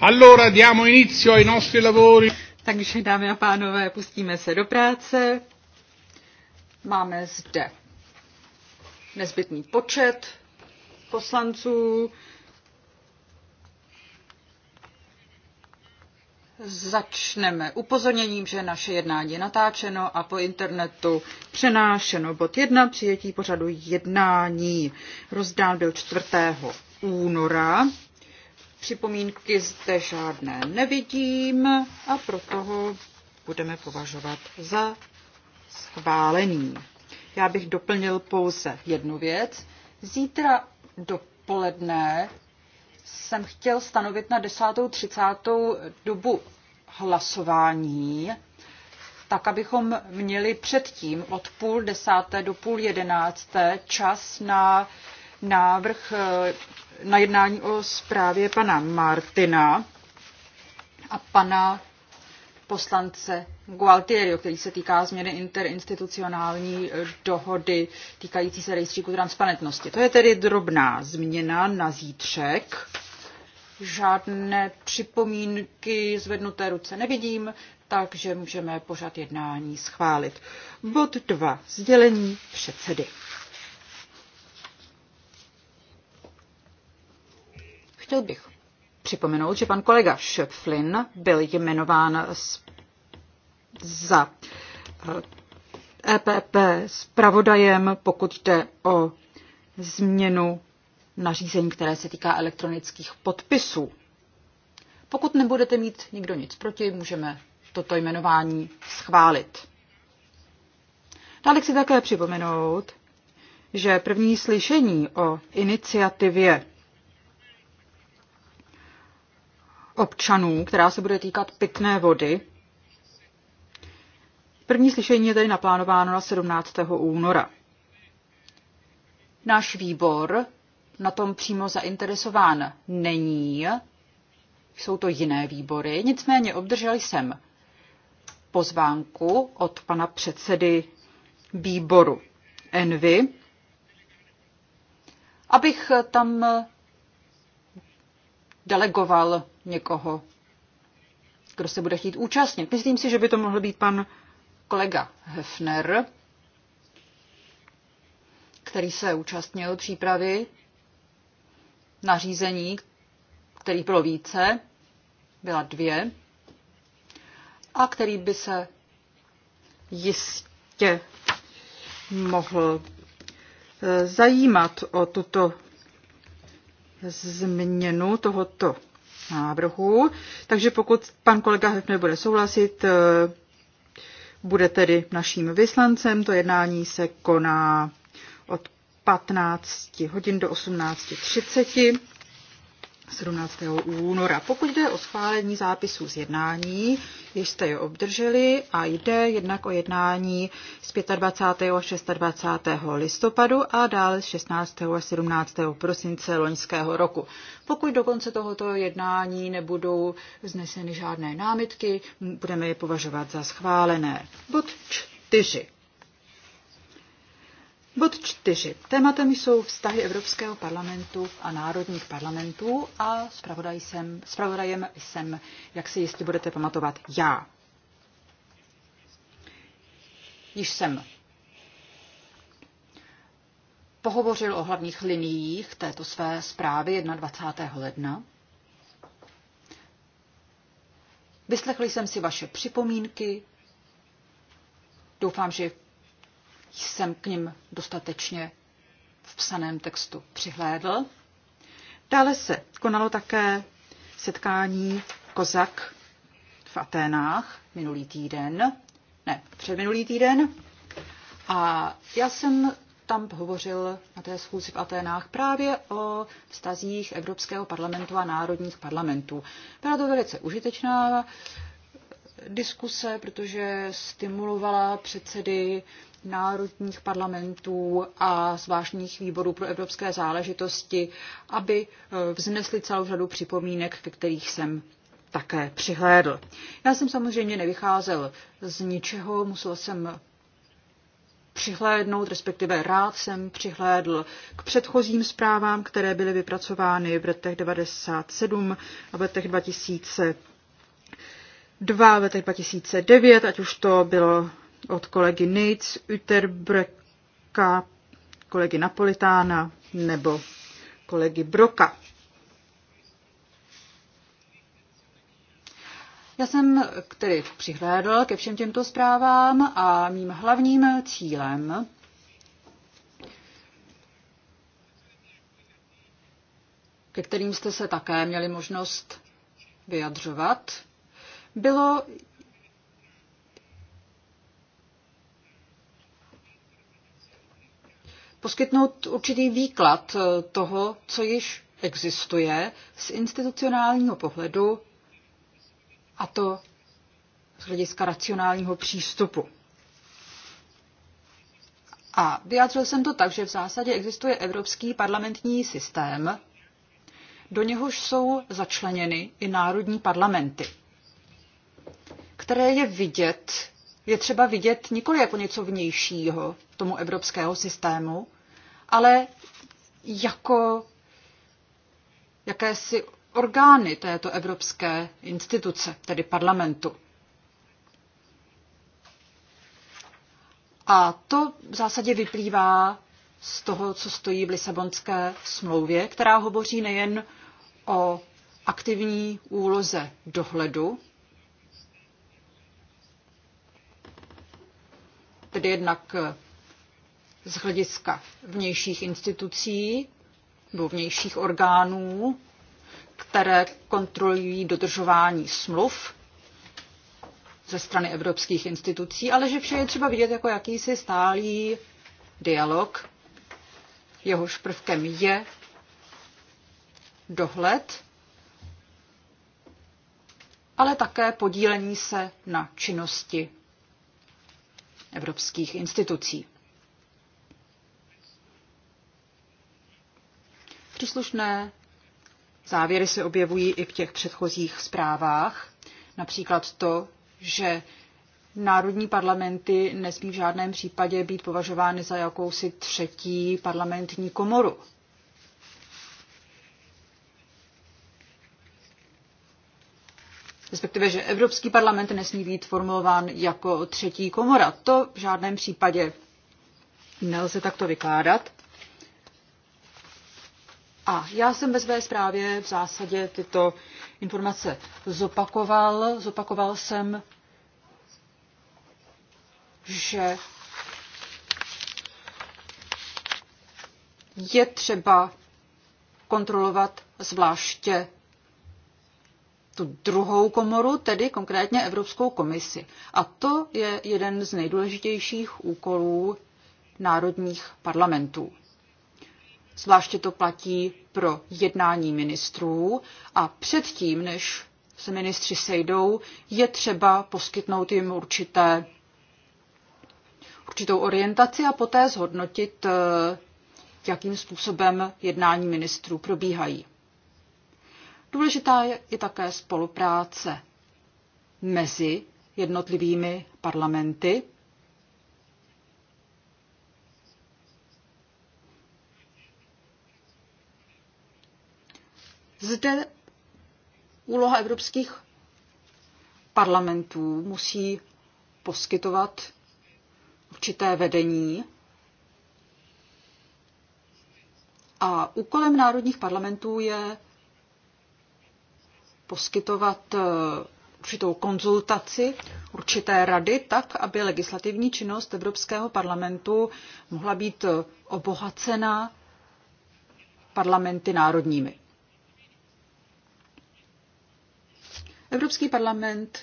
Allora diamo inizio ai nostri lavori. Takže dámy a pánové, pustíme se do práce. Máme zde nezbytný počet poslanců. Začneme upozorněním, že naše jednání je natáčeno a po internetu přenášeno. Bod 1 přijetí pořadu jednání rozdán byl 4. února Připomínky zde žádné nevidím a proto ho budeme považovat za schválený. Já bych doplnil pouze jednu věc. Zítra dopoledne jsem chtěl stanovit na 10.30. dobu hlasování, tak abychom měli předtím od půl desáté do půl jedenácté čas na návrh na jednání o zprávě pana Martina a pana poslance Gualtieri, který se týká změny interinstitucionální dohody týkající se rejstříku transparentnosti. To je tedy drobná změna na zítřek. Žádné připomínky zvednuté ruce nevidím, takže můžeme pořad jednání schválit. Bod 2. Sdělení předsedy. Chtěl bych připomenout, že pan kolega Schöpflin byl jmenován za EPP zpravodajem, pokud jde o změnu nařízení, které se týká elektronických podpisů. Pokud nebudete mít nikdo nic proti, můžeme toto jmenování schválit. Dále chci také připomenout, že první slyšení o iniciativě občanů, která se bude týkat pitné vody. První slyšení je tedy naplánováno na 17. února. Náš výbor na tom přímo zainteresován není, jsou to jiné výbory, nicméně obdržel jsem pozvánku od pana předsedy výboru Envy, abych tam delegoval někoho, kdo se bude chtít účastnit. Myslím si, že by to mohl být pan kolega Hefner, který se účastnil přípravy nařízení, který bylo více, byla dvě, a který by se jistě mohl eh, zajímat o tuto změnu tohoto návrhu. Takže pokud pan kolega Hefner bude souhlasit, eh, bude tedy naším vyslancem. To jednání se koná od 15 hodin do 18.30. 17. února. Pokud jde o schválení zápisů z jednání, jež jste je obdrželi a jde jednak o jednání z 25. a 26. listopadu a dále z 16. a 17. prosince loňského roku. Pokud do konce tohoto jednání nebudou vzneseny žádné námitky, budeme je považovat za schválené. Bod 4. Bod čtyři. Tématem jsou vztahy Evropského parlamentu a národních parlamentů a zpravodaj jsem, zpravodajem jsem, jak si jistě budete pamatovat, já. Již jsem pohovořil o hlavních liniích této své zprávy 21. ledna. Vyslechli jsem si vaše připomínky. Doufám, že jsem k ním dostatečně v psaném textu přihlédl. Dále se konalo také setkání Kozak v Aténách minulý týden, ne, předminulý týden. A já jsem tam hovořil na té schůzi v Aténách právě o vztazích Evropského parlamentu a národních parlamentů. Byla to velice užitečná diskuse, protože stimulovala předsedy národních parlamentů a zvláštních výborů pro evropské záležitosti, aby e, vznesli celou řadu připomínek, ke kterých jsem také přihlédl. Já jsem samozřejmě nevycházel z ničeho, musel jsem přihlédnout, respektive rád jsem přihlédl k předchozím zprávám, které byly vypracovány v letech 97 a v letech 2002, v letech 2009, ať už to bylo od kolegy Nates, Uterbreka, kolegy Napolitána nebo kolegy Broka. Já jsem tedy přihlédl ke všem těmto zprávám a mým hlavním cílem ke kterým jste se také měli možnost vyjadřovat, bylo poskytnout určitý výklad eh, toho, co již existuje z institucionálního pohledu a to z hlediska racionálního přístupu. A vyjádřil jsem to tak, že v zásadě existuje evropský parlamentní systém, do něhož jsou začleněny i národní parlamenty, které je vidět je třeba vidět nikoli jako něco vnějšího tomu evropského systému, ale jako jakési orgány této evropské instituce, tedy parlamentu. A to v zásadě vyplývá z toho, co stojí v Lisabonské smlouvě, která hovoří nejen o aktivní úloze dohledu, tedy jednak eh, z hlediska vnějších institucí nebo vnějších orgánů, které kontrolují dodržování smluv ze strany evropských institucí, ale že vše je třeba vidět jako jakýsi stálý dialog, jehož prvkem je dohled, ale také podílení se na činnosti evropských institucí. Příslušné závěry se objevují i v těch předchozích zprávách, například to, že národní parlamenty nesmí v žádném případě být považovány za jakousi třetí parlamentní komoru. respektive že Evropský parlament nesmí být formulován jako třetí komora. To v žádném případě nelze takto vykládat. A já jsem ve své zprávě v zásadě tyto informace zopakoval. Zopakoval jsem, že je třeba kontrolovat zvláště tu druhou komoru, tedy konkrétně Evropskou komisi. A to je jeden z nejdůležitějších úkolů národních parlamentů. Zvláště to platí pro jednání ministrů a předtím, než se ministři sejdou, je třeba poskytnout jim určité, určitou orientaci a poté zhodnotit, eh, jakým způsobem jednání ministrů probíhají. Důležitá je i také spolupráce mezi jednotlivými parlamenty. Zde úloha evropských parlamentů musí poskytovat určité vedení. A úkolem národních parlamentů je poskytovat eh, určitou konzultaci, určité rady, tak, aby legislativní činnost Evropského parlamentu mohla být eh, obohacena parlamenty národními. Evropský parlament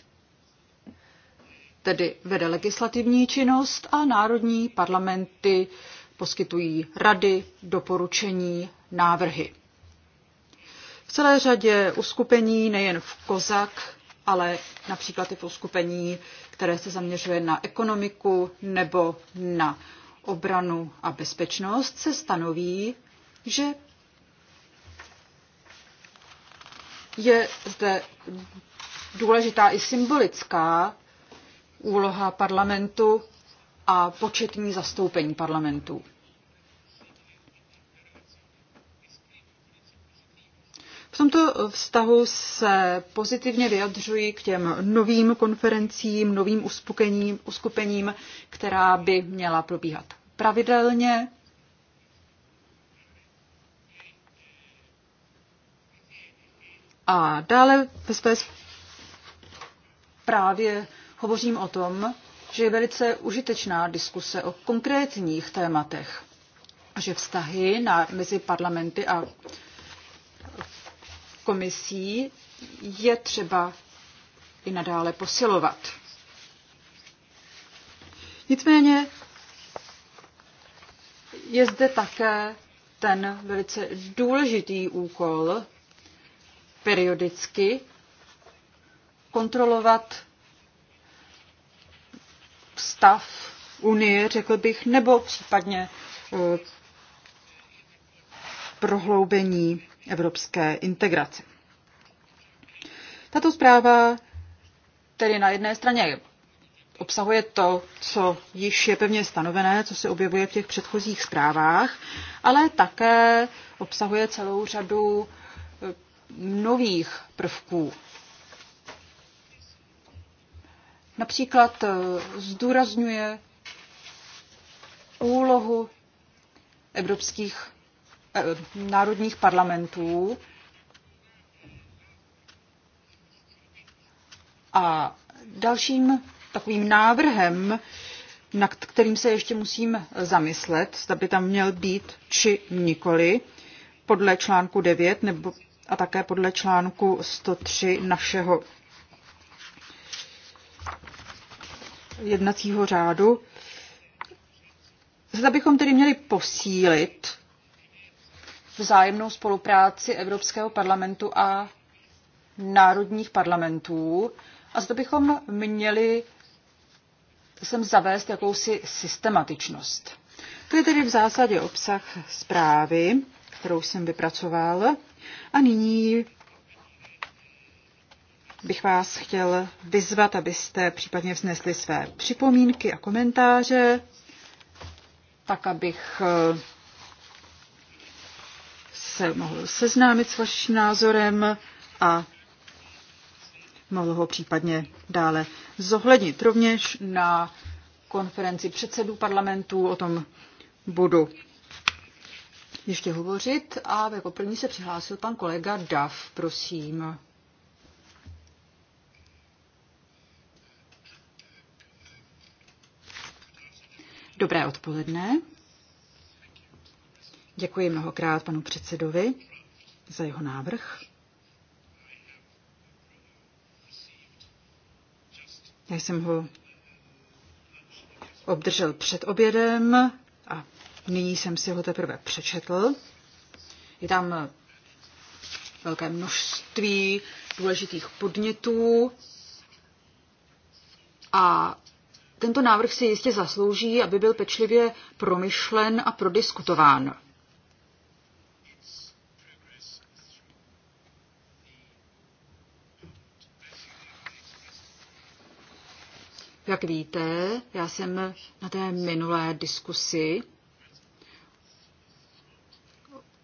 tedy vede legislativní činnost a národní parlamenty poskytují rady, doporučení, návrhy v celé řadě uskupení, nejen v Kozak, ale například i v uskupení, které se zaměřuje na ekonomiku nebo na obranu a bezpečnost, se stanoví, že je zde důležitá i symbolická úloha parlamentu a početní zastoupení parlamentu. V tomto vztahu se pozitivně vyjadřuji k těm novým konferencím, novým uspokením, uskupením, která by měla probíhat pravidelně. A dále ve své právě hovořím o tom, že je velice užitečná diskuse o konkrétních tématech, že vztahy na, mezi parlamenty a komisí je třeba i nadále posilovat. Nicméně je zde také ten velice důležitý úkol periodicky kontrolovat stav Unie, řekl bych, nebo případně eh, prohloubení evropské integraci. Tato zpráva tedy na jedné straně obsahuje to, co již je pevně stanovené, co se objevuje v těch předchozích zprávách, ale také obsahuje celou řadu eh, nových prvků. Například eh, zdůrazňuje úlohu evropských Eh, národních parlamentů a dalším takovým návrhem, nad kterým se ještě musím zamyslet, zda by tam měl být či nikoli, podle článku 9 nebo a také podle článku 103 našeho jednacího řádu. Zda bychom tedy měli posílit vzájemnou spolupráci Evropského parlamentu a národních parlamentů a zde bychom měli sem zavést jakousi systematičnost. To je tedy v zásadě obsah zprávy, kterou jsem vypracoval. A nyní bych vás chtěl vyzvat, abyste případně vznesli své připomínky a komentáře, tak abych eh, se mohl seznámit s vaším názorem a mohl ho případně dále zohlednit. Rovněž na konferenci předsedů parlamentů o tom budu ještě hovořit a jako první se přihlásil pan kolega Dav, prosím. Dobré odpoledne. Děkuji mnohokrát panu předsedovi za jeho návrh. Já jsem ho obdržel před obědem a nyní jsem si ho teprve přečetl. Je tam velké množství důležitých podnětů a tento návrh si jistě zaslouží, aby byl pečlivě promyšlen a prodiskutován. Jak víte, já jsem na té minulé diskusi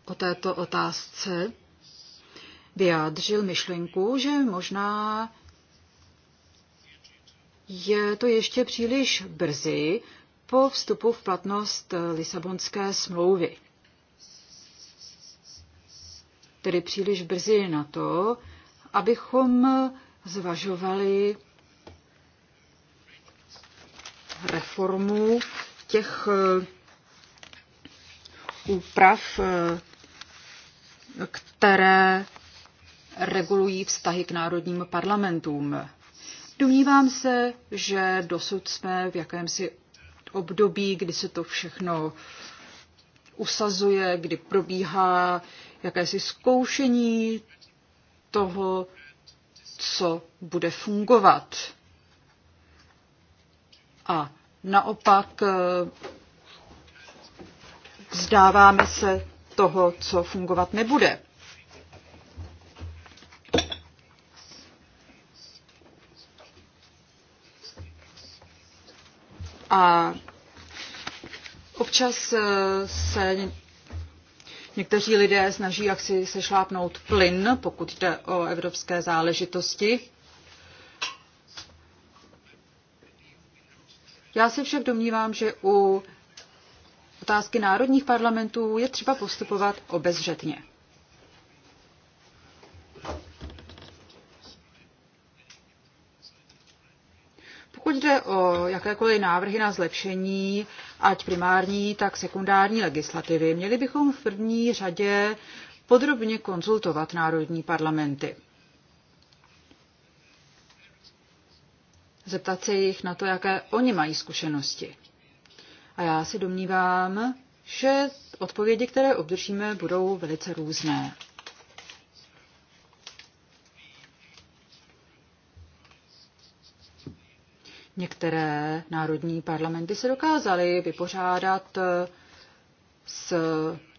o této otázce vyjádřil myšlenku, že možná je to ještě příliš brzy po vstupu v platnost Lisabonské smlouvy. Tedy příliš brzy na to, abychom zvažovali reformu těch eh, úprav, eh, které regulují vztahy k národním parlamentům. Domnívám se, že dosud jsme v jakémsi období, kdy se to všechno usazuje, kdy probíhá jakési zkoušení toho, co bude fungovat. A naopak eh, vzdáváme se toho, co fungovat nebude. A občas eh, se někteří lidé snaží jaksi sešlápnout plyn, pokud jde o evropské záležitosti. Já se však domnívám, že u otázky národních parlamentů je třeba postupovat obezřetně. Pokud jde o jakékoliv návrhy na zlepšení, ať primární, tak sekundární legislativy, měli bychom v první řadě podrobně konzultovat národní parlamenty. zeptat se jich na to, jaké oni mají zkušenosti. A já si domnívám, že odpovědi, které obdržíme, budou velice různé. Některé národní parlamenty se dokázaly vypořádat s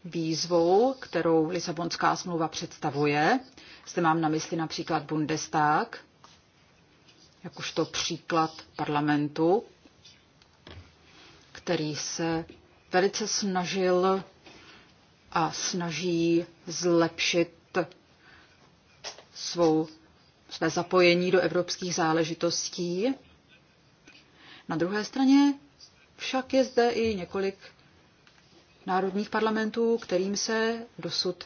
výzvou, kterou Lisabonská smlouva představuje. Zde mám na mysli například Bundestag, jakožto příklad parlamentu, který se velice snažil a snaží zlepšit svou, své zapojení do evropských záležitostí. Na druhé straně však je zde i několik národních parlamentů, kterým se dosud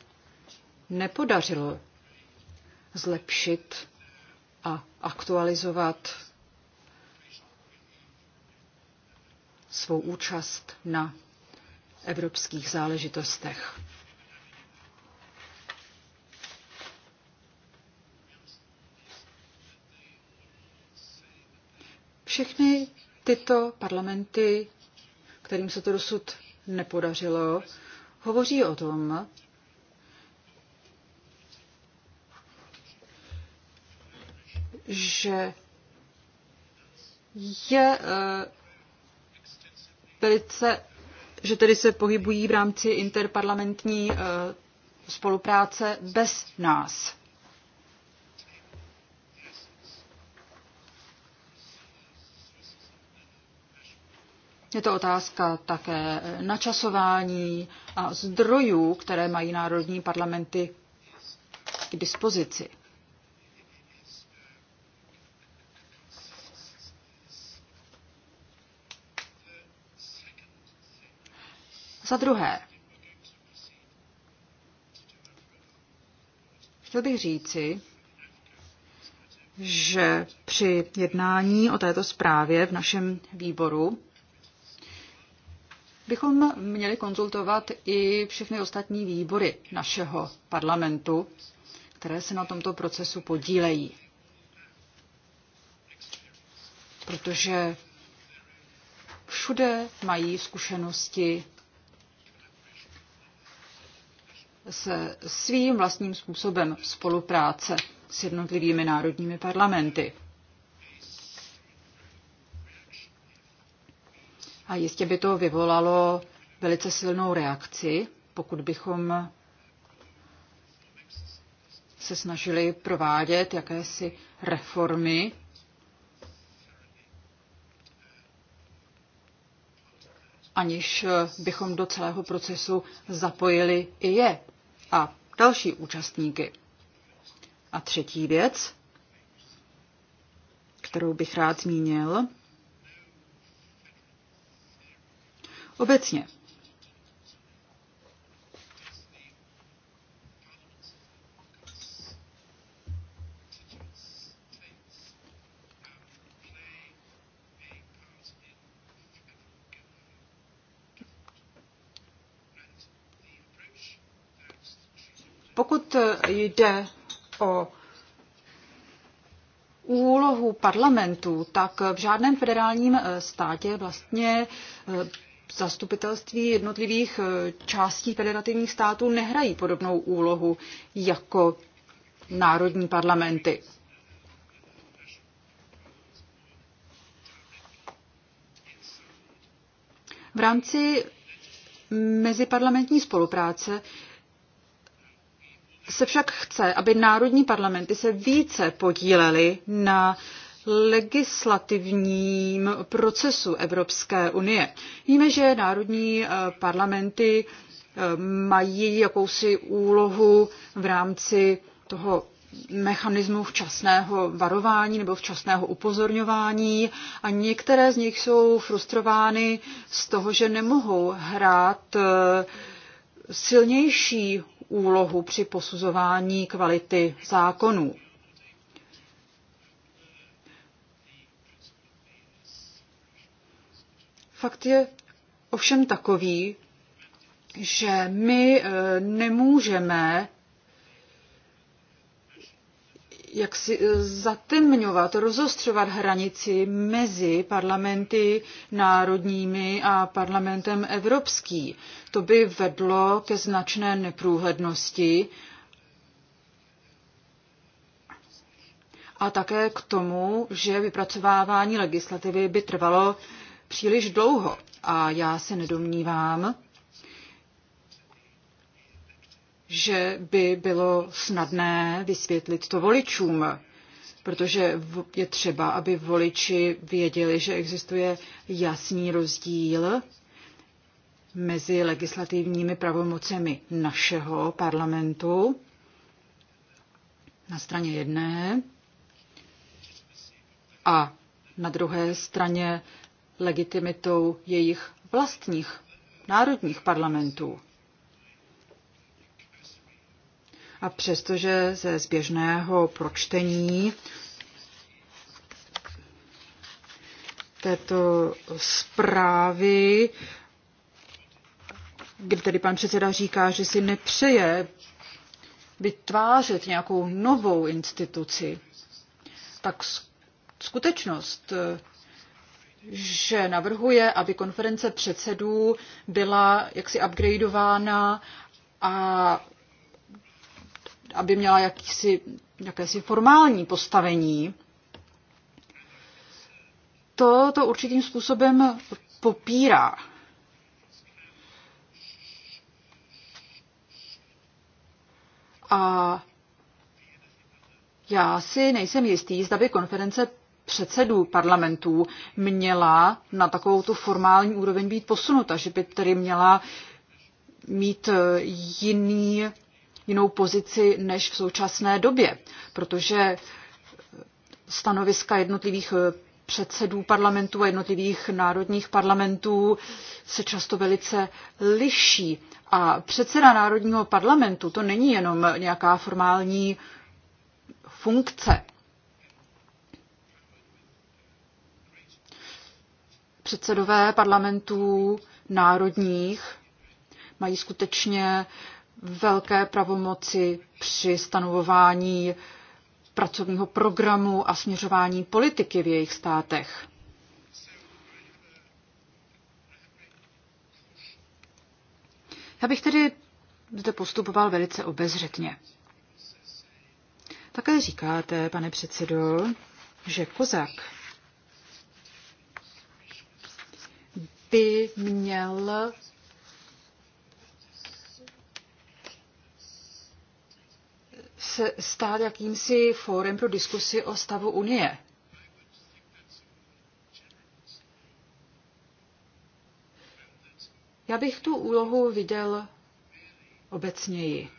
nepodařilo zlepšit a aktualizovat svou účast na evropských záležitostech. Všechny tyto parlamenty, kterým se to dosud nepodařilo, hovoří o tom, že je velice, eh, že tedy se pohybují v rámci interparlamentní eh, spolupráce bez nás. Je to otázka také načasování a zdrojů, které mají národní parlamenty k dispozici. Za druhé, chtěl bych říci, že při jednání o této zprávě v našem výboru bychom měli konzultovat i všechny ostatní výbory našeho parlamentu, které se na tomto procesu podílejí. Protože všude mají zkušenosti se svým vlastním způsobem spolupráce s jednotlivými národními parlamenty. A jistě by to vyvolalo velice silnou reakci, pokud bychom se snažili provádět jakési reformy aniž bychom do celého procesu zapojili i je a další účastníky. A třetí věc, kterou bych rád zmínil, obecně jde o úlohu parlamentu, tak v žádném federálním eh, státě vlastně eh, zastupitelství jednotlivých eh, částí federativních států nehrají podobnou úlohu jako národní parlamenty. V rámci meziparlamentní spolupráce se však chce, aby národní parlamenty se více podílely na legislativním procesu Evropské unie. Víme, že národní eh, parlamenty eh, mají jakousi úlohu v rámci toho mechanismu včasného varování nebo včasného upozorňování a některé z nich jsou frustrovány z toho, že nemohou hrát eh, silnější úlohu při posuzování kvality zákonů. Fakt je ovšem takový, že my e, nemůžeme jak si eh, zatemňovat, rozostřovat hranici mezi parlamenty národními a parlamentem evropský. To by vedlo ke značné neprůhlednosti a také k tomu, že vypracovávání legislativy by trvalo příliš dlouho. A já se nedomnívám, že by bylo snadné vysvětlit to voličům, protože je třeba, aby voliči věděli, že existuje jasný rozdíl mezi legislativními pravomocemi našeho parlamentu na straně jedné a na druhé straně legitimitou jejich vlastních národních parlamentů. A přestože ze zběžného pročtení této zprávy, kdy tedy pan předseda říká, že si nepřeje vytvářet nějakou novou instituci, tak skutečnost, že navrhuje, aby konference předsedů byla jaksi upgradeována a aby měla jakýsi, jakési formální postavení, to to určitým způsobem popírá. A já si nejsem jistý, zda by konference předsedů parlamentů měla na takovou tu formální úroveň být posunuta, že by tedy měla mít jiný jinou pozici než v současné době, protože stanoviska jednotlivých eh, předsedů parlamentů a jednotlivých národních parlamentů se často velice liší. A předseda národního parlamentu to není jenom nějaká formální funkce. Předsedové parlamentů národních mají skutečně velké pravomoci při stanovování pracovního programu a směřování politiky v jejich státech. Já bych tedy zde postupoval velice obezřetně. Také říkáte, pane předsedo, že kozak by měl se stát jakýmsi fórem pro diskusi o stavu Unie. Já bych tu úlohu viděl obecněji.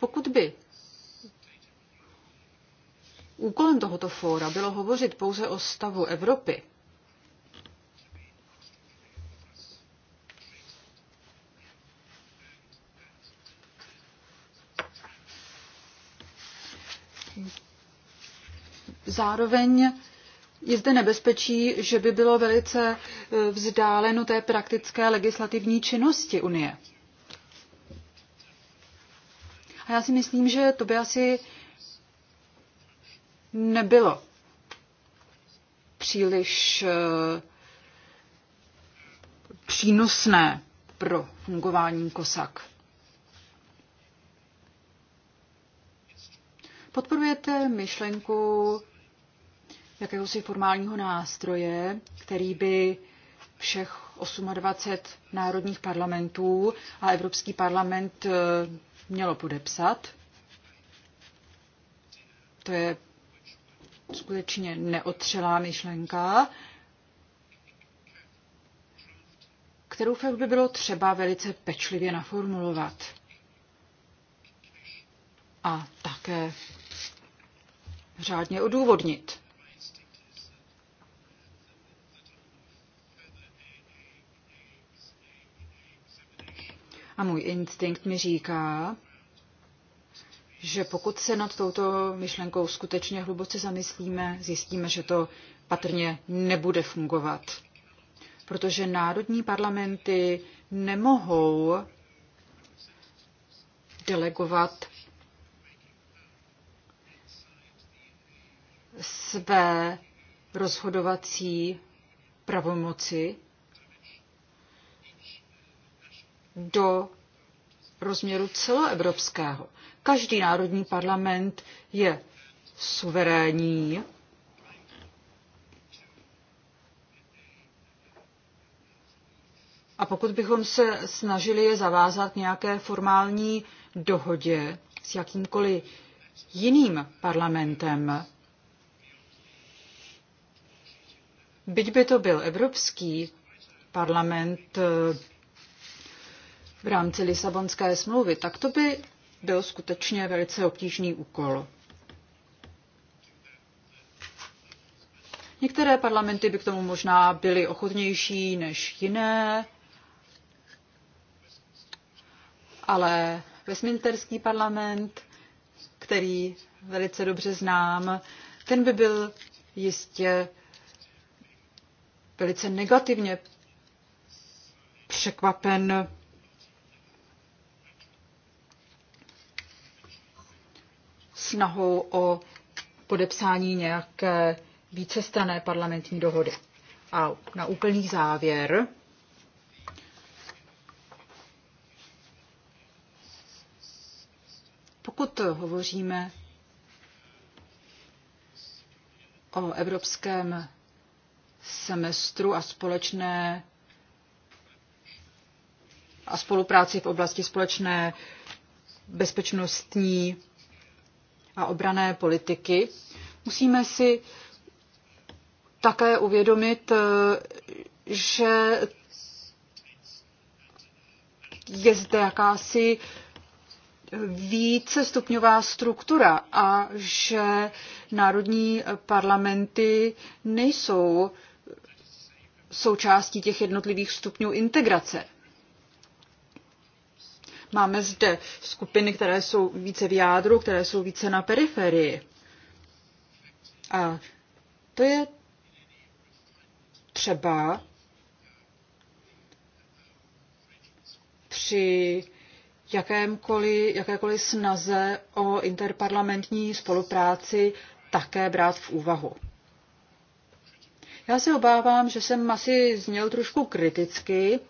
Pokud by úkolem tohoto fóra bylo hovořit pouze o stavu Evropy, Zároveň je zde nebezpečí, že by bylo velice eh, vzdáleno té praktické legislativní činnosti Unie. A já si myslím, že to by asi nebylo příliš eh, přínosné pro fungování kosak. Podporujete myšlenku jakéhosi formálního nástroje, který by všech 28 národních parlamentů a Evropský parlament eh, mělo podepsat. To je skutečně neotřelá myšlenka, kterou by bylo třeba velice pečlivě naformulovat. A také řádně odůvodnit. A můj instinkt mi říká, že pokud se nad touto myšlenkou skutečně hluboce zamyslíme, zjistíme, že to patrně nebude fungovat. Protože národní parlamenty nemohou delegovat své rozhodovací pravomoci do rozměru celoevropského. Každý národní parlament je suverénní. A pokud bychom se snažili je zavázat nějaké formální dohodě s jakýmkoliv jiným parlamentem, byť by to byl Evropský parlament, v rámci Lisabonské smlouvy, tak to by byl skutečně velice obtížný úkol. Některé parlamenty by k tomu možná byly ochotnější než jiné, ale Westminsterský parlament, který velice dobře znám, ten by byl jistě velice negativně překvapen snahou o podepsání nějaké vícestrané parlamentní dohody. A na úplný závěr Pokud hovoříme o evropském semestru a společné a spolupráci v oblasti společné bezpečnostní a obrané politiky, musíme si také uvědomit, eh, že je zde jakási více stupňová struktura a že národní parlamenty nejsou součástí těch jednotlivých stupňů integrace. Máme zde skupiny, které jsou více v jádru, které jsou více na periferii. A to je třeba při jakémkoliv, jakékoliv snaze o interparlamentní spolupráci také brát v úvahu. Já se obávám, že jsem asi zněl trošku kriticky,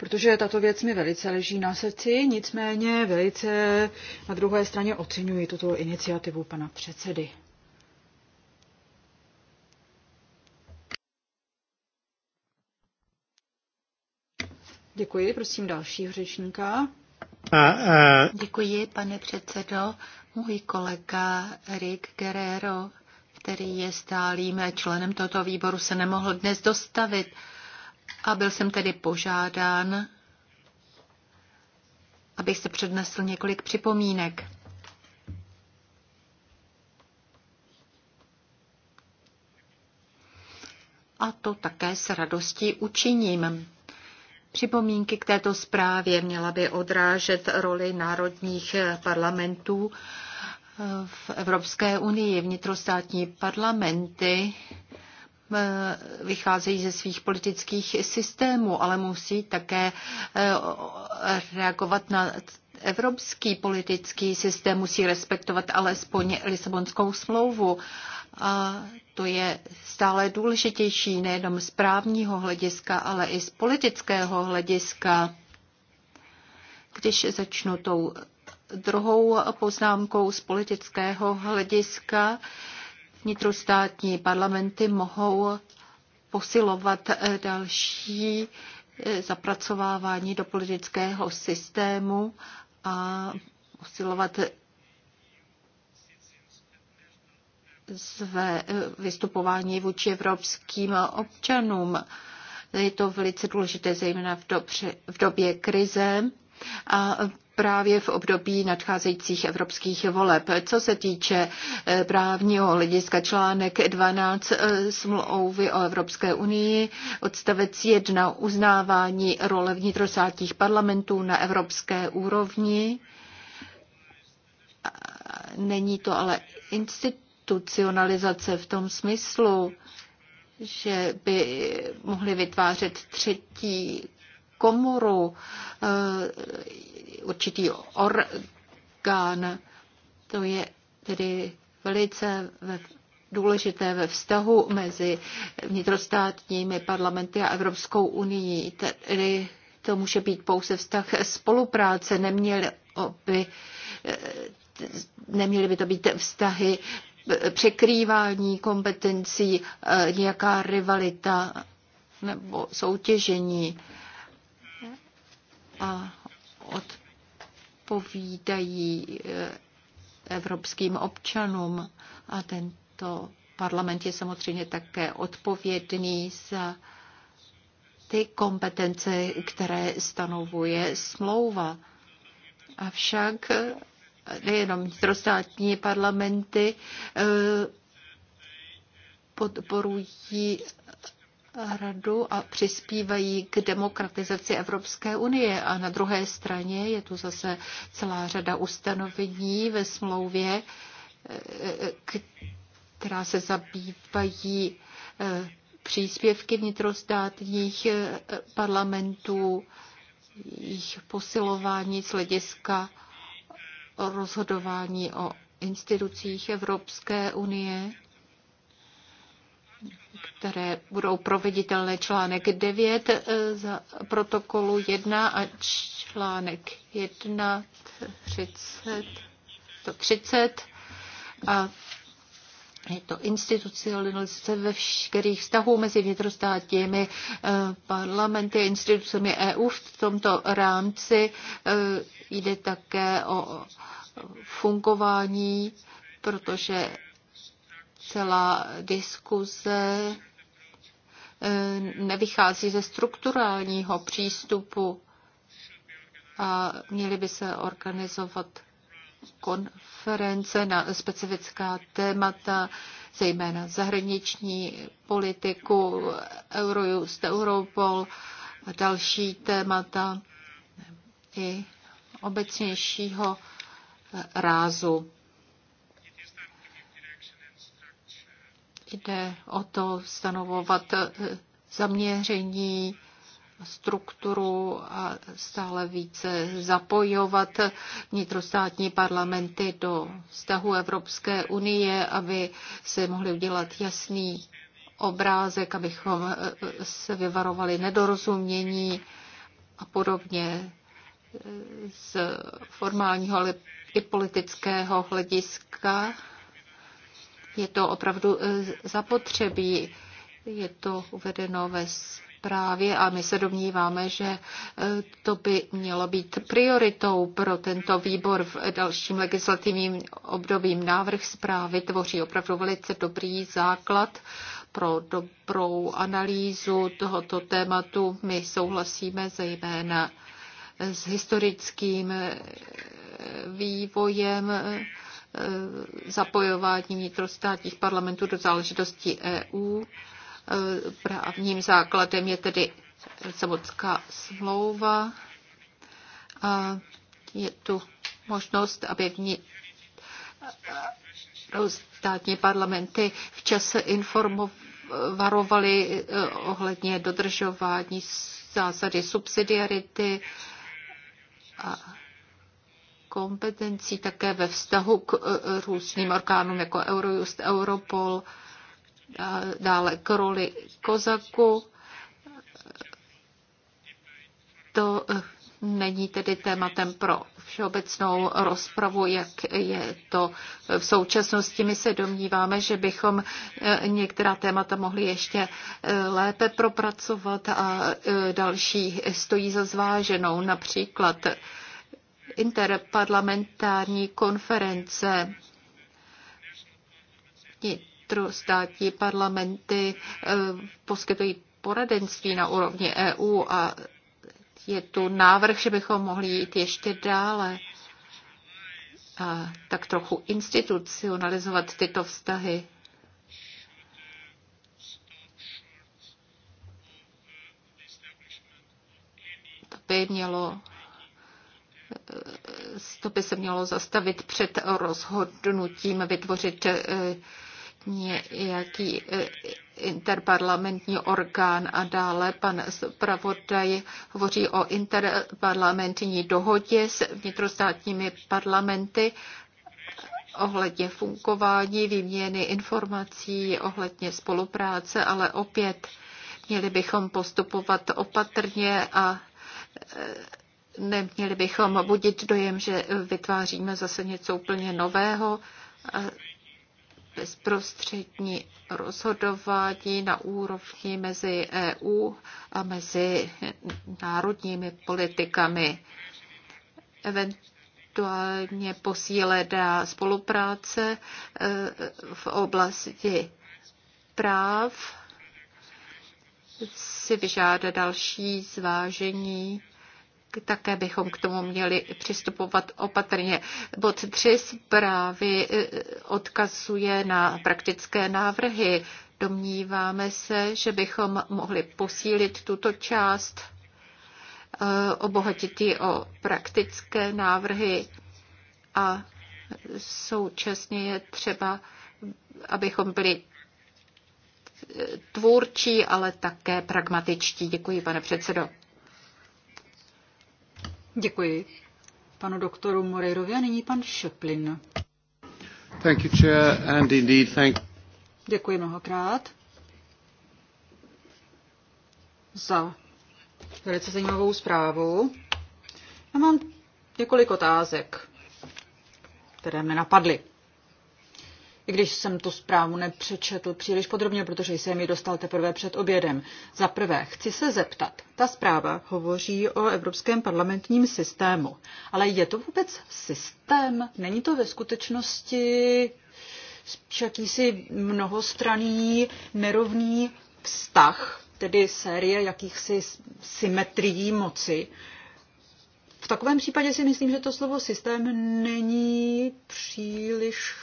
protože tato věc mi velice leží na srdci, nicméně velice na druhé straně oceňuji tuto iniciativu pana předsedy. Děkuji, prosím dalšího řečníka. A, a... Děkuji, pane předsedo. Můj kolega Rick Guerrero, který je stálým členem tohoto výboru, se nemohl dnes dostavit. A byl jsem tedy požádán, abych se přednesl několik připomínek. A to také s radostí učiním. Připomínky k této zprávě měla by odrážet roli národních parlamentů v Evropské unii. Vnitrostátní parlamenty Eh, vycházejí ze svých politických systémů, ale musí také eh, reagovat na evropský politický systém, musí respektovat alespoň Lisabonskou smlouvu. A to je stále důležitější nejenom z právního hlediska, ale i z politického hlediska. Když začnu tou druhou poznámkou z politického hlediska, vnitrostátní parlamenty mohou posilovat eh, další eh, zapracovávání do politického systému a posilovat své eh, vystupování vůči evropským občanům. Je to velice důležité, zejména v, dobře, v době krize. A právě v období nadcházejících evropských voleb. Co se týče eh, právního hlediska článek 12 eh, smlouvy o Evropské unii, odstavec 1 uznávání role vnitrostátních parlamentů na evropské úrovni. Není to ale institucionalizace v tom smyslu, že by mohli vytvářet třetí komoru, eh, určitý orgán. To je tedy velice důležité ve vztahu mezi vnitrostátními parlamenty a Evropskou unii. Tedy to může být pouze vztah spolupráce, neměly by, eh, neměly by to být vztahy překrývání kompetencí, eh, nějaká rivalita nebo soutěžení a odpovídají e, evropským občanům. A tento parlament je samozřejmě také odpovědný za ty kompetence, které stanovuje smlouva. Avšak nejenom vnitrostátní parlamenty e, podporují radu a přispívají k demokratizaci Evropské unie. A na druhé straně je tu zase celá řada ustanovení ve smlouvě, eh, která se zabývají eh, příspěvky vnitrostátních eh, parlamentů, jejich posilování z hlediska rozhodování o institucích Evropské unie které budou proveditelné článek 9 eh, za protokolu 1 a článek 1 30, to 30 a je to institucionalizace ve všech vztahů mezi vnitrostátními eh, parlamenty a institucemi EU. V tomto rámci eh, jde také o fungování, protože celá diskuze eh, nevychází ze strukturálního přístupu a měly by se organizovat konference na specifická témata, zejména zahraniční politiku, Eurojust, Europol a další témata i obecnějšího rázu. Jde o to stanovovat eh, zaměření, strukturu a stále více zapojovat vnitrostátní parlamenty do vztahu Evropské unie, aby se mohli udělat jasný obrázek, abychom eh, se vyvarovali nedorozumění a podobně eh, z formálního, ale i politického hlediska je to opravdu e, zapotřebí. Je to uvedeno ve zprávě a my se domníváme, že e, to by mělo být prioritou pro tento výbor v dalším legislativním obdobím. Návrh zprávy tvoří opravdu velice dobrý základ pro dobrou analýzu tohoto tématu. My souhlasíme zejména s historickým e, vývojem Eh, zapojování vnitrostátních parlamentů do záležitostí EU. Eh, právním základem je tedy samotná smlouva. A je tu možnost, aby vni... státní parlamenty včas informovali eh, ohledně dodržování zásady subsidiarity a kompetencí také ve vztahu k e, různým orgánům jako Eurojust, Europol, dále k roli Kozaku. To e, není tedy tématem pro všeobecnou rozpravu, jak je to v současnosti. My se domníváme, že bychom e, některá témata mohli ještě lépe propracovat a další stojí za zváženou. Například interparlamentární konference. Vnitrostátní parlamenty eh, poskytují poradenství na úrovni EU a je tu návrh, že bychom mohli jít ještě dále a tak trochu institucionalizovat tyto vztahy. To by mělo Eh, to by se mělo zastavit před rozhodnutím vytvořit eh, nějaký eh, interparlamentní orgán a dále pan zpravodaj hovoří o interparlamentní dohodě s vnitrostátními parlamenty ohledně fungování, výměny informací, ohledně spolupráce, ale opět měli bychom postupovat opatrně a Neměli bychom budit dojem, že vytváříme zase něco úplně nového. Bezprostřední rozhodování na úrovni mezi EU a mezi národními politikami. Eventuálně posílená spolupráce eh, v oblasti práv si vyžádá další zvážení také bychom k tomu měli přistupovat opatrně. Bod 3 zprávy e, odkazuje na praktické návrhy. Domníváme se, že bychom mohli posílit tuto část, e, obohatit ji o praktické návrhy a současně je třeba, abychom byli tvůrčí, ale také pragmatičtí. Děkuji, pane předsedo. Děkuji panu doktoru Moreirovi a nyní pan Šeplin. Thank you, Chair, and indeed, thank... Děkuji mnohokrát za velice zajímavou zprávu. Já mám několik otázek, které mě napadly i když jsem tu zprávu nepřečetl příliš podrobně, protože jsem ji dostal teprve před obědem. Za prvé, chci se zeptat. Ta zpráva hovoří o evropském parlamentním systému, ale je to vůbec systém? Není to ve skutečnosti jakýsi mnohostraný, nerovný vztah, tedy série jakýchsi symetrií moci, v takovém případě si myslím, že to slovo systém není příliš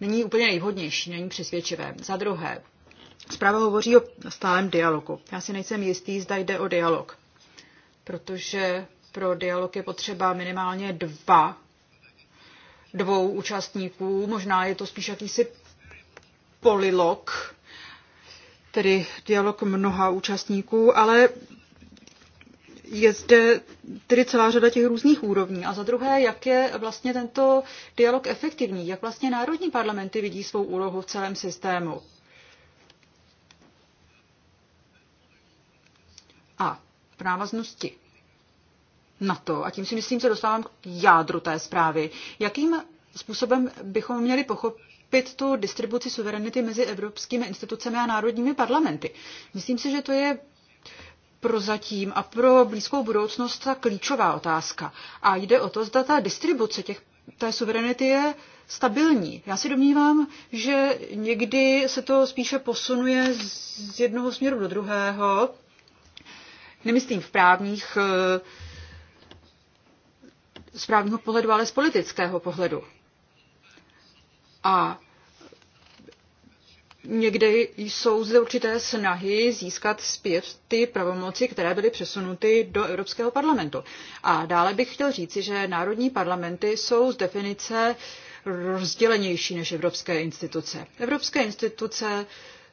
není úplně nejvhodnější, není přesvědčivé. Za druhé, zpráva hovoří o stálem dialogu. Já si nejsem jistý, zda jde o dialog, protože pro dialog je potřeba minimálně dva dvou účastníků, možná je to spíš jakýsi polilog, tedy dialog mnoha účastníků, ale je zde tedy celá řada těch různých úrovní. A za druhé, jak je vlastně tento dialog efektivní, jak vlastně národní parlamenty vidí svou úlohu v celém systému. A v návaznosti na to, a tím si myslím, že dostávám k jádru té zprávy, jakým způsobem bychom měli pochopit tu distribuci suverenity mezi evropskými institucemi a národními parlamenty. Myslím si, že to je prozatím a pro blízkou budoucnost ta klíčová otázka. A jde o to, zda ta distribuce těch, té suverenity je stabilní. Já si domnívám, že někdy se to spíše posunuje z jednoho směru do druhého. Nemyslím v právních eh, z právního pohledu, ale z politického pohledu. A někde jsou zde určité snahy získat zpět ty pravomoci, které byly přesunuty do Evropského parlamentu. A dále bych chtěl říci, že národní parlamenty jsou z definice rozdělenější než evropské instituce. Evropské instituce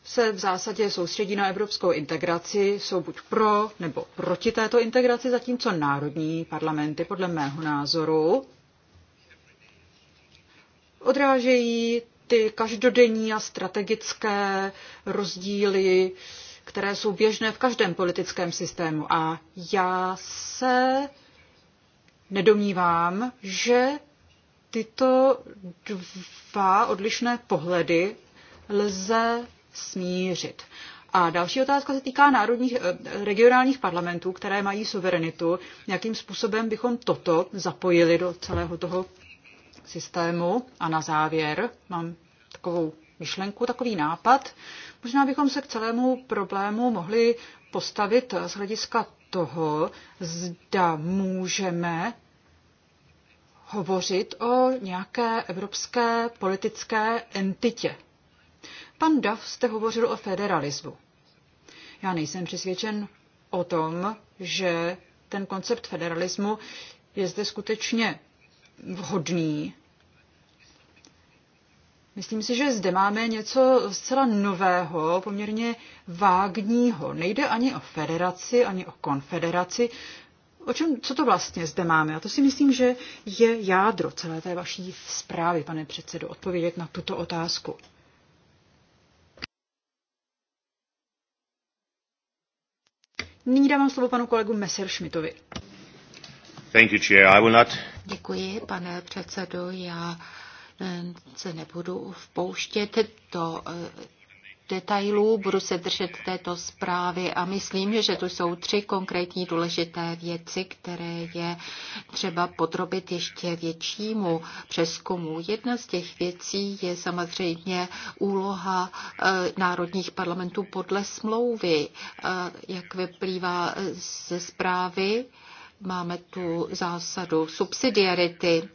se v zásadě soustředí na evropskou integraci, jsou buď pro nebo proti této integraci, zatímco národní parlamenty, podle mého názoru, odrážejí ty každodenní a strategické rozdíly, které jsou běžné v každém politickém systému. A já se nedomnívám, že tyto dva odlišné pohledy lze smířit. A další otázka se týká národních eh, regionálních parlamentů, které mají suverenitu. Jakým způsobem bychom toto zapojili do celého toho systému. A na závěr mám takovou myšlenku, takový nápad. Možná bychom se k celému problému mohli postavit z hlediska toho, zda můžeme hovořit o nějaké evropské politické entitě. Pan Duff jste hovořil o federalismu. Já nejsem přesvědčen o tom, že ten koncept federalismu je zde skutečně vhodný. Myslím si, že zde máme něco zcela nového, poměrně vágního. Nejde ani o federaci, ani o konfederaci. O čem, co to vlastně zde máme? A to si myslím, že je jádro celé té vaší zprávy, pane předsedo, odpovědět na tuto otázku. Nyní dávám slovo panu kolegu Messerschmittovi. Thank you, Chair. I will not Děkuji, pane předsedo. Já eh, se nebudu vpouštět do eh, detailů, budu se držet této zprávy a myslím, že tu jsou tři konkrétní důležité věci, které je třeba podrobit ještě většímu přeskumu. Jedna z těch věcí je samozřejmě úloha eh, národních parlamentů podle smlouvy, jak vyplývá ze zprávy Máme tu zásadu subsidiarity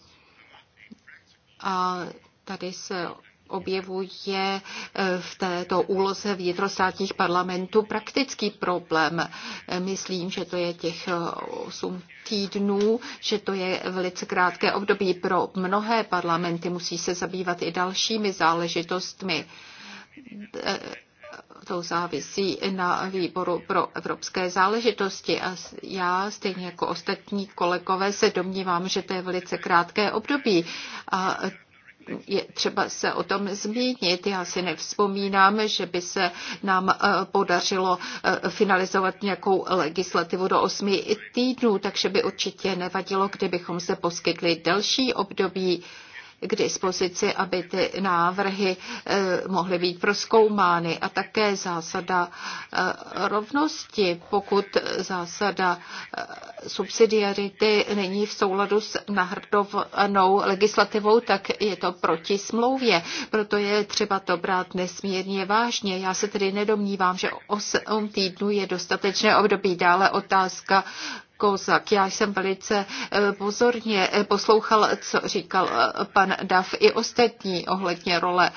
a tady se objevuje eh, v této úloze vnitrostátních parlamentů praktický problém. Eh, myslím, že to je těch 8 eh, týdnů, že to je velice krátké období pro mnohé parlamenty, musí se zabývat i dalšími záležitostmi to závisí na výboru pro evropské záležitosti a já, stejně jako ostatní kolegové, se domnívám, že to je velice krátké období a je třeba se o tom zmínit. Já si nevzpomínám, že by se nám eh, podařilo eh, finalizovat nějakou legislativu do osmi týdnů, takže by určitě nevadilo, kdybychom se poskytli delší období k dispozici, aby ty návrhy eh, mohly být proskoumány. A také zásada eh, rovnosti, pokud zásada eh, subsidiarity není v souladu s nahrdovanou legislativou, tak je to proti smlouvě. Proto je třeba to brát nesmírně vážně. Já se tedy nedomnívám, že 8 týdnů je dostatečné období. Dále otázka Kozak. Jako Já jsem velice eh, pozorně eh, poslouchal, co říkal eh, pan Dav i ostatní ohledně role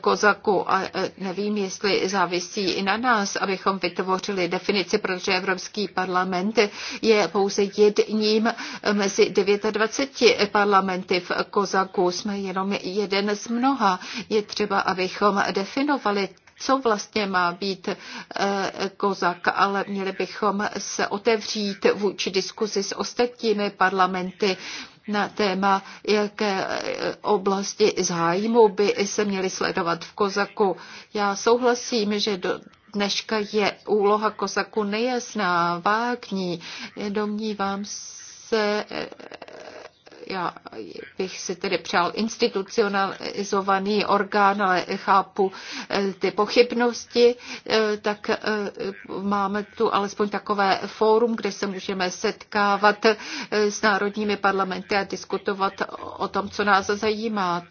Kozaku a nevím, jestli závisí i na nás, abychom vytvořili definici, protože Evropský parlament je pouze jedním mezi 29 parlamenty v Kozaku. Jsme jenom jeden z mnoha. Je třeba, abychom definovali co vlastně má být eh, kozak, ale měli bychom se otevřít vůči diskuzi s ostatními parlamenty na téma, jaké eh, oblasti zájmu by se měly sledovat v Kozaku. Já souhlasím, že do dneška je úloha Kozaku nejasná, vágní. Domnívám se, eh, já bych si tedy přál institucionalizovaný orgán, ale chápu eh, ty pochybnosti, eh, tak eh, máme tu alespoň takové fórum, kde se můžeme setkávat s národními parlamenty a diskutovat o tom, co nás zajímá.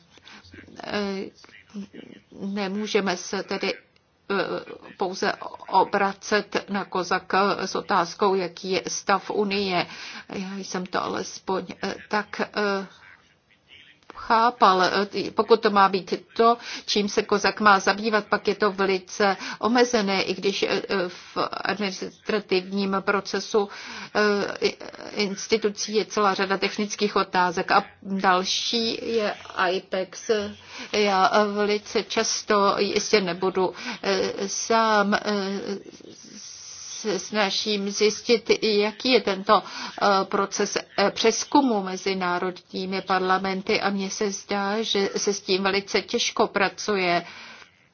Nemůžeme se tedy pouze obracet na Kozak s otázkou, jaký je stav Unie. Já jsem to alespoň eh, tak eh, chápal. E, pokud to má být to, čím se kozak má zabývat, pak je to velice omezené, i když e, e, v administrativním procesu institucí je celá řada technických otázek. A další je IPEX. Já velice často jistě nebudu sám se snažím zjistit, jaký je tento eh, proces eh, přeskumu mezi národními parlamenty a mně se zdá, že se s tím velice těžko pracuje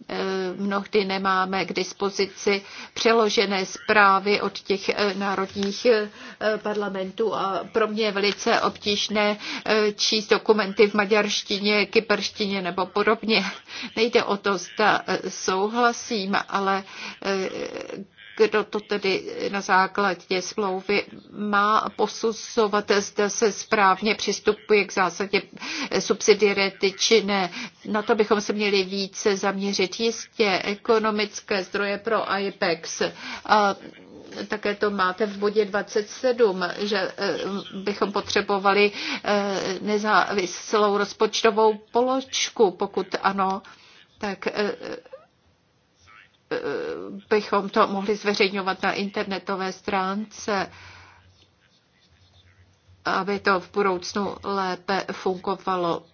eh, mnohdy nemáme k dispozici přeložené zprávy od těch národních parlamentů a pro mě je velice obtížné číst dokumenty v maďarštině, kyperštině nebo podobně. Nejde o to, zda souhlasím, ale kdo to tedy na základě smlouvy má posuzovat, zda se správně přistupuje k zásadě subsidiarity či ne. Na to bychom se měli více zaměřit. Jistě ekonomické zdroje pro IPEX. A také to máte v bodě 27, že eh, bychom potřebovali eh, nezávislou rozpočtovou položku, pokud ano, tak eh, bychom to mohli zveřejňovat na internetové stránce, aby to v budoucnu lépe fungovalo.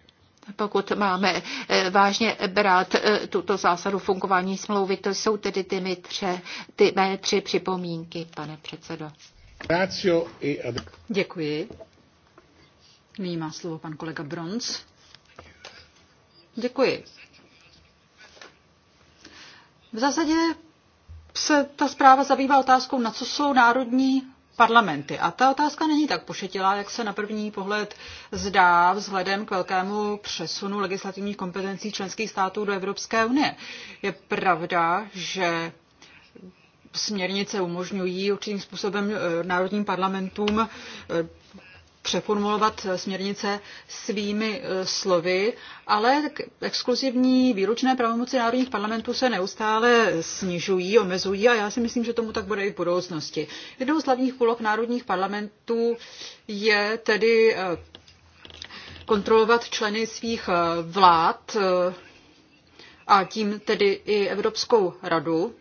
Pokud máme eh, vážně brát eh, tuto zásadu fungování smlouvy, to jsou tedy ty, mi tře, ty mé tři připomínky, pane předsedo. Děkuji. Nyní má slovo pan kolega Bronz. Děkuji. V zásadě se ta zpráva zabývá otázkou, na co jsou národní parlamenty. A ta otázka není tak pošetilá, jak se na první pohled zdá vzhledem k velkému přesunu legislativních kompetencí členských států do Evropské unie. Je pravda, že směrnice umožňují určitým způsobem eh, národním parlamentům eh, přeformulovat směrnice svými e, slovy, ale exkluzivní výlučné pravomoci národních parlamentů se neustále snižují, omezují a já si myslím, že tomu tak bude i v budoucnosti. Jednou z hlavních úloh národních parlamentů je tedy e, kontrolovat členy svých e, vlád a tím tedy i Evropskou radu.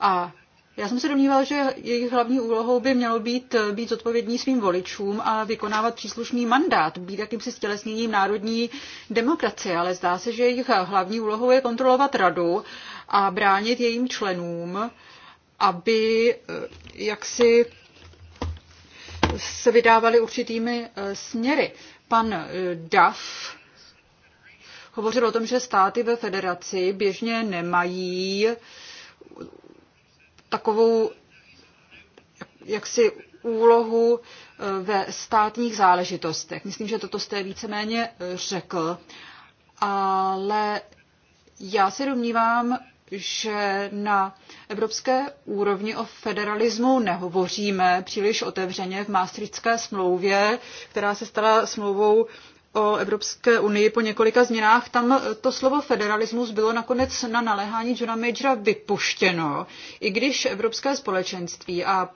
A já jsem se domnívala, že jejich hlavní úlohou by mělo být být zodpovědní svým voličům a vykonávat příslušný mandát, být jakýmsi stělesněním národní demokracie, ale zdá se, že jejich hlavní úlohou je kontrolovat radu a bránit jejím členům, aby eh, jaksi se vydávali určitými eh, směry. Pan eh, Duff hovořil o tom, že státy ve federaci běžně nemají uh, takovou jaksi úlohu eh, ve státních záležitostech. Myslím, že toto jste víceméně eh, řekl, ale já se domnívám, že na evropské úrovni o federalismu nehovoříme příliš otevřeně v Maastrichtské smlouvě, která se stala smlouvou o Evropské unii po několika změnách, tam eh, to slovo federalismus bylo nakonec na naléhání Johna Majora vypuštěno, i když Evropské společenství a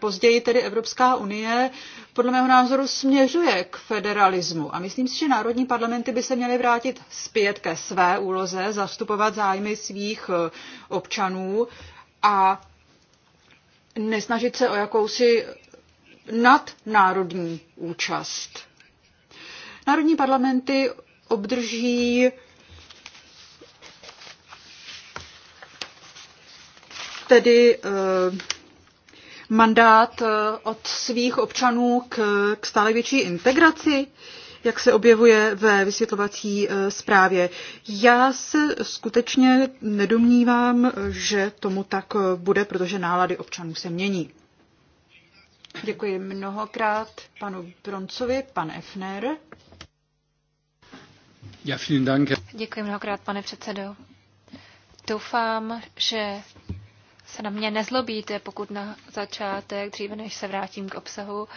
později tedy Evropská unie podle mého názoru směřuje k federalismu. A myslím si, že národní parlamenty by se měly vrátit zpět ke své úloze, zastupovat zájmy svých eh, občanů a nesnažit se o jakousi nadnárodní účast. Národní parlamenty obdrží tedy eh, mandát eh, od svých občanů k, stále větší integraci, jak se objevuje ve vysvětlovací eh, zprávě. Já se skutečně nedomnívám, že tomu tak bude, protože nálady občanů se mění. Děkuji mnohokrát panu Broncovi, pan Efner. Děkuji mnohokrát, pane předsedo. Doufám, že se na mě nezlobíte, pokud na začátek, dříve než se vrátím k obsahu,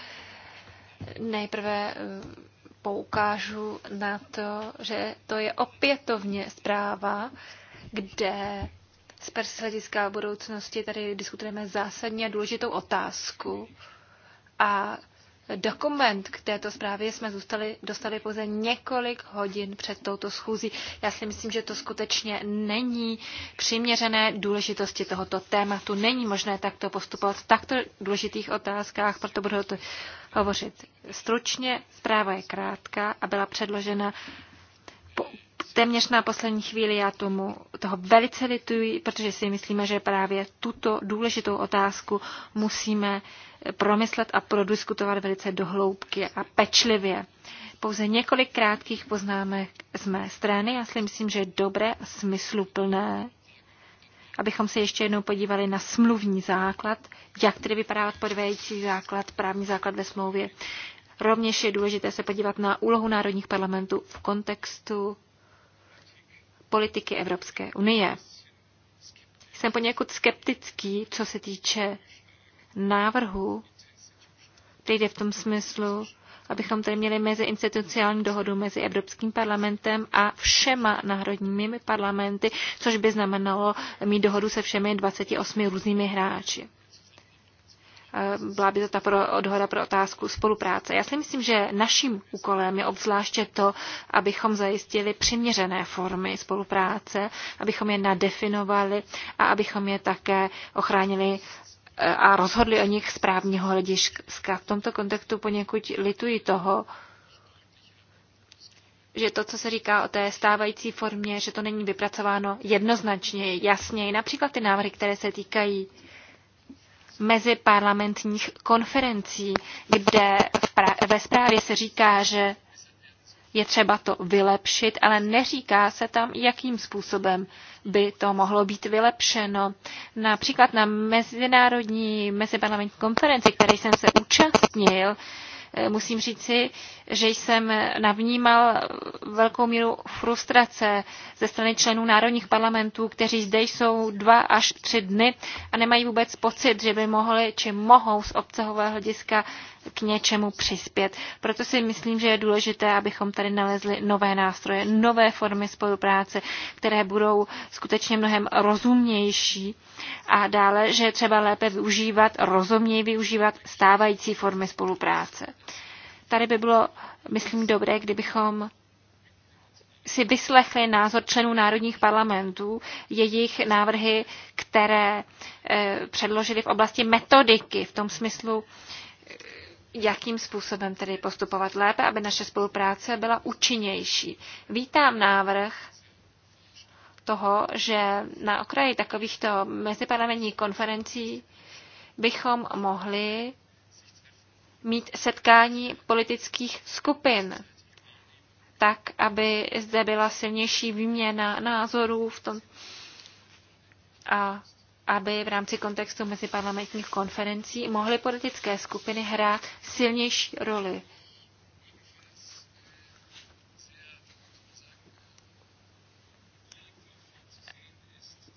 nejprve eh, poukážu na to, že to je opětovně zpráva, kde z perspektiviska budoucnosti tady diskutujeme zásadně důležitou otázku a dokument k této zprávě jsme zůstali, dostali pouze několik hodin před touto schůzí. Já si myslím, že to skutečně není přiměřené důležitosti tohoto tématu. Není možné takto postupovat v takto důležitých otázkách, proto budu to hovořit stručně. Zpráva je krátká a byla předložena téměř na poslední chvíli. Já tomu toho velice lituji, protože si myslíme, že právě tuto důležitou otázku musíme eh, promyslet a prodiskutovat velice dohloubky a pečlivě. Pouze několik krátkých poznámek z mé strany. Já si myslím, že je dobré a smysluplné, abychom se ještě jednou podívali na smluvní základ, jak tedy vypadá odpovědající základ, právní základ ve smlouvě. Rovněž je důležité se podívat na úlohu národních parlamentů v kontextu politiky Evropské unie. Jsem poněkud skeptický, co se týče návrhu, který jde v tom smyslu, abychom tady měli mezi institucionální dohodu mezi Evropským parlamentem a všema národními parlamenty, což by znamenalo mít dohodu se všemi 28 různými hráči. Eh, byla by to ta pro, odhoda pro otázku spolupráce. Já si myslím, že naším úkolem je obzvláště to, abychom zajistili přiměřené formy spolupráce, abychom je nadefinovali a abychom je také ochránili eh, a rozhodli o nich z právního hlediska. V tomto kontextu poněkud lituji toho, že to, co se říká o té stávající formě, že to není vypracováno jednoznačně, jasněji. Například ty návrhy, které se týkají uh, meziparlamentních konferencí, kde ve zprávě se říká, že je třeba to vylepšit, ale neříká se tam, jakým způsobem by to mohlo být vylepšeno. Například na mezinárodní meziparlamentní konferenci, které jsem se účastnil, Eh, musím říci, že jsem navnímal velkou míru frustrace ze strany členů národních parlamentů, kteří zde jsou dva až tři dny a nemají vůbec pocit, že by mohli či mohou z obcehového hlediska k něčemu přispět. Proto si myslím, že je důležité, abychom tady nalezli nové nástroje, nové formy spolupráce, které budou skutečně mnohem rozumnější a dále, že je třeba lépe využívat, rozumněji využívat stávající formy spolupráce. Tady by bylo, myslím, dobré, kdybychom si vyslechli názor členů národních parlamentů, jejich návrhy, které eh, předložili v oblasti metodiky, v tom smyslu, jakým způsobem tedy postupovat lépe, aby naše spolupráce byla účinnější. Vítám návrh toho, že na okraji takovýchto meziparlamentních konferencí bychom mohli mít setkání politických skupin, tak, aby zde byla silnější výměna názorů v tom a aby v rámci kontextu meziparlamentních konferencí mohly politické skupiny hrát silnější roli.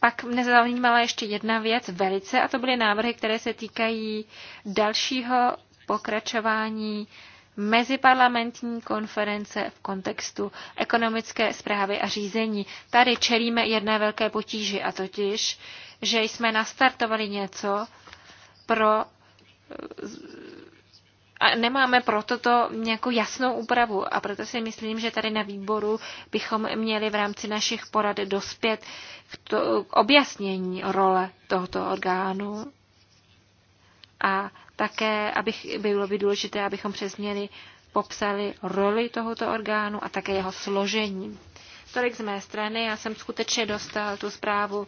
Pak mě zaujímala ještě jedna věc velice, a to byly návrhy, které se týkají dalšího pokračování meziparlamentní konference v kontextu ekonomické zprávy a řízení. Tady čelíme jedné velké potíži a totiž, že jsme nastartovali něco pro a nemáme pro toto nějakou jasnou úpravu a proto si myslím, že tady na výboru bychom měli v rámci našich porad dospět k, to, k objasnění role tohoto orgánu a také abych, bylo by důležité, abychom přesněli popsali roli tohoto orgánu a také jeho složení. Tolik z mé strany. Já jsem skutečně dostal tu zprávu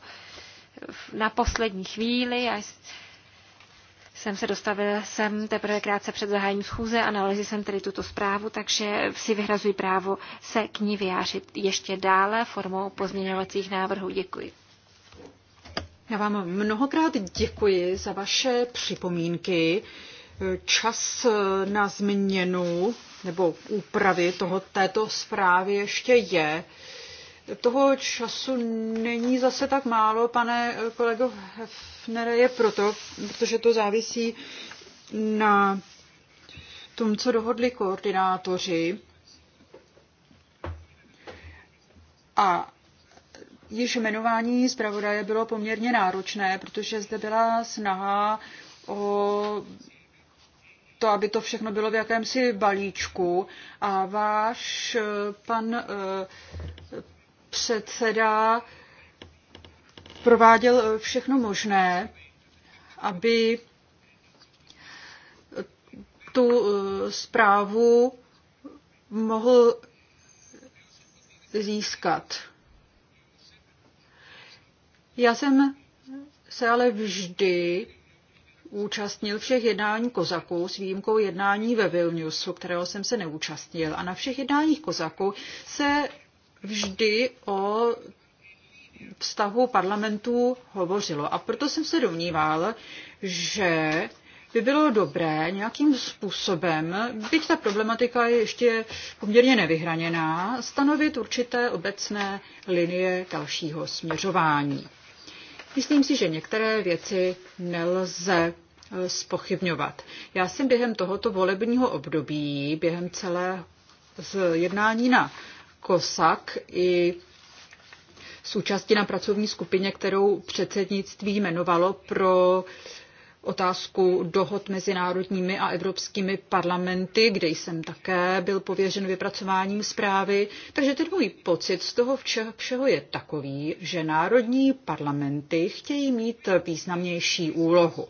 na poslední chvíli. Já jsem se dostavil sem teprve krátce před zahájením schůze, analyzi jsem tedy tuto zprávu, takže si vyhrazuji právo se k ní vyjářit ještě dále formou pozměňovacích návrhů. Děkuji. Já vám mnohokrát děkuji za vaše připomínky. Čas na změnu nebo úpravy toho, této zprávy ještě je. Toho času není zase tak málo, pane kolego Hefnere, je proto, protože to závisí na tom, co dohodli koordinátoři. A již jmenování zpravodaje bylo poměrně náročné, protože zde byla snaha o to, aby to všechno bylo v jakémsi balíčku. A váš eh, pan eh, předseda prováděl eh, všechno možné, aby tu zprávu mohl získat. Já jsem se ale vždy účastnil všech jednání Kozaků s výjimkou jednání ve Vilniusu, kterého jsem se neúčastnil. A na všech jednáních Kozaků se vždy o vztahu parlamentů hovořilo. A proto jsem se domníval, že by bylo dobré nějakým způsobem, byť ta problematika je ještě poměrně nevyhraněná, stanovit určité obecné linie dalšího směřování. Myslím si, že některé věci nelze eh, spochybňovat. Já jsem během tohoto volebního období, během celé z jednání na Kosak i s účastí na pracovní skupině, kterou předsednictví jmenovalo pro uh, otázku dohod mezi národními a evropskými parlamenty, kde jsem také byl pověřen vypracováním zprávy. Takže ten můj pocit z toho všeho je takový, že národní parlamenty chtějí mít významnější úlohu.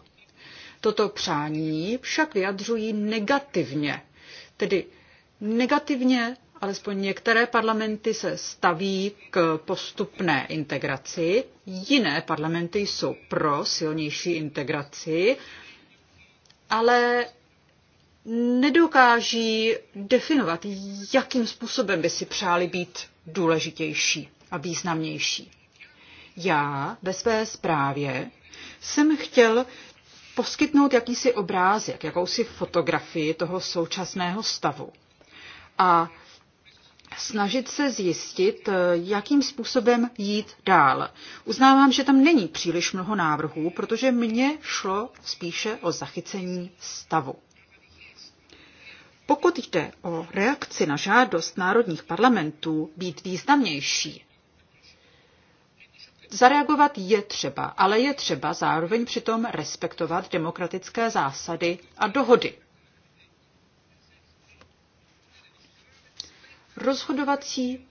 Toto přání však vyjadřují negativně, tedy negativně alespoň některé parlamenty se staví k postupné integraci, jiné parlamenty jsou pro silnější integraci, ale nedokáží definovat, jakým způsobem by si přáli být důležitější a významnější. Já ve své zprávě jsem chtěl poskytnout jakýsi obrázek, jakousi fotografii toho současného stavu. A snažit se zjistit, eh, jakým způsobem jít dál. Uznávám, že tam není příliš mnoho návrhů, protože mně šlo spíše o zachycení stavu. Pokud jde o reakci na žádost národních parlamentů být významnější, zareagovat je třeba, ale je třeba zároveň přitom respektovat demokratické zásady a dohody. Rozhodovací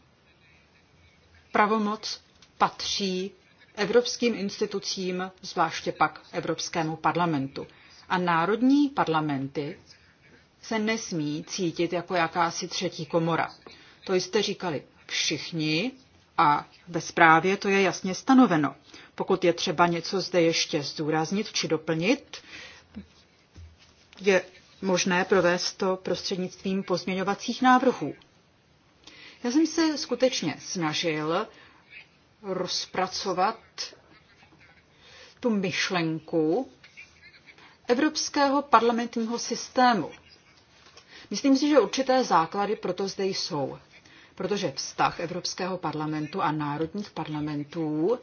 pravomoc patří evropským institucím, zvláště pak Evropskému parlamentu. A národní parlamenty se nesmí cítit jako jakási třetí komora. To jste říkali všichni a ve zprávě to je jasně stanoveno. Pokud je třeba něco zde ještě zdůraznit či doplnit, je možné provést to prostřednictvím pozměňovacích návrhů. Já jsem se skutečně snažil rozpracovat tu myšlenku evropského parlamentního systému. Myslím si, že určité základy proto zde jsou, protože vztah Evropského parlamentu a národních parlamentů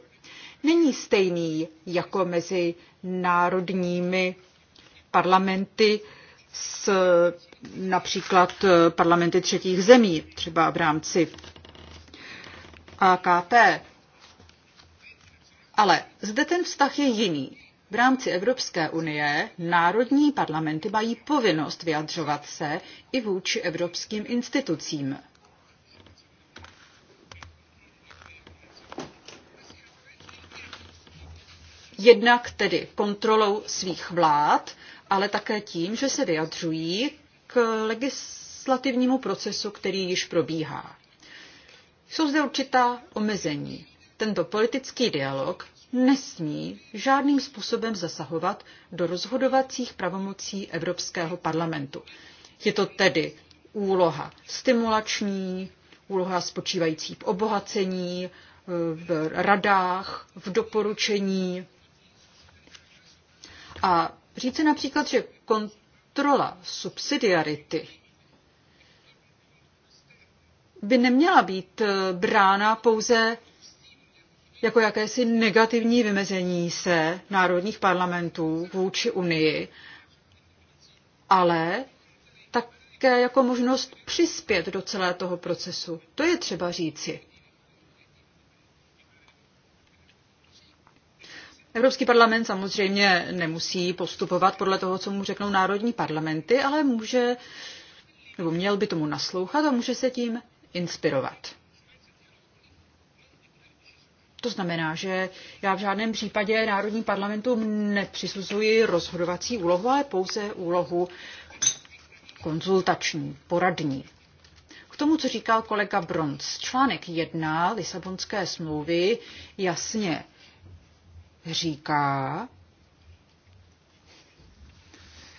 není stejný jako mezi národními parlamenty s například eh, parlamenty třetích zemí, třeba v rámci AKP. Ale zde ten vztah je jiný. V rámci Evropské unie národní parlamenty mají povinnost vyjadřovat se i vůči evropským institucím. Jednak tedy kontrolou svých vlád ale také tím, že se vyjadřují k legislativnímu procesu, který již probíhá. Jsou zde určitá omezení. Tento politický dialog nesmí žádným způsobem zasahovat do rozhodovacích pravomocí Evropského parlamentu. Je to tedy úloha stimulační, úloha spočívající v obohacení, v radách, v doporučení. A Říci například, že kontrola subsidiarity by neměla být eh, brána pouze jako jakési negativní vymezení se národních parlamentů vůči Unii, ale také jako možnost přispět do celého toho procesu. To je třeba říci. Evropský parlament samozřejmě nemusí postupovat podle toho, co mu řeknou národní parlamenty, ale může, nebo měl by tomu naslouchat a může se tím inspirovat. To znamená, že já v žádném případě národním parlamentům nepřisuzuji rozhodovací úlohu, ale pouze úlohu konzultační, poradní. K tomu, co říkal kolega Bronz, článek 1 Lisabonské smlouvy jasně říká,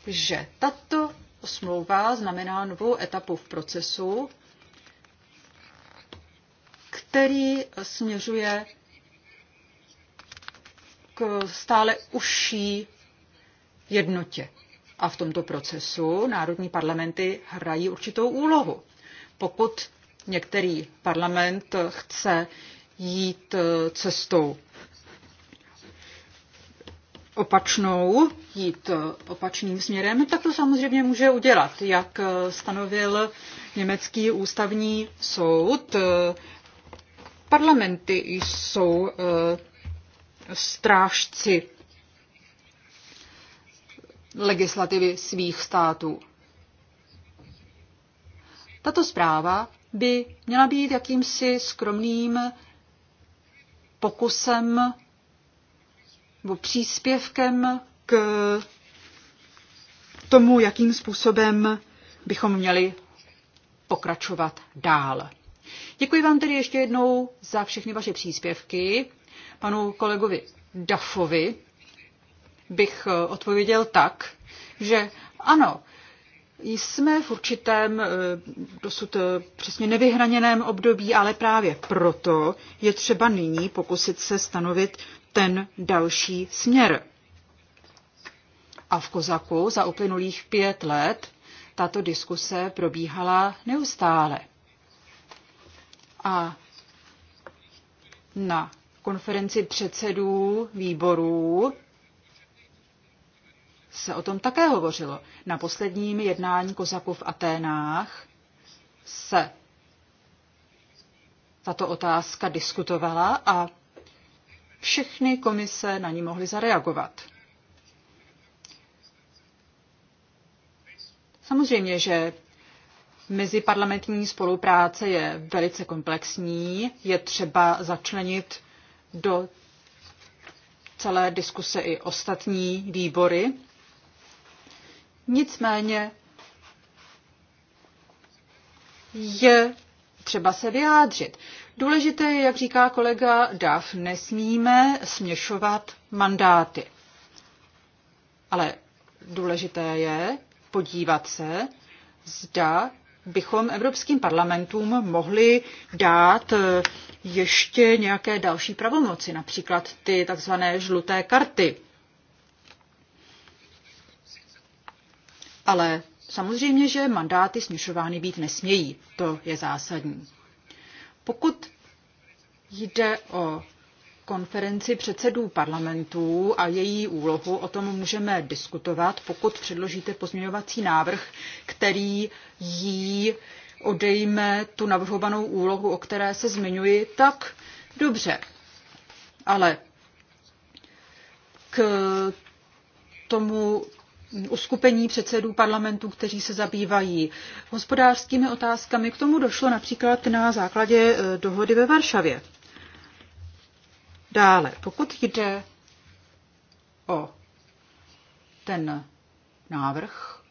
že tato smlouva znamená novou etapu v procesu, který směřuje k stále užší jednotě. A v tomto procesu národní parlamenty hrají určitou úlohu. Pokud některý parlament chce jít eh, cestou opačnou, jít opačným směrem, tak to samozřejmě může udělat, jak stanovil německý ústavní soud. Parlamenty jsou eh, strážci legislativy svých států. Tato zpráva by měla být jakýmsi skromným pokusem nebo příspěvkem k tomu, jakým způsobem bychom měli pokračovat dál. Děkuji vám tedy ještě jednou za všechny vaše příspěvky. Panu kolegovi Dafovi bych eh, odpověděl tak, že ano, jsme v určitém eh, dosud eh, přesně nevyhraněném období, ale právě proto je třeba nyní pokusit se stanovit ten další směr. A v Kozaku za uplynulých pět let tato diskuse probíhala neustále. A na konferenci předsedů výborů se o tom také hovořilo. Na posledním jednání Kozaku v Aténách se tato otázka diskutovala a všechny komise na ní mohly zareagovat. Samozřejmě, že meziparlamentní spolupráce je velice komplexní, je třeba začlenit do celé diskuse i ostatní výbory. Nicméně je třeba se vyjádřit. Důležité je, jak říká kolega Dav, nesmíme směšovat mandáty. Ale důležité je podívat se, zda bychom evropským parlamentům mohli dát eh, ještě nějaké další pravomoci, například ty takzvané žluté karty. Ale samozřejmě, že mandáty směšovány být nesmějí. To je zásadní. Pokud jde o konferenci předsedů parlamentů a její úlohu, o tom můžeme diskutovat, pokud předložíte pozměňovací návrh, který jí odejme tu navrhovanou úlohu, o které se zmiňuji, tak dobře. Ale k tomu uskupení předsedů parlamentů, kteří se zabývají hospodářskými otázkami. K tomu došlo například na základě eh, dohody ve Varšavě. Dále, pokud jde o ten návrh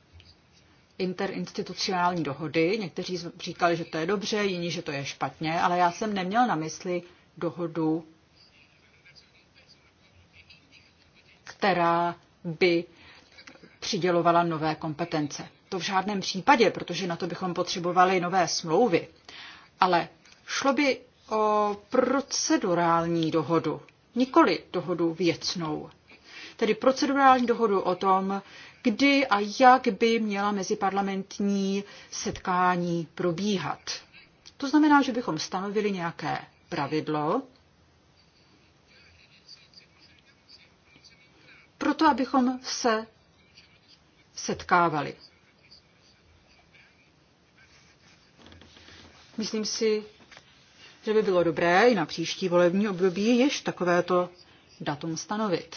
interinstitucionální dohody, někteří říkali, že to je dobře, jiní, že to je špatně, ale já jsem neměl na mysli dohodu, která by přidělovala nové kompetence. To v žádném případě, protože na to bychom potřebovali nové smlouvy. Ale šlo by o procedurální dohodu, nikoli dohodu věcnou. Tedy procedurální dohodu o tom, kdy a jak by měla meziparlamentní setkání probíhat. To znamená, že bychom stanovili nějaké pravidlo, proto abychom se setkávali. Myslím si, že by bylo dobré i na příští volební období již takovéto datum stanovit.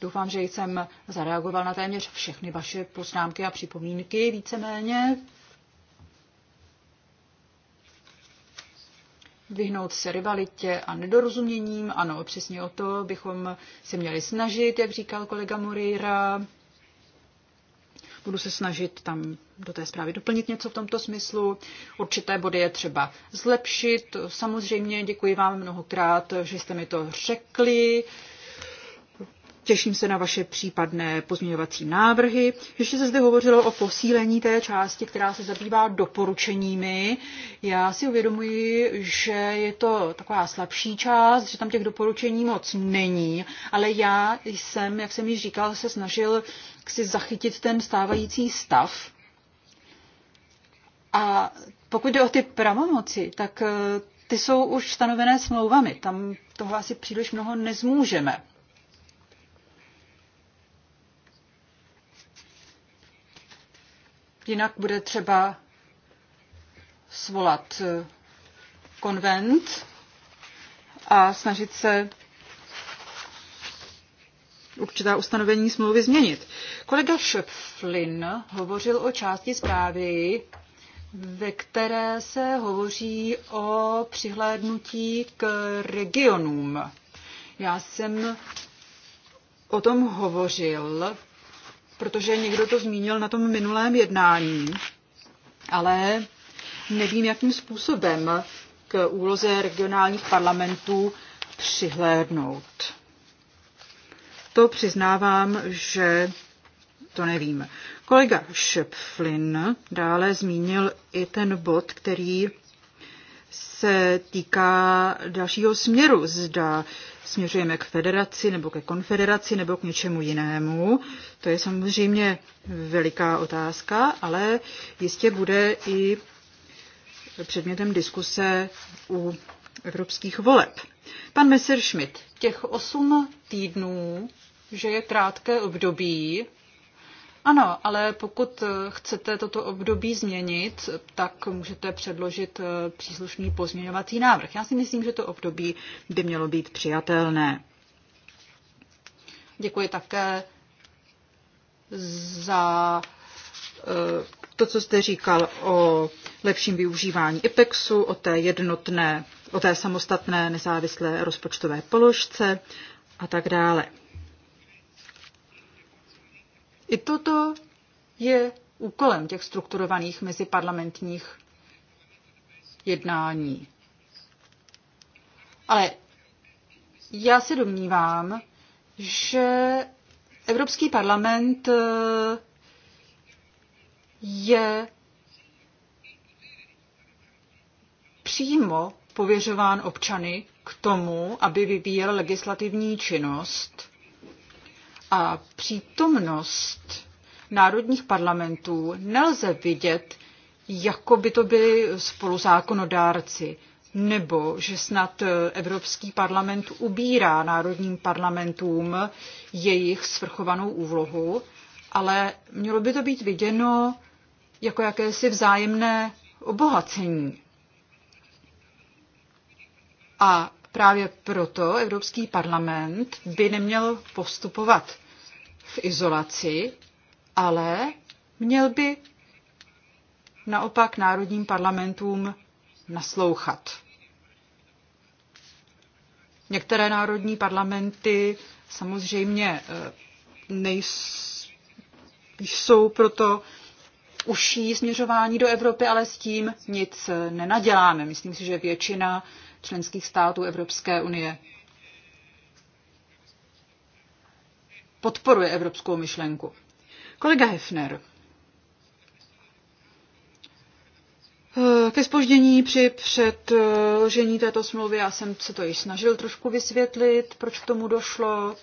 Doufám, že jsem zareagoval na téměř všechny vaše poznámky a připomínky víceméně. Vyhnout se rivalitě a nedorozuměním, ano, přesně o to bychom se měli snažit, jak říkal kolega Moreira. Budu se snažit tam do té zprávy doplnit něco v tomto smyslu. Určité body je třeba zlepšit. Samozřejmě děkuji vám mnohokrát, že jste mi to řekli. Těším se na vaše případné pozměňovací návrhy. Ještě se zde hovořilo o posílení té části, která se zabývá doporučeními. Já si uvědomuji, že je to taková slabší část, že tam těch doporučení moc není, ale já jsem, jak jsem již říkal, se snažil si zachytit ten stávající stav. A pokud jde o ty pravomoci, tak eh, ty jsou už stanovené smlouvami. Tam toho asi příliš mnoho nezmůžeme. Jinak bude třeba svolat eh, konvent a snažit se určitá ustanovení smlouvy změnit. Kolega Šepflin hovořil o části zprávy, ve které se hovoří o přihlédnutí k regionům. Já jsem o tom hovořil protože někdo to zmínil na tom minulém jednání, ale nevím, jakým způsobem k úloze regionálních parlamentů přihlédnout. To přiznávám, že to nevím. Kolega Šepflin dále zmínil i ten bod, který se týká dalšího směru. Zda směřujeme k federaci nebo ke konfederaci nebo k něčemu jinému. To je samozřejmě veliká otázka, ale jistě bude i předmětem diskuse u evropských voleb. Pan Messerschmidt, těch osm týdnů, že je krátké období, ano, ale pokud eh, chcete toto období změnit, tak můžete předložit eh, příslušný pozměňovací návrh. Já si myslím, že to období by mělo být přijatelné. Děkuji také za eh, to, co jste říkal o lepším využívání IPEXu, o té jednotné, o té samostatné nezávislé rozpočtové položce a tak dále. I toto je úkolem těch strukturovaných meziparlamentních jednání. Ale já se domnívám, že Evropský parlament eh, je přímo pověřován občany k tomu, aby vyvíjel legislativní činnost a přítomnost národních parlamentů nelze vidět, jako by to byli spoluzákonodárci, nebo že snad Evropský parlament ubírá národním parlamentům jejich svrchovanou úlohu, ale mělo by to být viděno jako jakési vzájemné obohacení. A Právě proto Evropský parlament by neměl postupovat v izolaci, ale měl by naopak národním parlamentům naslouchat. Některé národní parlamenty samozřejmě eh, nejsou proto užší směřování do Evropy, ale s tím nic nenaděláme. Myslím si, že většina členských států Evropské unie. Podporuje evropskou myšlenku. Kolega Hefner. Ke spoždění při předložení této smlouvy, já jsem se to již snažil trošku vysvětlit, proč k tomu došlo.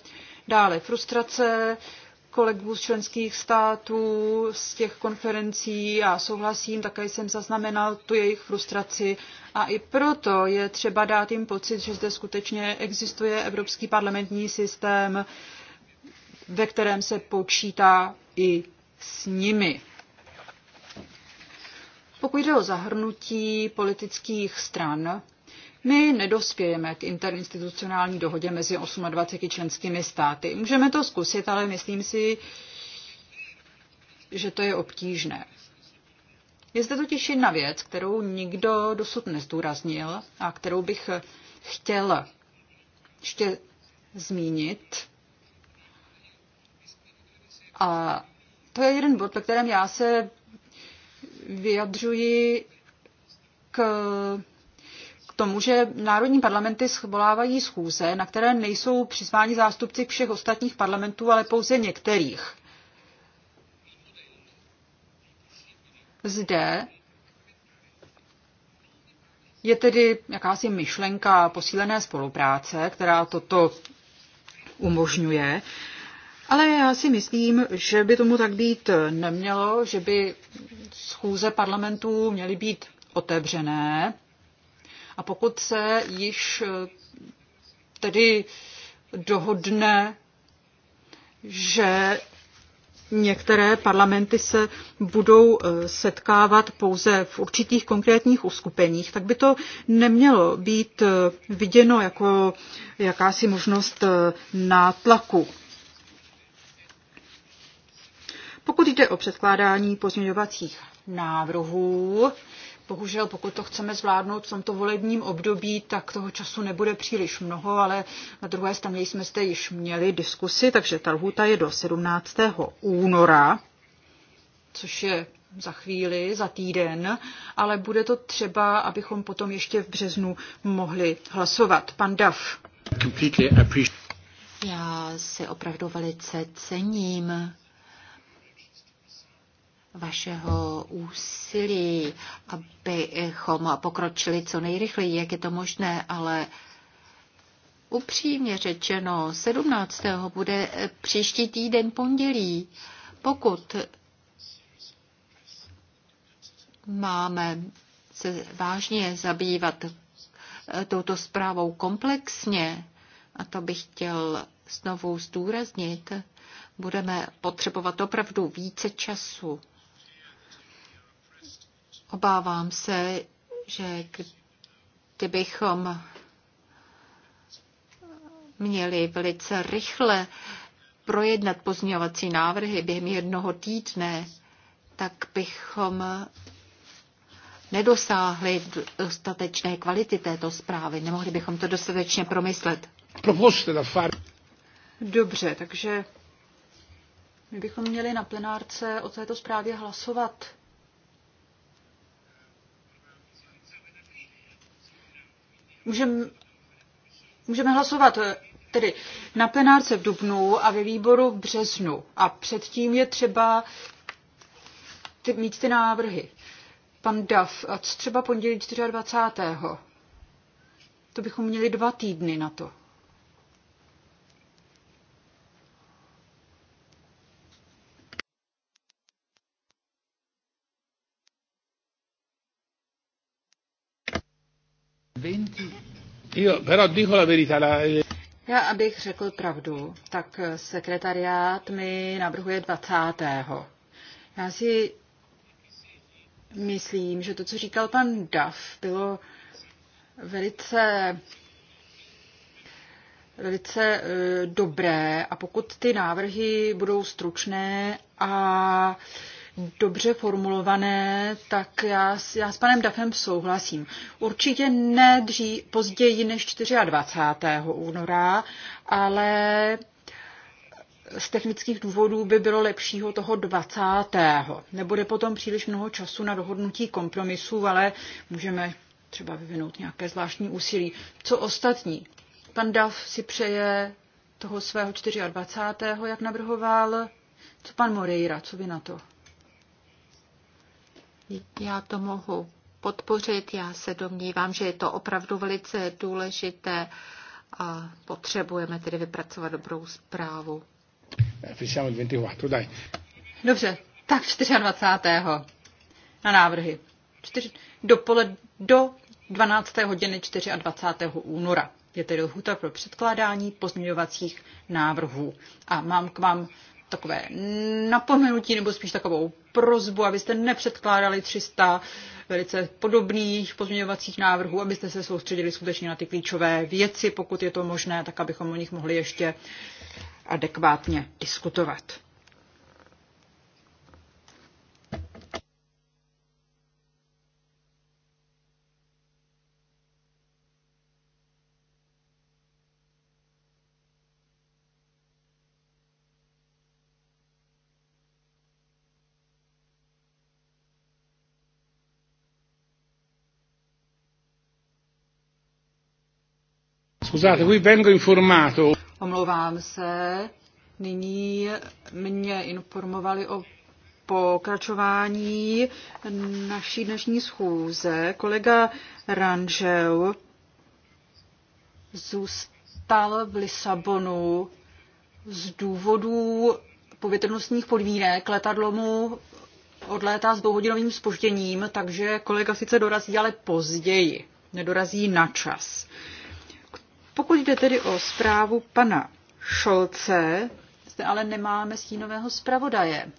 Dále frustrace kolegů z členských států, z těch konferencí. a souhlasím, také jsem zaznamenal tu jejich frustraci a i proto je třeba dát jim pocit, že zde skutečně existuje evropský parlamentní systém, ve kterém se počítá i s nimi. Pokud jde o zahrnutí politických stran, my nedospějeme k interinstitucionální dohodě mezi 28 členskými státy. Můžeme to zkusit, ale myslím si, že to je obtížné. Je zde totiž jedna věc, kterou nikdo dosud nezdůraznil a kterou bych chtěl ještě zmínit. A to je jeden bod, ve kterém já se vyjadřuji k tomu, že národní parlamenty schvolávají schůze, na které nejsou přizváni zástupci všech ostatních parlamentů, ale pouze některých. Zde je tedy jakási myšlenka posílené spolupráce, která toto umožňuje. Ale já si myslím, že by tomu tak být nemělo, že by schůze parlamentů měly být otevřené a pokud se již eh, tedy dohodne, že některé parlamenty se budou eh, setkávat pouze v určitých konkrétních uskupeních, tak by to nemělo být eh, viděno jako jakási možnost nátlaku. Pokud jde o předkládání pozměňovacích návrhů, Bohužel, pokud to chceme zvládnout v tomto volebním období, tak toho času nebude příliš mnoho, ale na druhé straně jsme zde již měli diskusi, takže ta lhůta je do 17. února, což je za chvíli, za týden, ale bude to třeba, abychom potom ještě v březnu mohli hlasovat. Pan Dav. Já si opravdu velice cením vašeho úsilí, abychom pokročili co nejrychleji, jak je to možné, ale upřímně řečeno, 17. bude příští týden pondělí. Pokud máme se vážně zabývat eh, touto zprávou komplexně, a to bych chtěl znovu zdůraznit, budeme potřebovat opravdu více času. Obávám se, že kdybychom měli velice rychle projednat pozměňovací návrhy během jednoho týdne, tak bychom nedosáhli dostatečné kvality této zprávy. Nemohli bychom to dostatečně promyslet. Dobře, takže my bychom měli na plenárce o této zprávě hlasovat Můžeme, můžeme hlasovat eh, tedy na plenárce v dubnu a ve výboru v březnu. A předtím je třeba ty, mít ty návrhy. Pan Dav, a třeba pondělí 24. To bychom měli dva týdny na to. Io però dico la verità, la... Eh. Já, abych řekl pravdu, tak sekretariát mi navrhuje 20. Já si myslím, že to, co říkal pan Duff, bylo velice velice eh, dobré a pokud ty návrhy budou stručné a dobře formulované, tak já, já s panem Dafem souhlasím. Určitě ne dří, později než 24. února, ale z technických důvodů by bylo lepšího toho 20. Nebude potom příliš mnoho času na dohodnutí kompromisů, ale můžeme třeba vyvinout nějaké zvláštní úsilí. Co ostatní? Pan Dav si přeje toho svého 24. jak navrhoval. Co pan Moreira, co vy na to? Já to mohu podpořit. Já se domnívám, že je to opravdu velice důležité a potřebujeme tedy vypracovat dobrou zprávu. Dobře, tak 24. na návrhy. Čtyři, dopole, do 12. hodiny 24. února je tedy lhuta pro předkládání pozměňovacích návrhů. A mám k vám takové napomenutí nebo spíš takovou prozbu, abyste nepředkládali 300 velice podobných pozměňovacích návrhů, abyste se soustředili skutečně na ty klíčové věci, pokud je to možné, tak abychom o nich mohli ještě adekvátně diskutovat. Scusate, qui vengo informato. Omlouvám se, nyní mě informovali o pokračování naší dnešní schůze. Kolega Ranžel zůstal v Lisabonu z důvodů povětrnostních podmínek. Letadlo mu odlétá s dvouhodinovým spožděním, takže kolega sice dorazí, ale později. Nedorazí na čas. Pokud jde tedy o zprávu pana Šolce, zde ale nemáme stínového zpravodaje.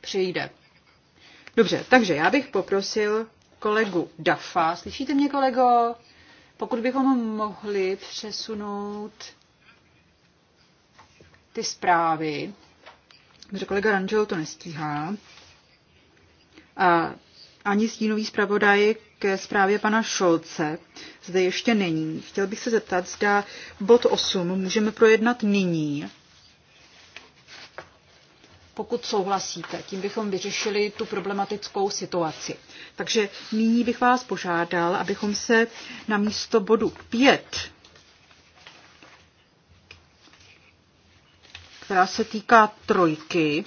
Přijde. Dobře, takže já bych poprosil kolegu Dafa. Slyšíte mě, kolego? Pokud bychom mohli přesunout ty zprávy, protože kolega Rangel to nestíhá. A ani stínový zpravodaj ke zprávě pana Šolce zde ještě není. Chtěl bych se zeptat, zda bod 8 můžeme projednat nyní. Pokud souhlasíte, tím bychom vyřešili tu problematickou situaci. Takže nyní bych vás požádal, abychom se na místo bodu 5 která se týká trojky,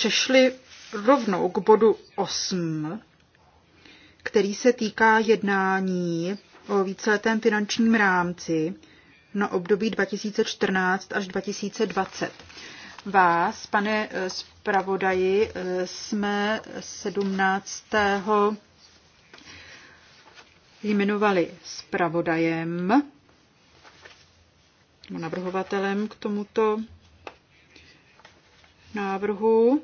přešli rovnou k bodu 8, který se týká jednání o víceletém finančním rámci na období 2014 až 2020. Vás, pane eh, zpravodaji, eh, jsme 17. jmenovali zpravodajem, navrhovatelem k tomuto návrhu.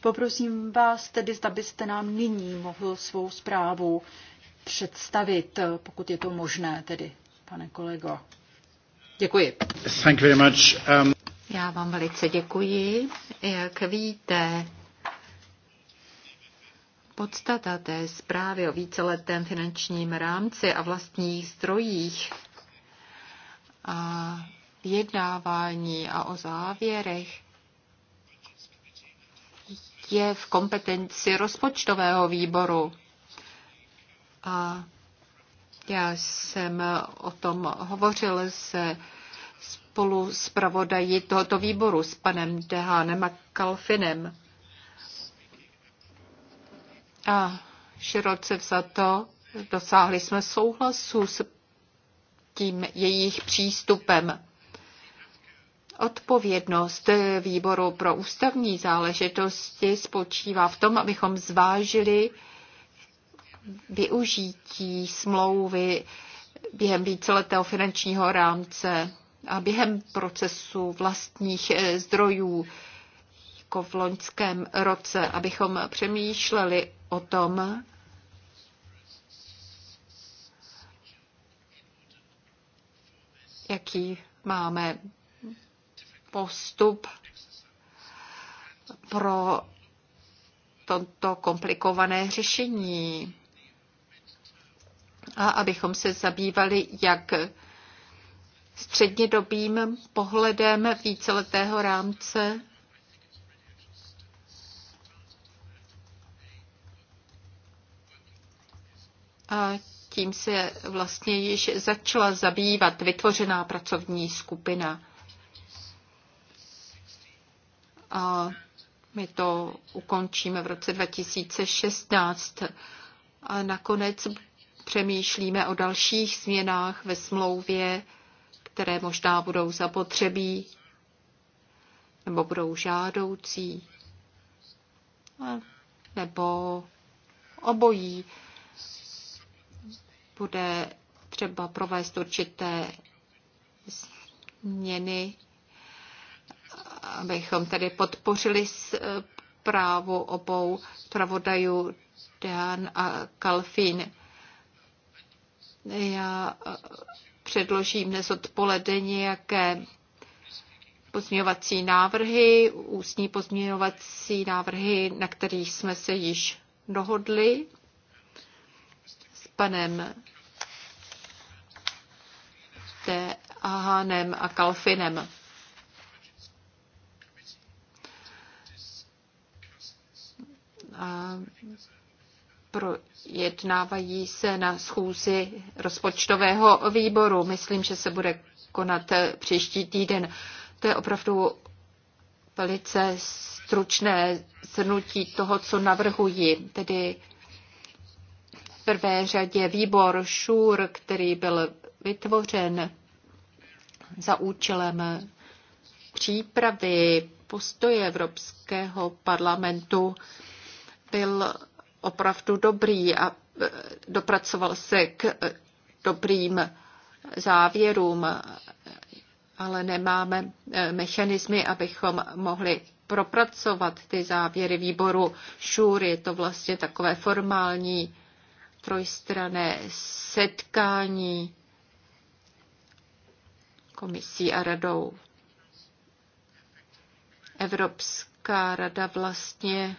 Poprosím vás tedy, zda byste nám nyní mohl svou zprávu představit, pokud je to možné tedy, pane kolego. Děkuji. Thank you very much. Um... Já vám velice děkuji. Jak víte, podstata té zprávy o víceletém finančním rámci a vlastních zdrojích a vyjednávání a o závěrech je v kompetenci rozpočtového výboru. A já jsem o tom hovořil se spolu s pravodají tohoto výboru s panem Dehánem a Kalfinem. A široce vzato dosáhli jsme souhlasu s tím jejich přístupem. Odpovědnost výboru pro ústavní záležitosti spočívá v tom, abychom zvážili využití smlouvy během víceletého finančního rámce a během procesu vlastních eh, zdrojů jako v loňském roce, abychom přemýšleli o tom, jaký máme postup pro toto komplikované řešení a abychom se zabývali jak střednědobým pohledem víceletého rámce, a tím se vlastně již začala zabývat vytvořená pracovní skupina a my to ukončíme v roce 2016. A nakonec přemýšlíme o dalších změnách ve smlouvě, které možná budou zapotřebí nebo budou žádoucí nebo obojí. Bude třeba provést určité změny abychom tedy podpořili eh, právo obou pravodajů Dan a Kalfín. Já eh, předložím dnes odpoledne nějaké pozměňovací návrhy, ústní pozměňovací návrhy, na kterých jsme se již dohodli s panem T. Ahanem a Kalfinem. projednávají se na schůzi rozpočtového výboru. Myslím, že se bude konat eh, příští týden. To je opravdu velice stručné zhrnutí toho, co navrhuji. Tedy v prvé řadě výbor ŠUR, který byl vytvořen za účelem přípravy postoje Evropského parlamentu byl opravdu dobrý a e, dopracoval se k e, dobrým závěrům, ale nemáme e, mechanismy, abychom mohli propracovat ty závěry výboru ŠUR. Je to vlastně takové formální trojstrané setkání komisí a radou. Evropská rada vlastně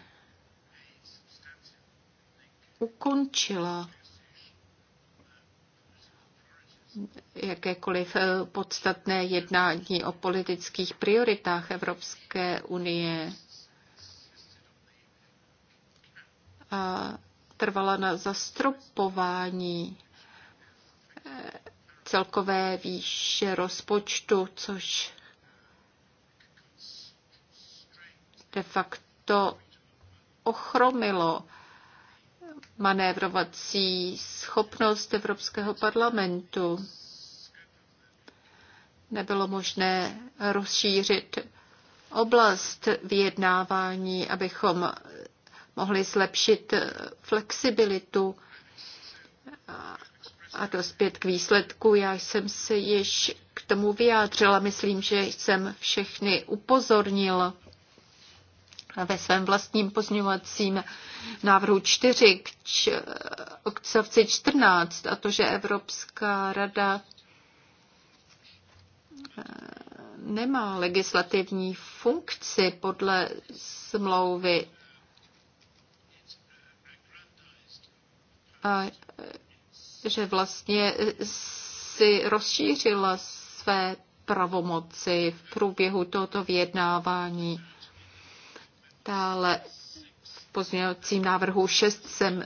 ukončila jakékoliv eh, podstatné jednání o politických prioritách Evropské unie a trvala na zastropování eh, celkové výše rozpočtu, což de facto ochromilo manévrovací schopnost Evropského parlamentu. Nebylo možné rozšířit oblast vyjednávání, abychom mohli zlepšit flexibilitu a dospět k výsledku. Já jsem se již k tomu vyjádřila. Myslím, že jsem všechny upozornil ve svém vlastním pozměňovacím návrhu 4 k č- odstavci 14 a to, že Evropská rada eh, nemá legislativní funkci podle smlouvy. A eh, že vlastně eh, si rozšířila své pravomoci v průběhu tohoto vyjednávání. Dále v pozměňovacím návrhu 6 jsem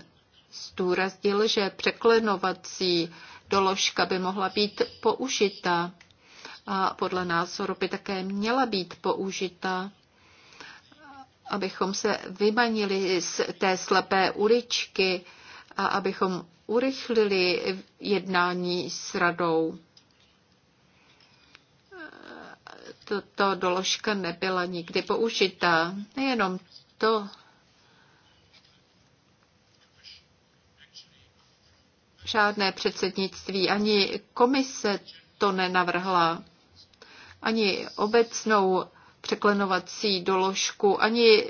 zdůraznil, že překlenovací doložka by mohla být použita a podle názoru by také měla být použita, abychom se vymanili z té slepé uličky a abychom urychlili jednání s radou. tato doložka nebyla nikdy použitá. Nejenom to, žádné předsednictví, ani komise to nenavrhla, ani obecnou překlenovací doložku, ani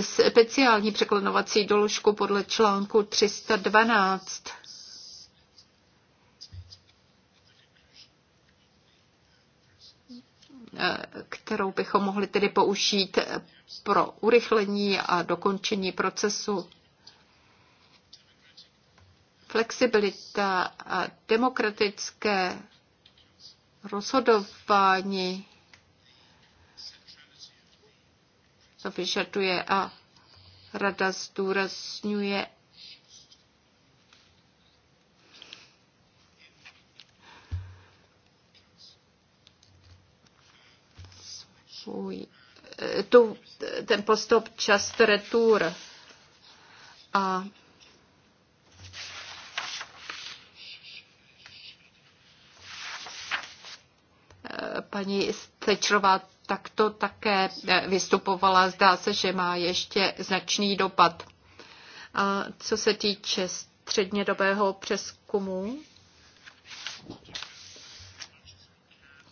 speciální překlenovací doložku podle článku 312. Eh, kterou bychom mohli tedy použít pro urychlení a dokončení procesu. Flexibilita a demokratické rozhodování to vyžaduje a rada zdůrazňuje svůj, eh, tu, ten postup čas retur. A eh, paní Stečrová takto také eh, vystupovala. Zdá se, že má ještě značný dopad. A co se týče střednědobého přeskumu,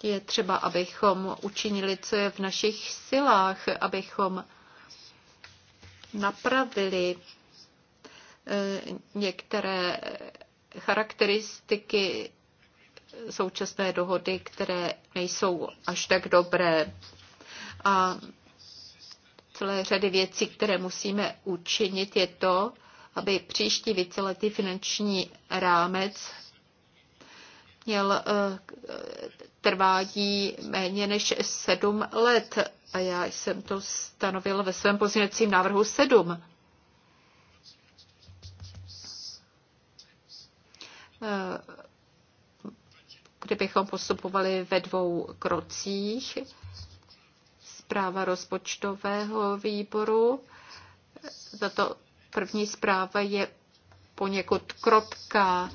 je třeba, abychom učinili, co je v našich silách, abychom napravili eh, některé charakteristiky současné dohody, které nejsou až tak dobré. A celé řady věcí, které musíme učinit, je to, aby příští víceletý finanční rámec měl eh, eh, trvání méně než sedm let a já jsem to stanovil ve svém pozměňovacím návrhu sedm. Eh, kdybychom postupovali ve dvou krocích, zpráva rozpočtového výboru, tato první zpráva je poněkud krotká,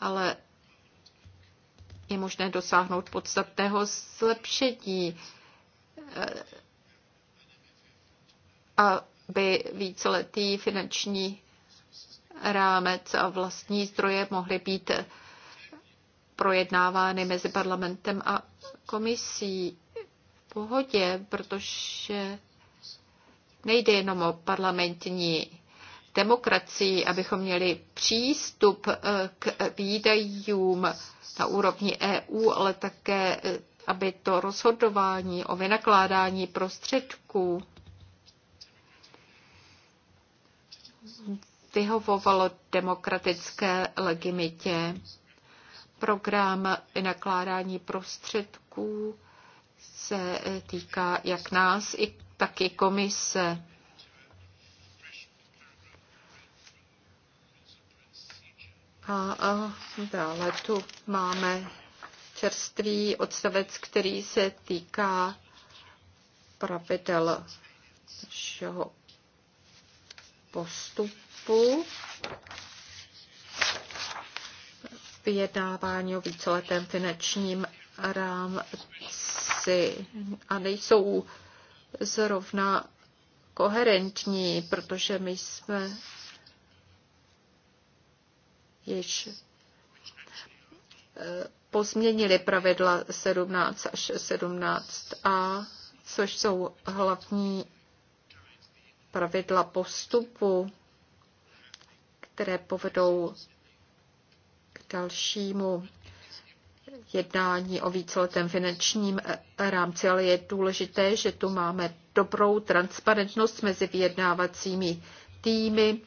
ale je možné dosáhnout podstatného zlepšení, eh, aby víceletý finanční rámec a vlastní zdroje mohly být projednávány mezi parlamentem a komisí v pohodě, protože nejde jenom o parlamentní demokracii, abychom měli přístup eh, k výdajům na úrovni EU, ale také, eh, aby to rozhodování o vynakládání prostředků vyhovovalo demokratické legimitě. Program vynakládání prostředků se eh, týká jak nás, tak i komise. A, a dále tu máme čerstvý odstavec, který se týká pravidel našeho postupu vyjednávání o víceletém finančním rámci a nejsou zrovna koherentní, protože my jsme již eh, pozměnili pravidla 17 až 17a, což jsou hlavní pravidla postupu, které povedou k dalšímu jednání o víceletém finančním eh, rámci, ale je důležité, že tu máme dobrou transparentnost mezi vyjednávacími týmy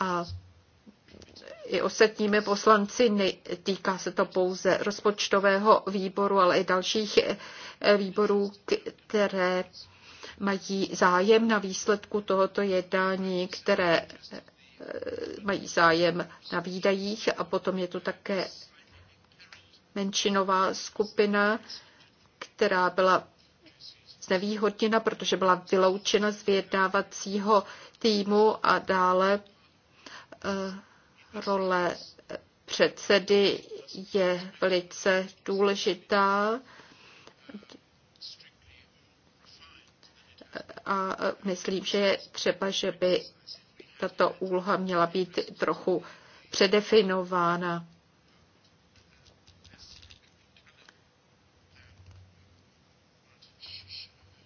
a i ostatními poslanci. Týká se to pouze rozpočtového výboru, ale i dalších eh, výborů, které mají zájem na výsledku tohoto jednání, které eh, mají zájem na výdajích a potom je tu také menšinová skupina, která byla znevýhodněna, protože byla vyloučena z vyjednávacího týmu a dále eh, Role předsedy je velice důležitá a myslím, že je třeba, že by tato úloha měla být trochu předefinována.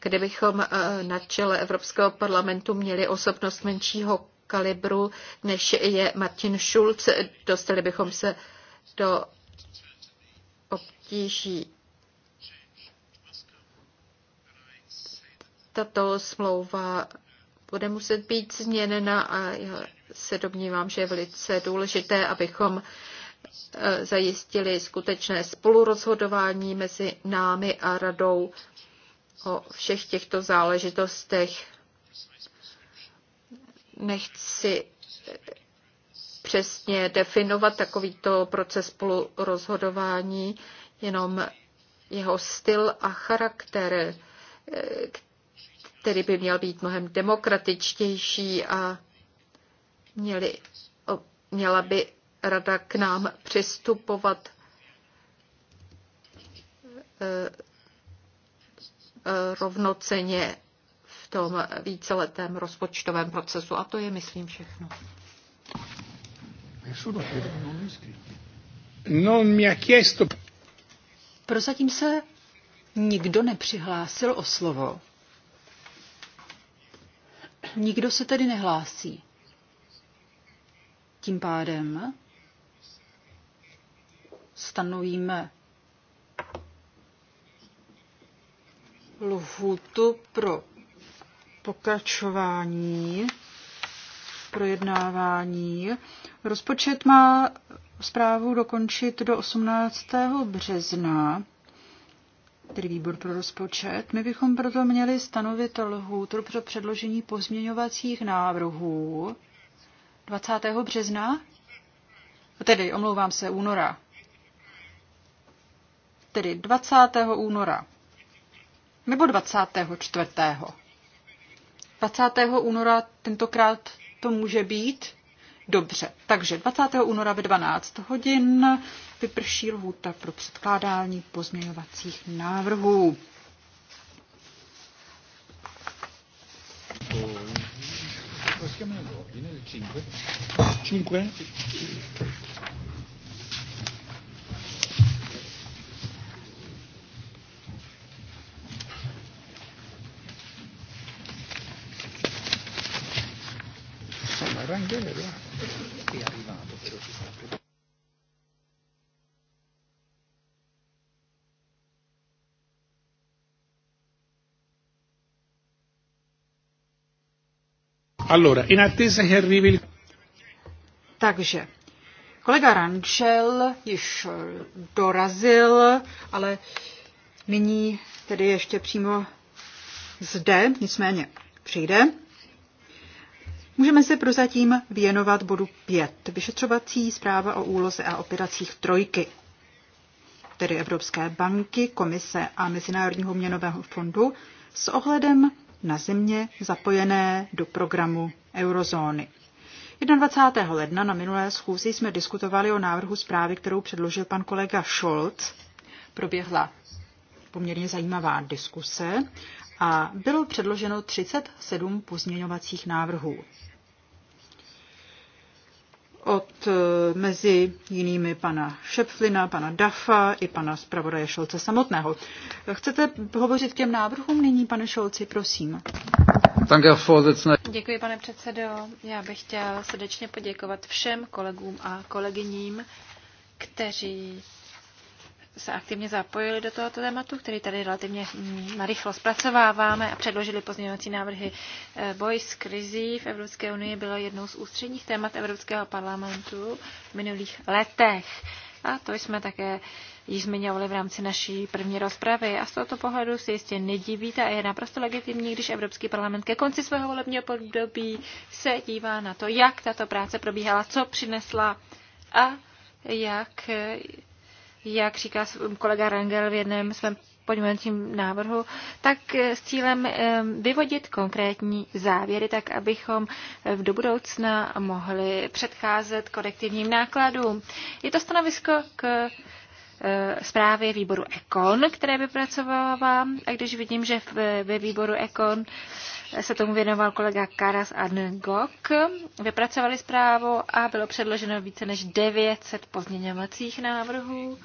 Kdybychom eh, na čele Evropského parlamentu měli osobnost menšího kalibru, než je Martin Schulz. Dostali bychom se do obtíží. Tato smlouva bude muset být změněna a já se domnívám, že je velice důležité, abychom eh, zajistili skutečné spolurozhodování mezi námi a radou o všech těchto záležitostech nechci eh, přesně definovat takovýto proces spolurozhodování, jenom jeho styl a charakter, eh, který by měl být mnohem demokratičtější a měli, měla by rada k nám přistupovat eh, rovnoceně tom víceletém rozpočtovém procesu. A to je, myslím, všechno. Non mi ha chiesto... Prozatím se nikdo nepřihlásil o slovo. Nikdo se tedy nehlásí. Tím pádem stanovíme lhůtu pro pokračování projednávání. Rozpočet má zprávu dokončit do 18. března, tedy výbor pro rozpočet. My bychom proto měli stanovit lhůtu pro předložení pozměňovacích návrhů 20. března, tedy omlouvám se, února. Tedy 20. února. Nebo 24. 20. února tentokrát to může být? Dobře, takže 20. února ve 12 hodin vyprší lhůta pro předkládání pozměňovacích návrhů. Cinque. Cinque. bene, È arrivato, però ci sta Allora, in attesa che arrivi il... Takže, kolega Rančel již eh, dorazil, ale nyní tedy ještě přímo zde, nicméně přijde. Můžeme se prozatím věnovat bodu 5, vyšetřovací zpráva o úloze a operacích trojky, tedy Evropské banky, komise a Mezinárodního měnového fondu, s ohledem na země zapojené do programu eurozóny. 21. ledna na minulé schůzi jsme diskutovali o návrhu zprávy, kterou předložil pan kolega Scholz. Proběhla poměrně zajímavá diskuse a bylo předloženo 37 pozměňovacích návrhů. Od e, mezi jinými pana Šepflina, pana Dafa i pana zpravodaje Šolce samotného. Chcete hovořit k těm návrhům nyní, pane Šolci, prosím. Děkuji, pane předsedo. Já bych chtěl srdečně poděkovat všem kolegům a kolegyním, kteří se aktivně zapojili do tohoto tématu, který tady relativně mm, narychlo zpracováváme a předložili pozměňovací návrhy. Eh, boj s krizí v Evropské unii bylo jednou z ústředních témat Evropského parlamentu v minulých letech. A to jsme také již zmiňovali v rámci naší první rozpravy. A z tohoto pohledu se jistě nedivíte a je naprosto legitimní, když Evropský parlament ke konci svého volebního období se dívá na to, jak tato práce probíhala, co přinesla a jak jak říká kolega Rangel v jednom svém podmínujícím návrhu, tak s cílem eh, vyvodit konkrétní závěry, tak abychom v eh, do budoucna mohli předcházet kolektivním nákladům. Je to stanovisko k eh, zprávě výboru Ekon, které vypracovávám. A když vidím, že ve výboru Ekon se tomu věnoval kolega Karas Adngok. Vypracovali zprávu a bylo předloženo více než 900 pozměňovacích návrhů.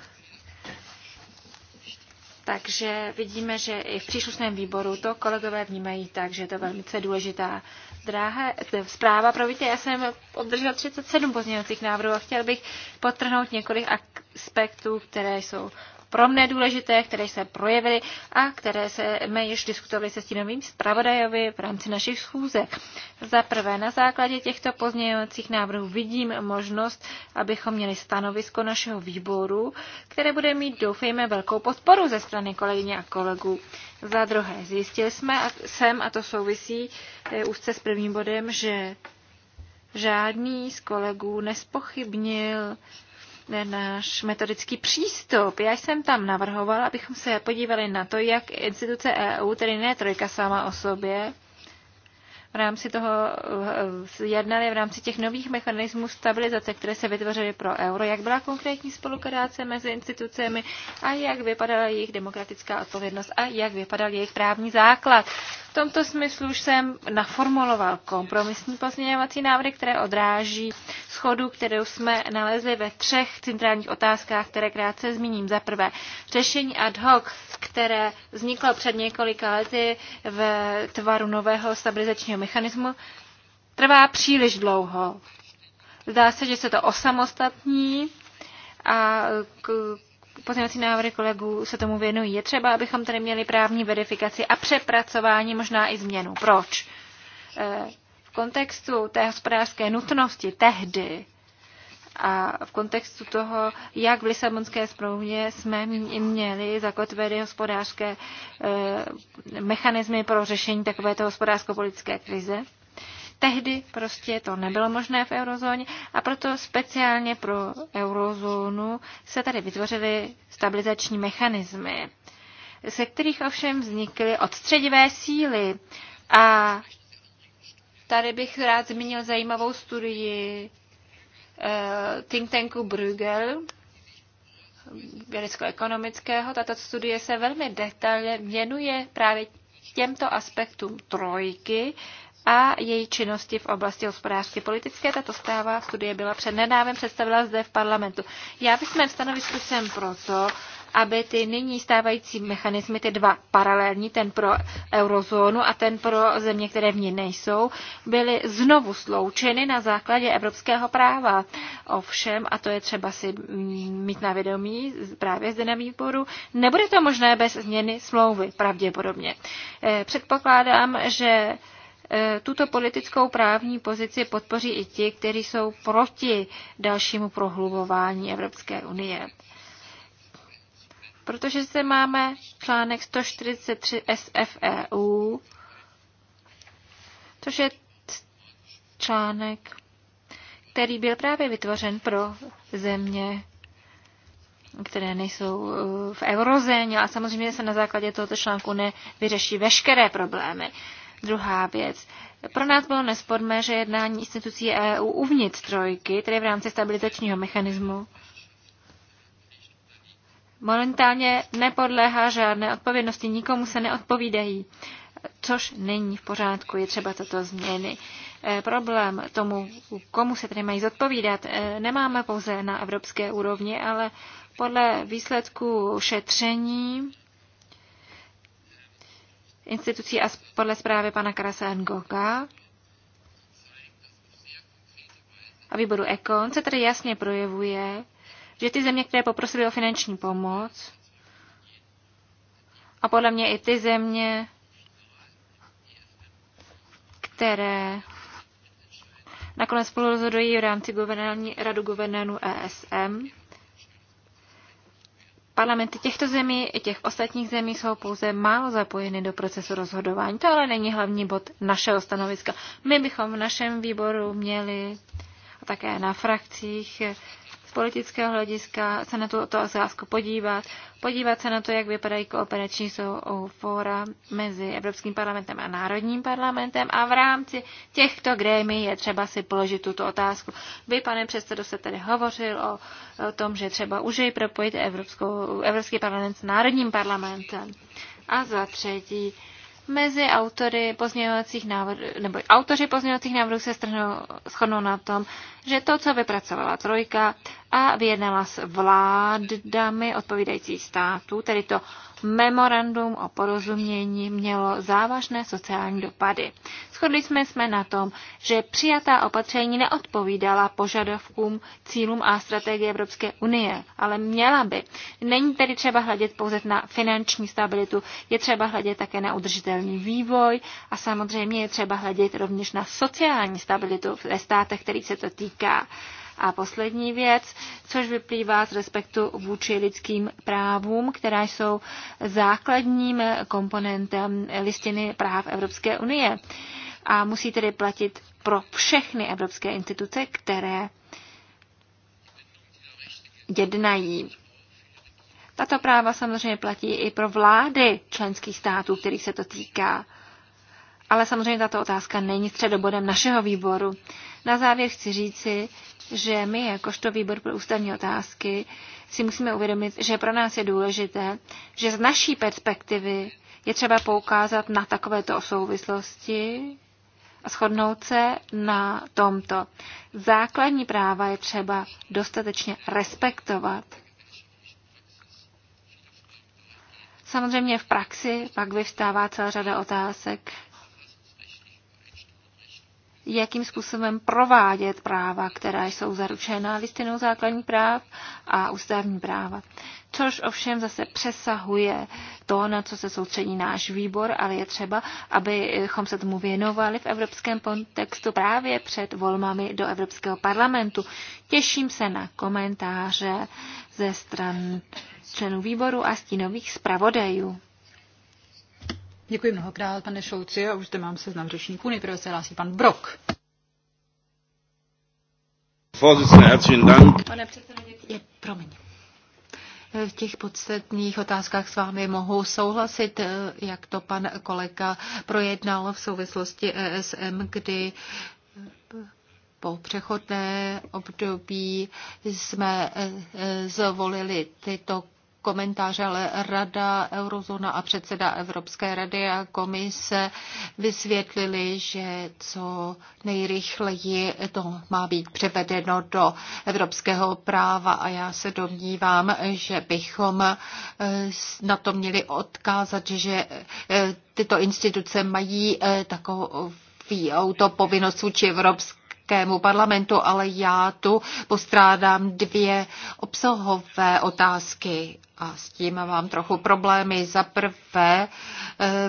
Takže vidíme, že i v příslušném výboru to kolegové vnímají tak, že je to velmi důležitá dráha, zpráva. Promiňte, já jsem obdržel 37 pozměňovacích návrhů a chtěl bych potrhnout několik aspektů, které jsou pro mne důležité, které se projevily a které jsme již diskutovali se stínovým zpravodajovi v rámci našich schůzek. Za prvé, na základě těchto pozměňovacích návrhů vidím možnost, abychom měli stanovisko našeho výboru, které bude mít, doufejme, velkou podporu ze strany kolegyně a kolegů. Za druhé, zjistili jsme a sem a to souvisí eh, úzce s prvním bodem, že žádný z kolegů nespochybnil náš metodický přístup. Já jsem tam navrhovala, abychom se podívali na to, jak instituce EU, tedy ne trojka sama o sobě, v rámci toho eh, jednali v rámci těch nových mechanismů stabilizace, které se vytvořily pro euro, jak byla konkrétní spolupráce mezi institucemi a jak vypadala jejich demokratická odpovědnost a jak vypadal jejich právní základ. V tomto smyslu už jsem naformuloval kompromisní pozměňovací návrhy, které odráží schodu, kterou jsme nalezli ve třech centrálních otázkách, které krátce zmíním. Za prvé, řešení ad hoc, které vzniklo před několika lety v tvaru nového stabilizačního mechanismu, trvá příliš dlouho. Zdá se, že se to osamostatní a pozměňovací návrhy kolegů se tomu věnují. Je třeba, abychom tady měli právní verifikaci a přepracování, možná i změnu. Proč? Eh, v kontextu té hospodářské nutnosti tehdy a v kontextu toho, jak v Lisabonské smlouvě jsme měli zakotveny hospodářské eh, mechanismy pro řešení takovéto hospodářsko-politické krize, Tehdy prostě to nebylo možné v eurozóně a proto speciálně pro eurozónu se tady vytvořily stabilizační mechanismy, ze kterých ovšem vznikly odstředivé síly. A tady bych rád zmínil zajímavou studii eh, think tanku Bruegel, vědecko-ekonomického. Tato studie se velmi detailně věnuje právě těmto aspektům trojky a její činnosti v oblasti hospodářské politické. Tato zpráva studie byla před nedávem představila zde v parlamentu. Já bych mém stanovisku sem proto, aby ty nyní stávající mechanismy, ty dva paralelní, ten pro eurozónu a ten pro země, které v ní nejsou, byly znovu sloučeny na základě evropského práva. Ovšem, a to je třeba si mít na vědomí právě zde na výboru, nebude to možné bez změny smlouvy pravděpodobně. Eh, předpokládám, že E, tuto politickou právní pozici podpoří i ti, kteří jsou proti dalšímu prohlubování Evropské unie. Protože se máme článek 143 SFEU, což je článek, který byl právě vytvořen pro země, které nejsou e, v eurozéně a samozřejmě se na základě tohoto článku nevyřeší veškeré problémy. Druhá věc. Pro nás bylo nesporné, že jednání institucí EU uvnitř trojky, tedy v rámci stabilizačního mechanismu, momentálně nepodléhá žádné odpovědnosti, nikomu se neodpovídají, což není v pořádku, je třeba toto změny. E, problém tomu, komu se tedy mají zodpovídat, e, nemáme pouze na evropské úrovni, ale podle výsledků šetření institucí a podle zprávy pana Karasa Ngoga a výboru Ekon se tedy jasně projevuje, že ty země, které poprosily o finanční pomoc, a podle mě i ty země, které nakonec spolu rozhodují v rámci guvernální, radu guvernérů ESM, Parlamenty těchto zemí i těch ostatních zemí jsou pouze málo zapojeny do procesu rozhodování. To ale není hlavní bod našeho stanoviska. My bychom v našem výboru měli a také na frakcích politického hlediska se na tu otázku podívat, podívat se na to, jak vypadají kooperační fóra mezi Evropským parlamentem a Národním parlamentem a v rámci těchto grémy je třeba si položit tuto otázku. Vy, pane předsedo, se tedy hovořil o, o tom, že třeba už jej propojit Evropskou, Evropský parlament s Národním parlamentem. A za třetí, Mezi autory pozměňovacích návrhů, nebo autoři pozměňovacích návrhů se shodnou na tom, že to, co vypracovala trojka a vyjednala s vládami odpovídajících států, tedy to memorandum o porozumění mělo závažné sociální dopady. Shodli jsme jsme na tom, že přijatá opatření neodpovídala požadavkům, cílům a strategii Evropské unie, ale měla by. Není tedy třeba hledět pouze na finanční stabilitu, je třeba hledět také na udržitelný vývoj a samozřejmě je třeba hledět rovněž na sociální stabilitu ve státech, který se to týká. A poslední věc, což vyplývá z respektu vůči lidským právům, která jsou základním komponentem listiny práv Evropské unie. A musí tedy platit pro všechny evropské instituce, které jednají. Tato práva samozřejmě platí i pro vlády členských států, kterých se to týká. Ale samozřejmě tato otázka není středobodem našeho výboru. Na závěr chci říci, že my, jakožto výbor pro ústavní otázky, si musíme uvědomit, že pro nás je důležité, že z naší perspektivy je třeba poukázat na takovéto souvislosti a shodnout se na tomto. Základní práva je třeba dostatečně respektovat. Samozřejmě v praxi pak vyvstává celá řada otázek, jakým způsobem provádět práva, která jsou zaručená listinou základních práv a ústavní práva. Což ovšem zase přesahuje to, na co se soustředí náš výbor, ale je třeba, abychom se tomu věnovali v evropském kontextu právě před volbami do Evropského parlamentu. Těším se na komentáře ze stran členů výboru a stínových zpravodajů. Děkuji mnohokrát, pane Šouci, a už zde mám seznam řečníků. Nejprve se hlásí pan Brok. Pane předsedo, V těch podstatných otázkách s vámi mohu souhlasit, eh, jak to pan kolega projednal v souvislosti ESM, eh, kdy eh, po přechodné období jsme zvolili tyto komentáře, ale Rada, Eurozóna a předseda Evropské rady a komise vysvětlili, že co nejrychleji to má být převedeno do evropského práva a já se domnívám, že bychom eh, na to měli odkázat, že eh, tyto instituce mají eh, takový autopovinnost vůči evropské Evropskému parlamentu, ale já tu postrádám dvě obsahové otázky a s tím mám trochu problémy. Za prvé, eh,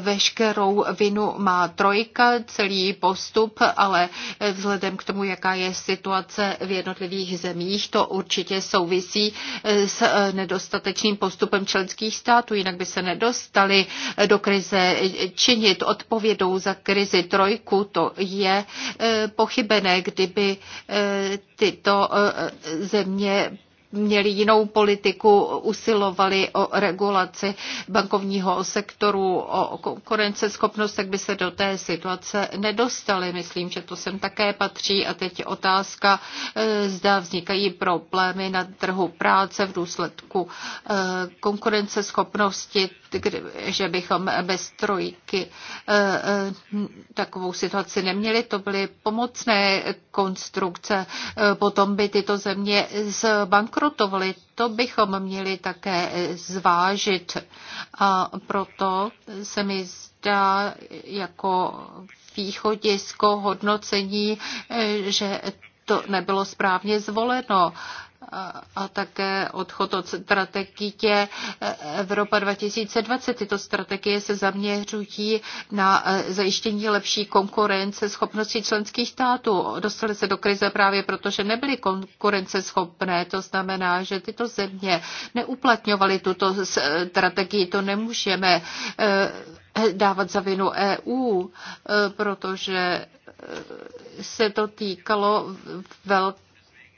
veškerou vinu má trojka, celý postup, ale vzhledem k tomu, jaká je situace v jednotlivých zemích, to určitě souvisí eh, s eh, nedostatečným postupem členských států, jinak by se nedostali do krize činit odpovědou za krizi trojku. To je pochybené, kdyby tyto země měli jinou politiku, usilovali o regulaci bankovního sektoru, o konkurenceschopnost, tak by se do té situace nedostali. Myslím, že to sem také patří. A teď je otázka, eh, zda vznikají problémy na trhu práce v důsledku eh, konkurenceschopnosti, že bychom bez trojky eh, takovou situaci neměli. To byly pomocné konstrukce. Potom by tyto země z bankovního zbankrotovali. To bychom měli také eh, zvážit. A proto se mi zdá jako východisko hodnocení, eh, že to nebylo správně zvoleno a také odchod od strategie Evropa 2020. Tyto strategie se zaměřují na e, zajištění lepší konkurence schopnosti členských států. Dostali se do krize právě proto, že nebyly konkurenceschopné. To znamená, že tyto země neuplatňovaly tuto strategii. To nemůžeme e, dávat za vinu EU, e, protože se to týkalo velké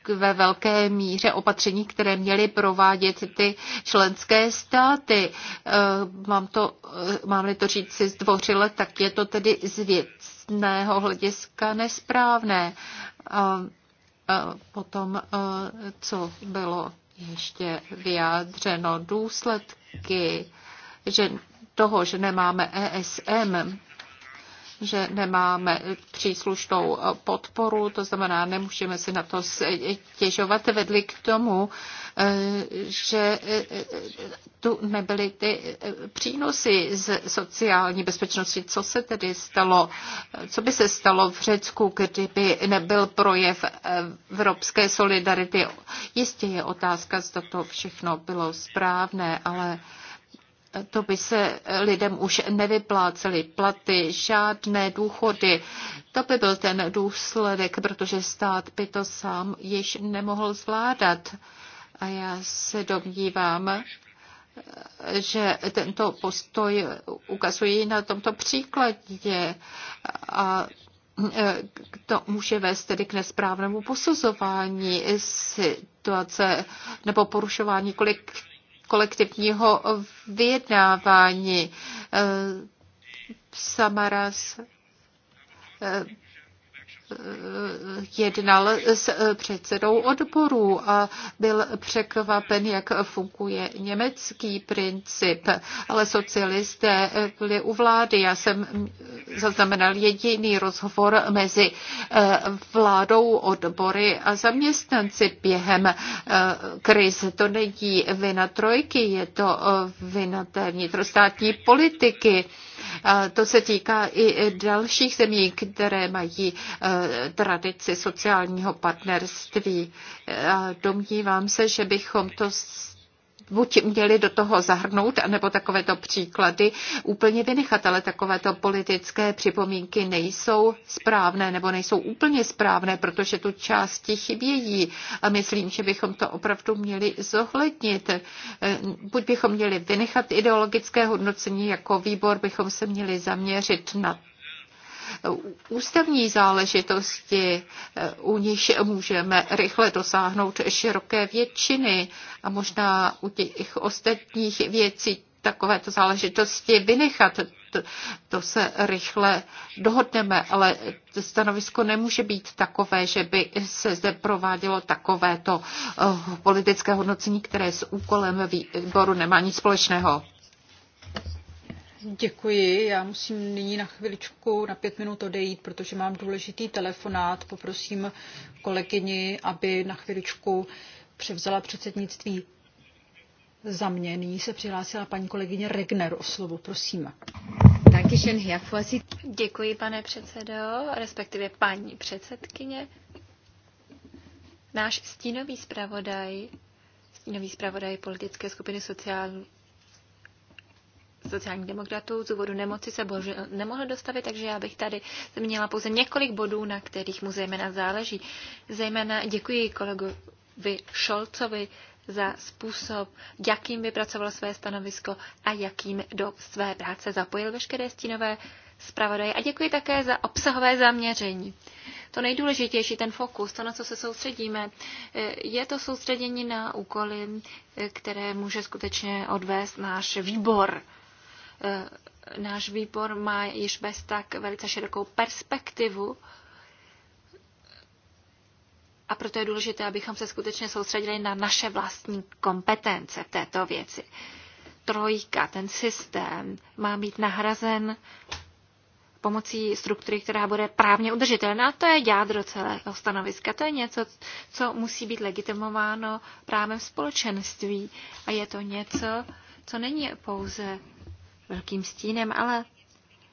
ve velké míře opatření, které měly provádět ty členské státy. Eh, mám to, eh, mám-li to říct si zdvořile, tak je to tedy z věcného hlediska nesprávné. A, a potom, eh, co bylo ještě vyjádřeno, důsledky že toho, že nemáme ESM, že nemáme příslušnou podporu, to znamená, nemůžeme si na to stěžovat, vedli k tomu, že tu nebyly ty přínosy z sociální bezpečnosti. Co se tedy stalo? Co by se stalo v Řecku, kdyby nebyl projev evropské solidarity? Jistě je otázka, zda to všechno bylo správné, ale to by se lidem už nevyplácely platy, žádné důchody. To by byl ten důsledek, protože stát by to sám již nemohl zvládat. A já se domnívám, že tento postoj ukazují na tomto příkladě a eh, to může vést tedy k nesprávnému posuzování situace nebo porušování kolik kolektivního vyjednávání. Eh, Samaras eh, jednal s eh, předsedou odborů a byl překvapen, jak funguje německý princip, ale socialisté byli u vlády. Já jsem zaznamenal jediný rozhovor mezi eh, vládou, odbory a zaměstnanci během eh, krize. To není vina trojky, je to vina té vnitrostátní politiky. A to se týká i dalších zemí, které mají e, tradici sociálního partnerství. A domnívám se, že bychom to buď měli do toho zahrnout, nebo takovéto příklady úplně vynechat, ale takovéto politické připomínky nejsou správné nebo nejsou úplně správné, protože tu části chybějí a myslím, že bychom to opravdu měli zohlednit. E, buď bychom měli vynechat ideologické hodnocení, jako výbor bychom se měli zaměřit na ústavní záležitosti, u nich můžeme rychle dosáhnout široké většiny a možná u těch ostatních věcí takovéto záležitosti vynechat. To, to se rychle dohodneme, ale stanovisko nemůže být takové, že by se zde provádělo takovéto uh, politické hodnocení, které s úkolem výboru nemá nic společného. Děkuji. Já musím nyní na chviličku, na pět minut odejít, protože mám důležitý telefonát. Poprosím kolegyni, aby na chviličku převzala předsednictví za mě. Nyní se přihlásila paní kolegyně Regner o slovo. Prosím. Děkuji, pane předsedo, respektive paní předsedkyně. Náš stínový zpravodaj, stínový zpravodaj politické skupiny sociální sociálních demokratů z úvodu nemoci se bohužel nemohl dostavit, takže já bych tady zmínila pouze několik bodů, na kterých mu zejména záleží. Zejména děkuji kolegovi Šolcovi za způsob, jakým vypracoval své stanovisko a jakým do své práce zapojil veškeré stínové zpravodaje. A děkuji také za obsahové zaměření. To nejdůležitější, ten fokus, to, na co se soustředíme, je to soustředění na úkoly, které může skutečně odvést náš výbor Eh, náš výbor má již bez tak velice širokou perspektivu a proto je důležité, abychom se skutečně soustředili na naše vlastní kompetence v této věci. Trojka, ten systém, má být nahrazen pomocí struktury, která bude právně udržitelná. To je jádro celého stanoviska. To je něco, co musí být legitimováno právem společenství. A je to něco, co není pouze velkým stínem, ale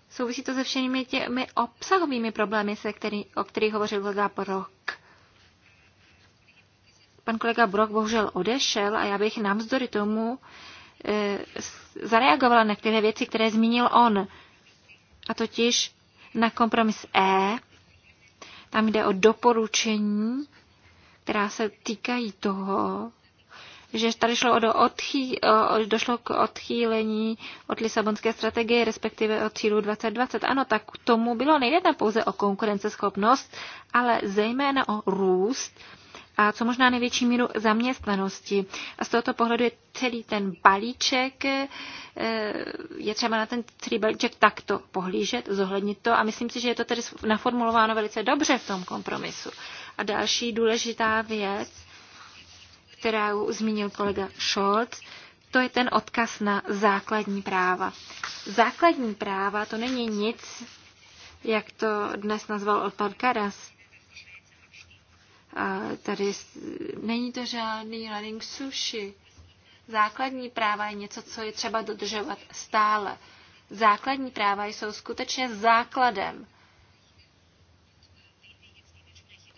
souvisí to se všemi těmi obsahovými problémy, se který, o kterých hovořil kolega Brok. Pan kolega Brok bohužel odešel a já bych navzdory tomu e, zareagovala na některé věci, které zmínil on. A totiž na kompromis E, tam jde o doporučení, která se týkají toho, že tady šlo o do odchý, o, došlo k odchýlení od Lisabonské strategie, respektive od cílu 2020. Ano, tak k tomu bylo nejde tam pouze o konkurenceschopnost, ale zejména o růst a co možná největší míru zaměstnanosti. A z tohoto pohledu je celý ten balíček, e, je třeba na ten celý balíček takto pohlížet, zohlednit to a myslím si, že je to tedy naformulováno velice dobře v tom kompromisu. A další důležitá věc, kterou zmínil kolega Scholz, to je ten odkaz na základní práva. Základní práva to není nic, jak to dnes nazval pan Karas. A tady není to žádný running sushi. Základní práva je něco, co je třeba dodržovat stále. Základní práva jsou skutečně základem.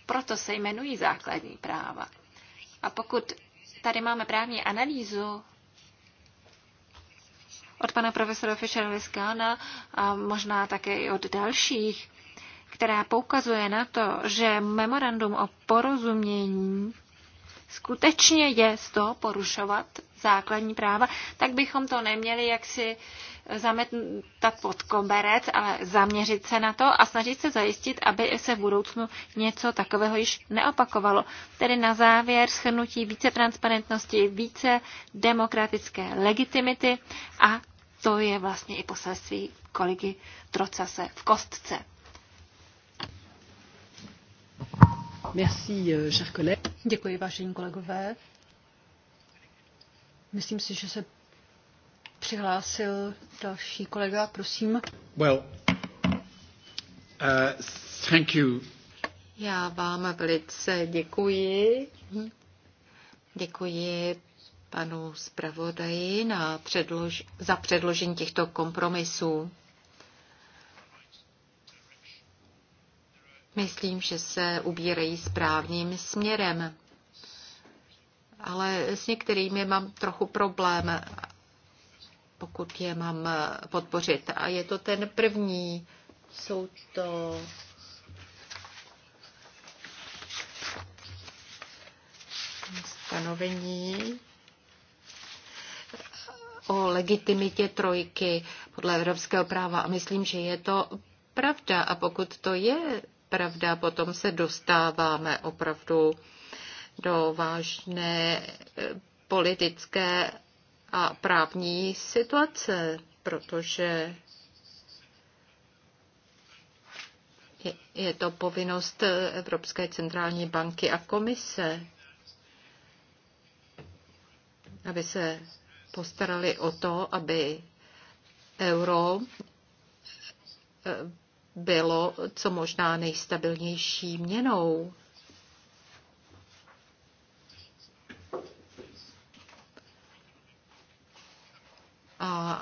Proto se jmenují základní práva. A pokud tady máme právní analýzu od pana profesora Fischera Viskána a možná také i od dalších, která poukazuje na to, že memorandum o porozumění skutečně je z toho porušovat základní práva, tak bychom to neměli jaksi zametat pod koberec, ale zaměřit se na to a snažit se zajistit, aby se v budoucnu něco takového již neopakovalo. Tedy na závěr schrnutí více transparentnosti, více demokratické legitimity a to je vlastně i poselství kolegy Trocase v kostce. Merci, euh, chers collègues. Děkuji, vážení kolegové. Myslím si, že se přihlásil další kolega, prosím. Well, uh, thank you. Já vám velice děkuji. Děkuji panu zpravodaji na předlož- za předložení těchto kompromisů. Myslím, že se ubírají správným směrem. Ale s některými mám trochu problém, pokud je mám podpořit. A je to ten první. Jsou to stanovení o legitimitě trojky podle evropského práva. A myslím, že je to pravda. A pokud to je pravda. Potom se dostáváme opravdu do vážné eh, politické a právní situace, protože je to povinnost Evropské centrální banky a komise, aby se postarali o to, aby euro eh, bylo co možná nejstabilnější měnou. A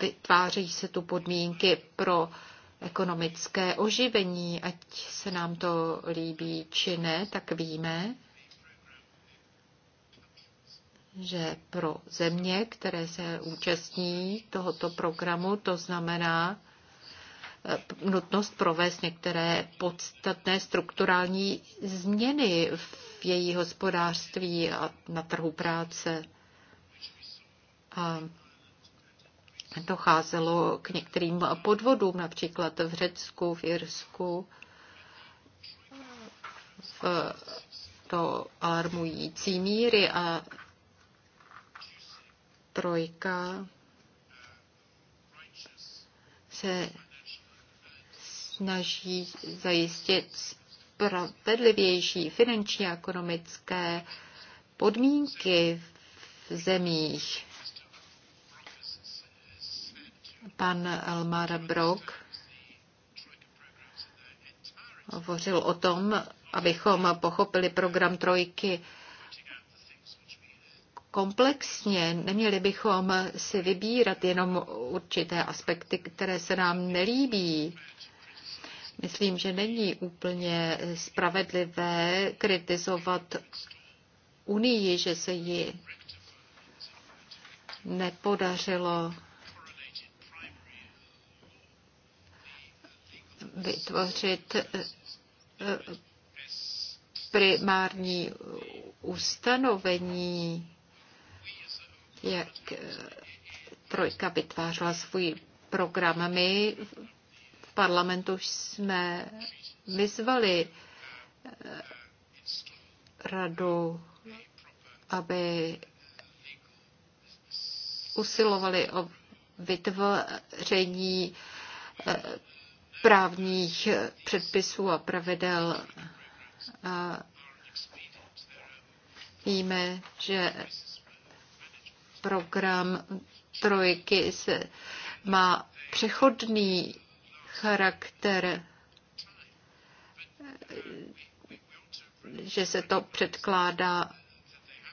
e, vytvářejí se tu podmínky pro ekonomické oživení, ať se nám to líbí či ne, tak víme, že pro země, které se účastní tohoto programu, to znamená, Eh, nutnost provést některé podstatné strukturální změny v její hospodářství a na trhu práce. A docházelo k některým podvodům, například v Řecku, v Irsku. V to alarmující míry a trojka se snaží zajistit spravedlivější finanční a ekonomické podmínky v zemích. Pan Elmar Brock hovořil o tom, abychom pochopili program trojky komplexně, neměli bychom si vybírat jenom určité aspekty, které se nám nelíbí. Myslím, že není úplně spravedlivé kritizovat Unii, že se ji nepodařilo vytvořit eh, eh, primární ustanovení, jak eh, Trojka vytvářela svůj program. My parlamentu jsme vyzvali eh, radu, aby usilovali o vytvoření eh, právních předpisů a pravidel. A víme, že program trojky se má přechodný charakter, že se to předkládá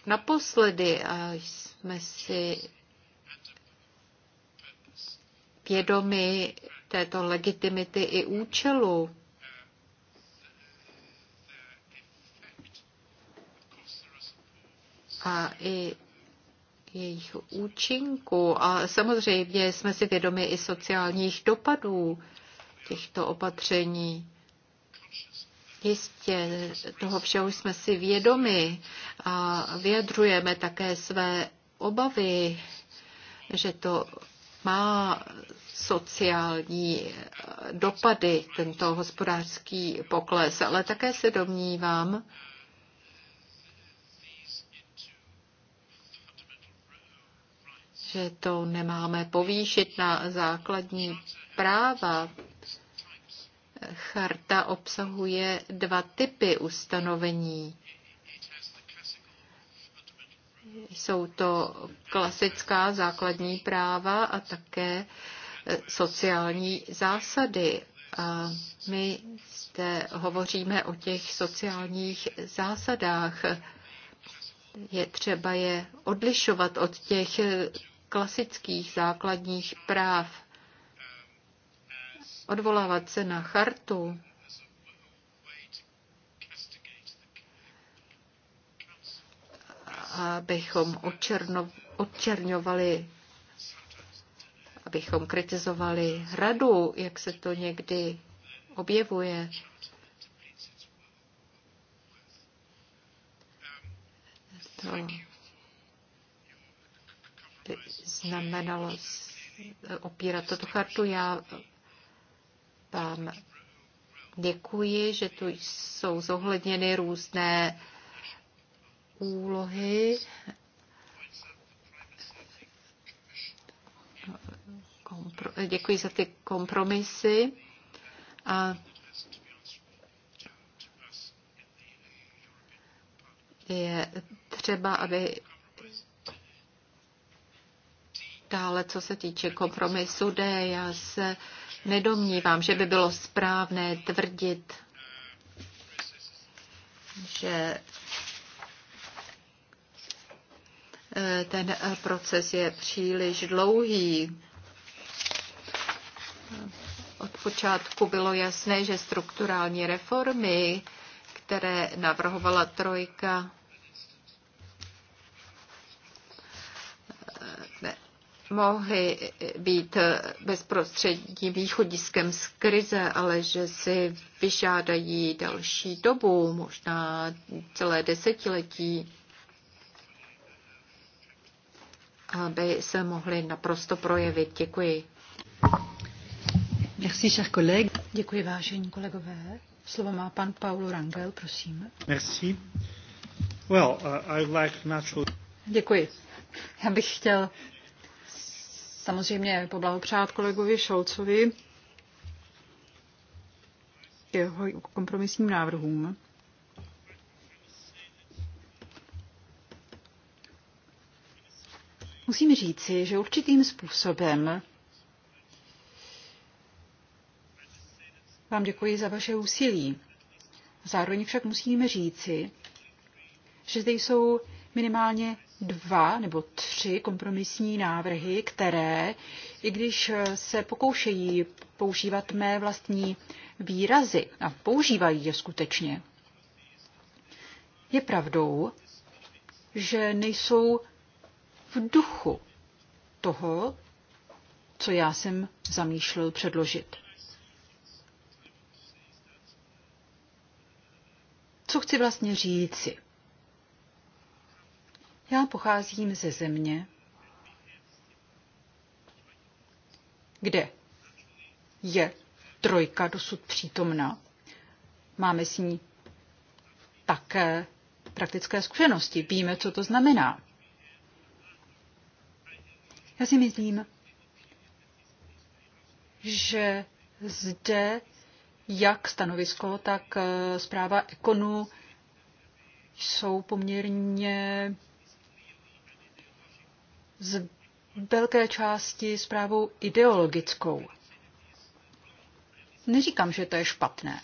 naposledy a jsme si vědomi této legitimity i účelu. A i jejich účinku. A samozřejmě jsme si vědomi i sociálních dopadů těchto opatření. Jistě, toho všeho jsme si vědomi a vyjadřujeme také své obavy, že to má sociální dopady, tento hospodářský pokles, ale také se domnívám, že to nemáme povýšit na základní práva, Charta obsahuje dva typy ustanovení. Jsou to klasická základní práva a také eh, sociální zásady. A my zde hovoříme o těch sociálních zásadách. Je třeba je odlišovat od těch klasických základních práv odvolávat se na chartu, abychom očerno, odčerňovali, abychom kritizovali radu, jak se to někdy objevuje. To znamenalo opírat toto chartu. Já vám děkuji, že tu jsou zohledněny různé úlohy. děkuji za ty kompromisy. A je třeba, aby dále, co se týče kompromisu D, já se uh, nedomnívám, že by bylo správné tvrdit, že eh, ten eh, proces je příliš dlouhý. Od počátku bylo jasné, že strukturální reformy, které navrhovala trojka, mohly být bezprostředním východiskem z krize, ale že si vyžádají další dobu, možná celé desetiletí, aby se mohly naprosto projevit. Děkuji. Merci, cher collègue. Děkuji, vážení kolegové. Slovo má pan Paulo Rangel, prosím. Merci. Well, uh, I like natural... Děkuji. Já bych chtěl samozřejmě poblahopřát kolegovi Šolcovi k jeho kompromisním návrhům. Musím říci, že určitým způsobem vám děkuji za vaše úsilí. Zároveň však musíme říci, že zde jsou minimálně dva nebo tři kompromisní návrhy, které, i když se pokoušejí používat mé vlastní výrazy, a používají je skutečně, je pravdou, že nejsou v duchu toho, co já jsem zamýšlel předložit. Co chci vlastně říci? Já pocházím ze země, kde je trojka dosud přítomna. Máme s ní také praktické zkušenosti. Víme, co to znamená. Já si myslím, že zde jak stanovisko, tak eh, zpráva ekonu jsou poměrně z velké části zprávou ideologickou. Neříkám, že to je špatné.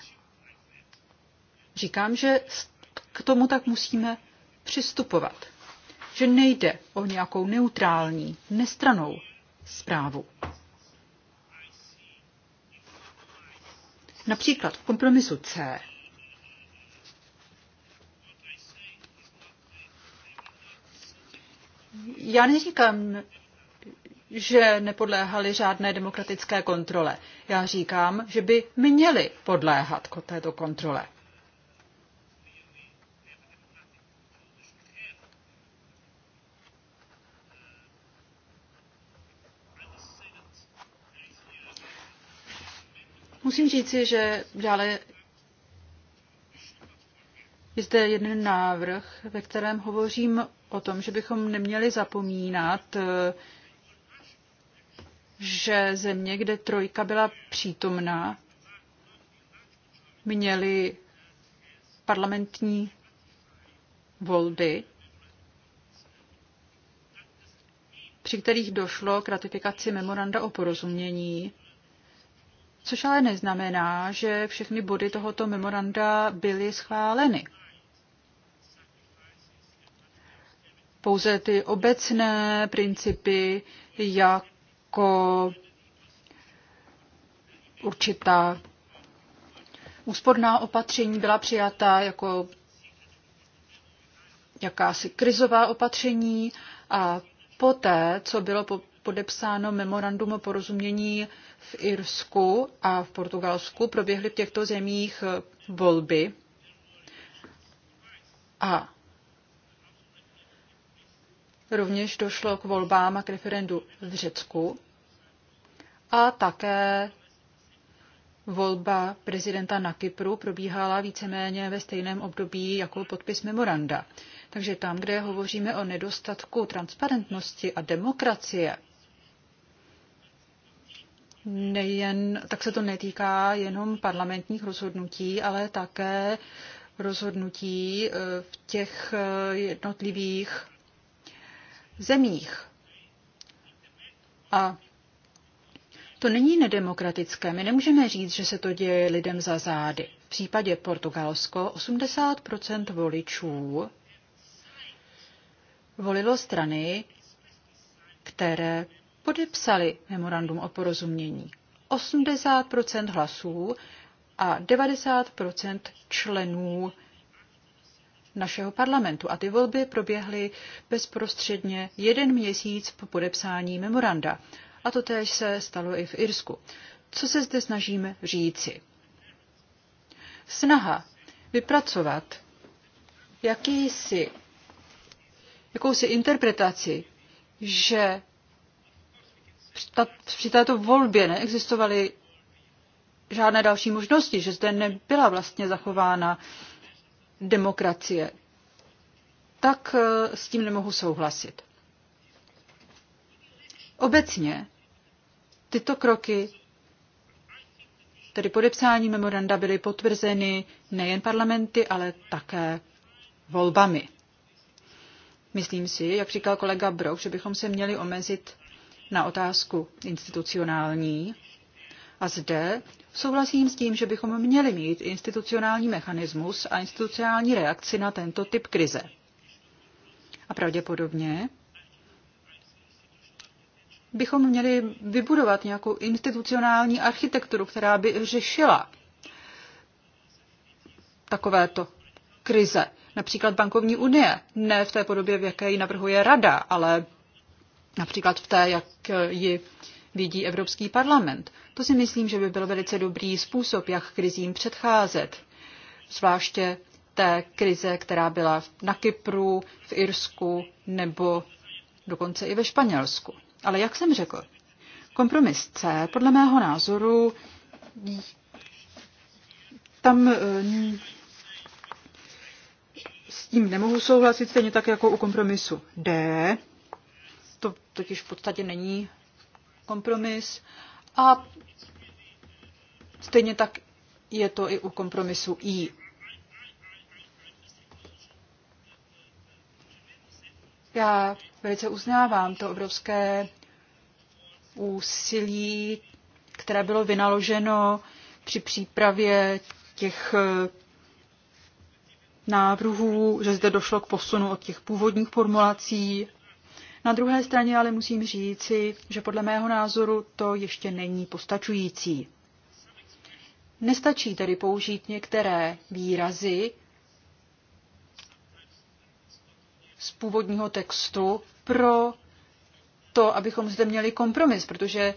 Říkám, že k tomu tak musíme přistupovat. Že nejde o nějakou neutrální, nestranou zprávu. Například v kompromisu C já neříkám, že nepodléhali žádné demokratické kontrole. Já říkám, že by měli podléhat k této kontrole. Musím říci, že dále je zde jeden návrh, ve kterém hovořím o tom, že bychom neměli zapomínat, eh, že země, kde trojka byla přítomná, měly parlamentní volby, při kterých došlo k ratifikaci memoranda o porozumění, což ale neznamená, že všechny body tohoto memoranda byly schváleny. pouze ty obecné principy jako určitá úsporná opatření byla přijata jako jakási krizová opatření a poté, co bylo podepsáno memorandum o porozumění v Irsku a v Portugalsku, proběhly v těchto zemích volby. A Rovněž došlo k volbám a k referendu v Řecku a také volba prezidenta na Kypru probíhala víceméně ve stejném období jako podpis memoranda. Takže tam, kde hovoříme o nedostatku transparentnosti a demokracie, nejen, tak se to netýká jenom parlamentních rozhodnutí, ale také rozhodnutí eh, v těch eh, jednotlivých zemích. A to není nedemokratické. My nemůžeme říct, že se to děje lidem za zády. V případě Portugalsko 80 voličů volilo strany, které podepsali memorandum o porozumění. 80 hlasů a 90 členů našeho parlamentu. A ty volby proběhly bezprostředně jeden měsíc po podepsání memoranda. A to též se stalo i v Irsku. Co se zde snažíme říci? Snaha vypracovat jakýsi, jakousi interpretaci, že při této volbě neexistovaly žádné další možnosti, že zde nebyla vlastně zachována demokracie. Tak eh, s tím nemohu souhlasit. Obecně tyto kroky, tedy podepsání memoranda, byly potvrzeny nejen parlamenty, ale také volbami. Myslím si, jak říkal kolega Brok, že bychom se měli omezit na otázku institucionální a zde Souhlasím s tím, že bychom měli mít institucionální mechanismus a institucionální reakci na tento typ krize. A pravděpodobně bychom měli vybudovat nějakou institucionální architekturu, která by řešila takovéto krize. Například bankovní unie, ne v té podobě, v jaké ji navrhuje rada, ale například v té, jak ji vidí Evropský parlament. To si myslím, že by byl velice dobrý způsob, jak krizím předcházet, zvláště té krize, která byla na Kypru, v Irsku nebo dokonce i ve Španělsku. Ale jak jsem řekl, kompromis C podle mého názoru tam eh, s tím nemohu souhlasit, stejně tak jako u kompromisu D. To totiž v podstatě není kompromis a stejně tak je to i u kompromisu I. Já velice uznávám to obrovské úsilí, které bylo vynaloženo při přípravě těch eh, návrhů, že zde došlo k posunu od těch původních formulací na druhé straně ale musím říci, že podle mého názoru to ještě není postačující. Nestačí tedy použít některé výrazy z původního textu pro to, abychom zde měli kompromis, protože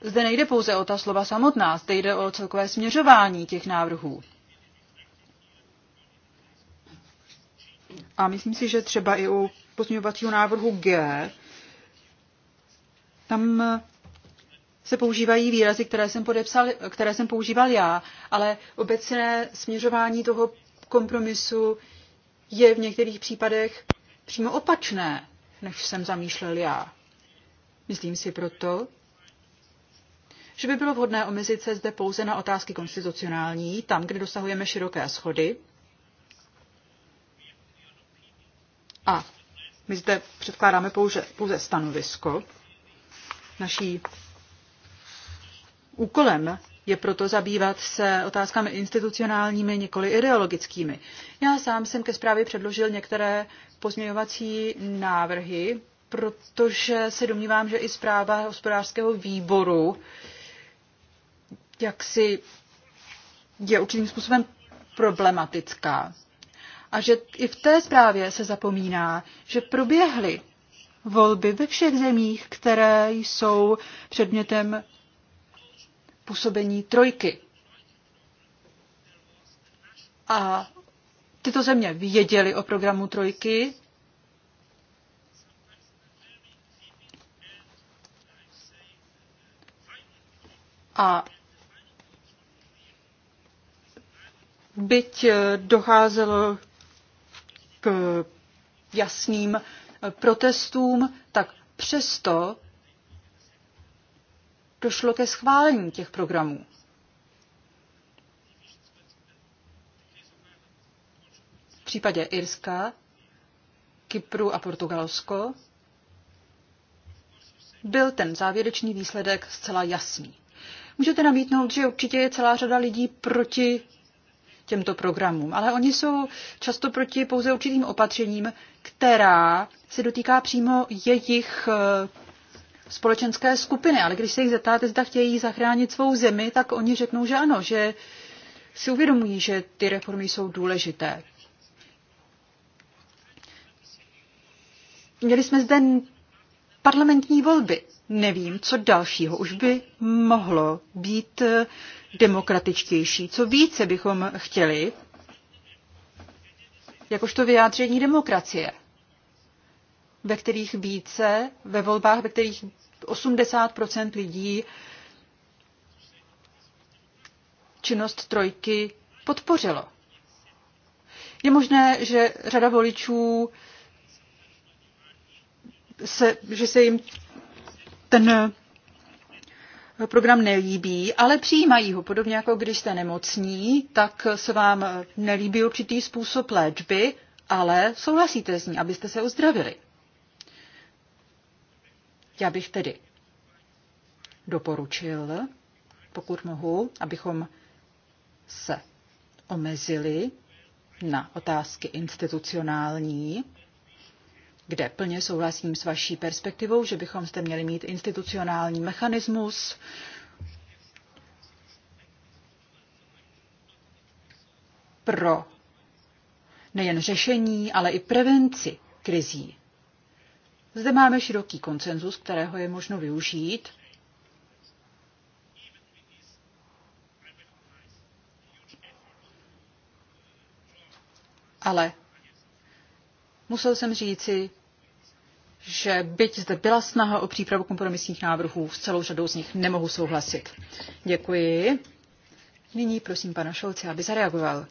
zde nejde pouze o ta slova samotná, zde jde o celkové směřování těch návrhů. A myslím si, že třeba i u pozměňovacího návrhu G, tam se používají výrazy, které jsem, podepsal, které jsem používal já, ale obecné směřování toho kompromisu je v některých případech přímo opačné, než jsem zamýšlel já. Myslím si proto, že by bylo vhodné omezit se zde pouze na otázky konstitucionální, tam, kde dosahujeme široké schody. A my zde předkládáme pouze, pouze stanovisko. Naší úkolem je proto zabývat se otázkami institucionálními, nikoli ideologickými. Já sám jsem ke zprávě předložil některé pozměňovací návrhy, protože se domnívám, že i zpráva hospodářského výboru jaksi je určitým způsobem problematická a že i v té zprávě se zapomíná, že proběhly volby ve všech zemích, které jsou předmětem působení trojky. A tyto země věděly o programu trojky. A byť docházelo jasným eh, protestům, tak přesto došlo ke schválení těch programů. V případě Irska, Kypru a Portugalsko byl ten závěrečný výsledek zcela jasný. Můžete namítnout, že určitě je celá řada lidí proti těmto programům. Ale oni jsou často proti pouze určitým opatřením, která se dotýká přímo jejich eh, společenské skupiny. Ale když se jich zeptáte, zda chtějí zachránit svou zemi, tak oni řeknou, že ano, že si uvědomují, že ty reformy jsou důležité. Měli jsme zde parlamentní volby nevím, co dalšího už by mohlo být eh, demokratičtější. Co více bychom chtěli, jakožto vyjádření demokracie, ve kterých více, ve volbách, ve kterých 80 lidí činnost trojky podpořilo. Je možné, že řada voličů se, že se jim ten eh, program nelíbí, ale přijímají ho. Podobně jako když jste nemocní, tak se vám eh, nelíbí určitý způsob léčby, ale souhlasíte s ní, abyste se uzdravili. Já bych tedy doporučil, pokud mohu, abychom se omezili na otázky institucionální kde plně souhlasím s vaší perspektivou, že bychom zde měli mít institucionální mechanismus, pro nejen řešení, ale i prevenci krizí. Zde máme široký koncenzus, kterého je možno využít. Ale Musel jsem říci, že byť zde byla snaha o přípravu kompromisních návrhů, s celou řadou z nich nemohu souhlasit. Děkuji. Nyní prosím pana Šolce, aby zareagoval.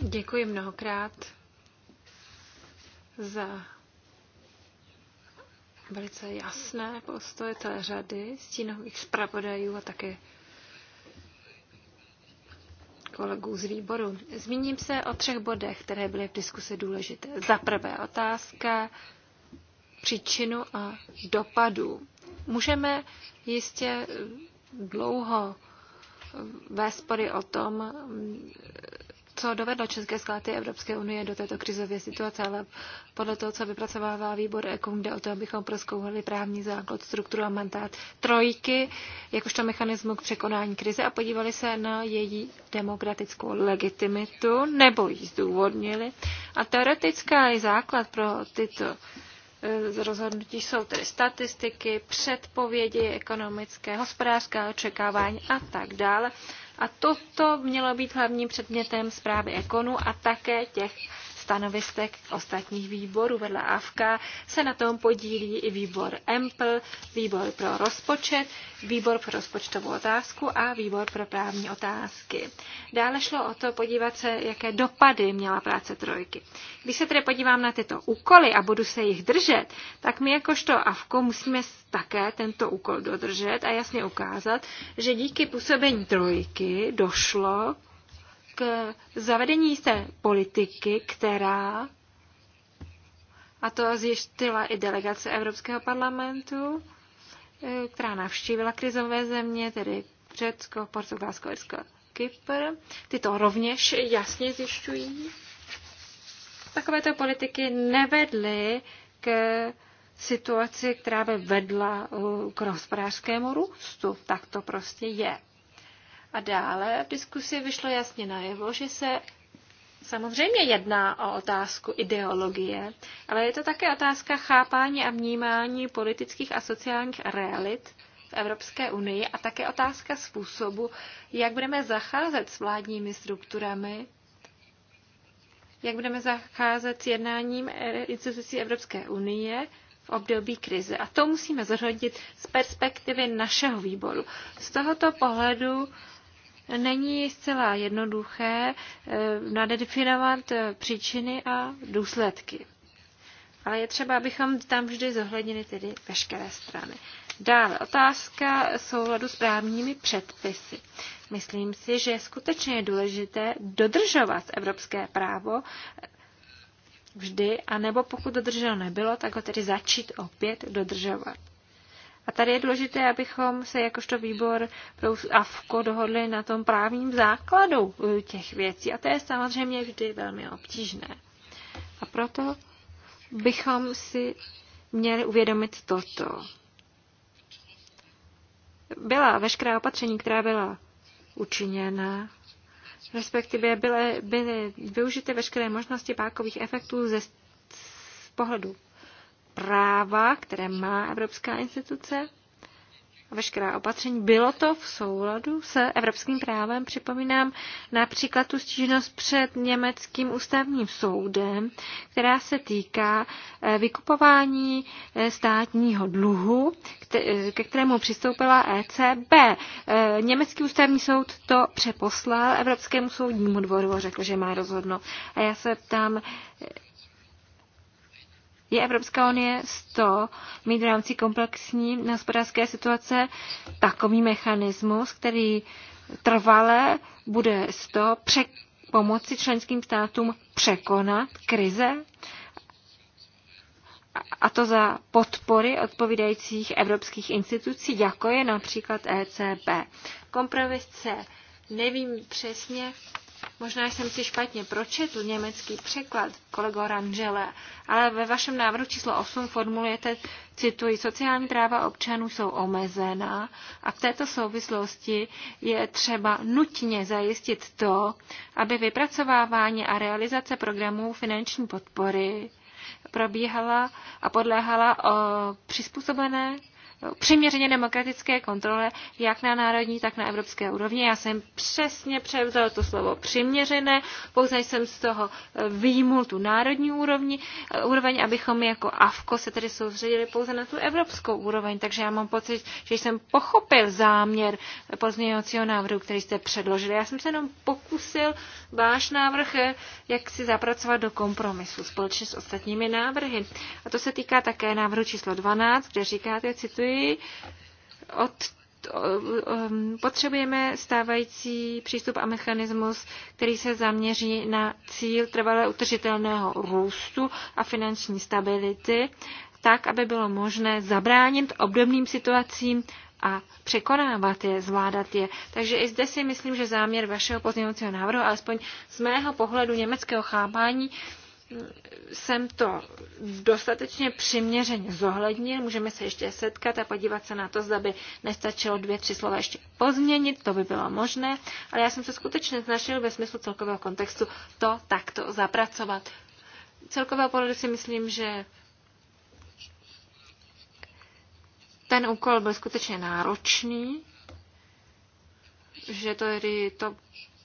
Děkuji mnohokrát za velice jasné postoje té řady stínových zpravodajů a také kolegů z výboru. Zmíním se o třech bodech, které byly v diskuse důležité. Za prvé otázka příčinu a dopadů. Můžeme jistě dlouho vést spory o tom, co dovedlo české státy Evropské unie do této krizové situace, ale podle toho, co vypracovává výbor EKUM, jde o to, abychom proskouhali právní základ, strukturu a mandát trojky, jakožto mechanismu k překonání krize a podívali se na její demokratickou legitimitu nebo ji zdůvodnili. A teoretická základ pro tyto z eh, rozhodnutí jsou tedy statistiky, předpovědi ekonomické, hospodářské očekávání a tak dále. A toto mělo být hlavním předmětem zprávy Ekonu a také těch stanovistek ostatních výborů. Vedle AFKA se na tom podílí i výbor EMPL, výbor pro rozpočet, výbor pro rozpočtovou otázku a výbor pro právní otázky. Dále šlo o to podívat se, jaké dopady měla práce trojky. Když se tedy podívám na tyto úkoly a budu se jich držet, tak my jakožto AFKO musíme také tento úkol dodržet a jasně ukázat, že díky působení trojky došlo k zavedení té politiky, která, a to zjištila i delegace Evropského parlamentu, eh, která navštívila krizové země, tedy Řecko, Portugalsko, Irsko, Kypr. Ty to rovněž jasně zjišťují. Takovéto politiky nevedly k situaci, která by vedla eh, k hospodářskému růstu. Tak to prostě je. A dále v diskusi vyšlo jasně najevo, že se samozřejmě jedná o otázku ideologie, ale je to také otázka chápání a vnímání politických a sociálních realit v Evropské unii a také otázka způsobu, jak budeme zacházet s vládními strukturami, jak budeme zacházet s jednáním institucí Evropské unie v období krize. A to musíme zhodnit z perspektivy našeho výboru. Z tohoto pohledu není zcela jednoduché eh, nadefinovat eh, příčiny a důsledky. Ale je třeba, abychom tam vždy zohlednili tedy veškeré strany. Dále otázka souladu s právními předpisy. Myslím si, že je skutečně důležité dodržovat evropské právo vždy, anebo pokud dodrženo nebylo, tak ho tedy začít opět dodržovat. A tady je důležité, abychom se jakožto výbor pro AFKO dohodli na tom právním základu eh, těch věcí. A to je samozřejmě vždy velmi obtížné. A proto bychom si měli uvědomit toto. Byla veškerá opatření, která byla učiněna, respektive byly, byly využity veškeré možnosti pákových efektů ze z pohledu práva, které má Evropská instituce a veškerá opatření. Bylo to v souladu s evropským právem. Připomínám například tu stížnost před německým ústavním soudem, která se týká eh, vykupování eh, státního dluhu, eh, ke kterému přistoupila ECB. Německý ústavní soud to přeposlal Evropskému soudnímu dvoru a řekl, že má rozhodno. A já se ptám, je Evropská unie 100 mít v rámci komplexní hospodářské situace takový mechanismus, který trvale bude 100 pře- pomoci členským státům překonat krize a to za podpory odpovídajících evropských institucí, jako je například ECB. Kompromis C. nevím přesně, Možná jsem si špatně pročetl německý překlad, kolego Rangele, ale ve vašem návrhu číslo 8 formulujete, cituji, sociální práva občanů jsou omezená a v této souvislosti je třeba nutně zajistit to, aby vypracovávání a realizace programů finanční podpory probíhala a podléhala o přizpůsobené přiměřeně demokratické kontrole, jak na národní, tak na evropské úrovni. Já jsem přesně převzal to slovo přiměřené, pouze jsem z toho eh, výjimul tu národní úrovni, eh, úroveň, abychom jako AFKO se tedy soustředili pouze na tu evropskou úroveň. Takže já mám pocit, že jsem pochopil záměr pozměňovacího návrhu, který jste předložili. Já jsem se jenom pokusil váš návrh, eh, jak si zapracovat do kompromisu společně s ostatními návrhy. A to se týká také návrhu číslo 12, kde říkáte, cituji, od um, potřebujeme stávající přístup a mechanismus, který se zaměří na cíl trvalé utržitelného růstu a finanční stability, tak, aby bylo možné zabránit obdobným situacím a překonávat je, zvládat je. Takže i zde si myslím, že záměr vašeho pozměňovacího návrhu, alespoň z mého pohledu německého chápání, jsem to dostatečně přiměřeně zohlednil. Můžeme se ještě setkat a podívat se na to, zda by nestačilo dvě, tři slova ještě pozměnit, to by bylo možné, ale já jsem se skutečně snažil ve smyslu celkového kontextu to takto zapracovat. Celkového pohledu si myslím, že ten úkol byl skutečně náročný, že to, to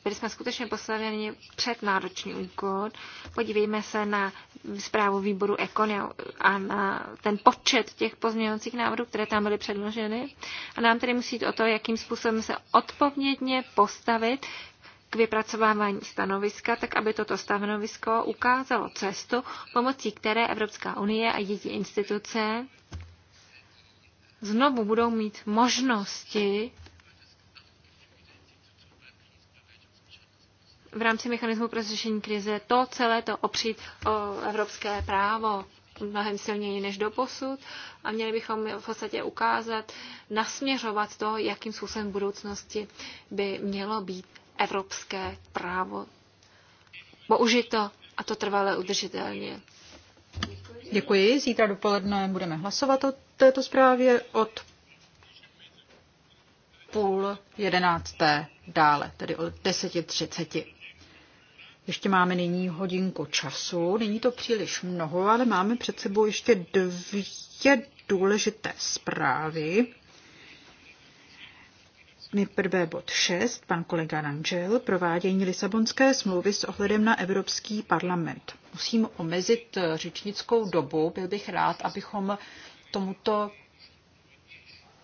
byli jsme skutečně postaveni před náročný úkol. Podívejme se na zprávu výboru Econ a na ten počet těch pozměňovacích návrhů, které tam byly předloženy. A nám tedy musí jít o to, jakým způsobem se odpovědně postavit k vypracovávání stanoviska, tak aby toto stanovisko ukázalo cestu, pomocí které Evropská unie a její instituce znovu budou mít možnosti v rámci mechanismu pro řešení krize to celé to opřít o evropské právo mnohem silněji než doposud a měli bychom v podstatě ukázat, nasměřovat to, jakým způsobem v budoucnosti by mělo být evropské právo použito a to trvalé udržitelně. Děkuji. Zítra dopoledne budeme hlasovat o této zprávě od půl jedenácté dále, tedy od 10.30. Ještě máme nyní hodinku času. Není to příliš mnoho, ale máme před sebou ještě dvě důležité zprávy. Nejprve bod 6, pan kolega Rangel, provádění Lisabonské smlouvy s ohledem na Evropský parlament. Musím omezit eh, řečnickou dobu, byl bych rád, abychom tomuto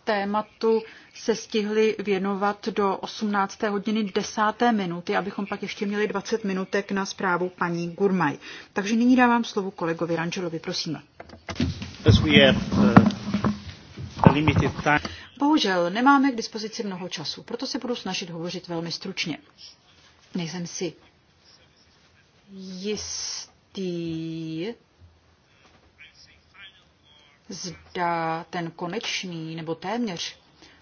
tématu se stihli věnovat do 18. hodiny 10. minuty, abychom pak ještě měli 20 minutek na zprávu paní Gurmaj. Takže nyní dávám slovo kolegovi Rangelovi, prosím. Uh, Bohužel nemáme k dispozici mnoho času, proto se budu snažit hovořit velmi stručně. Nejsem si jistý, zda ten konečný nebo téměř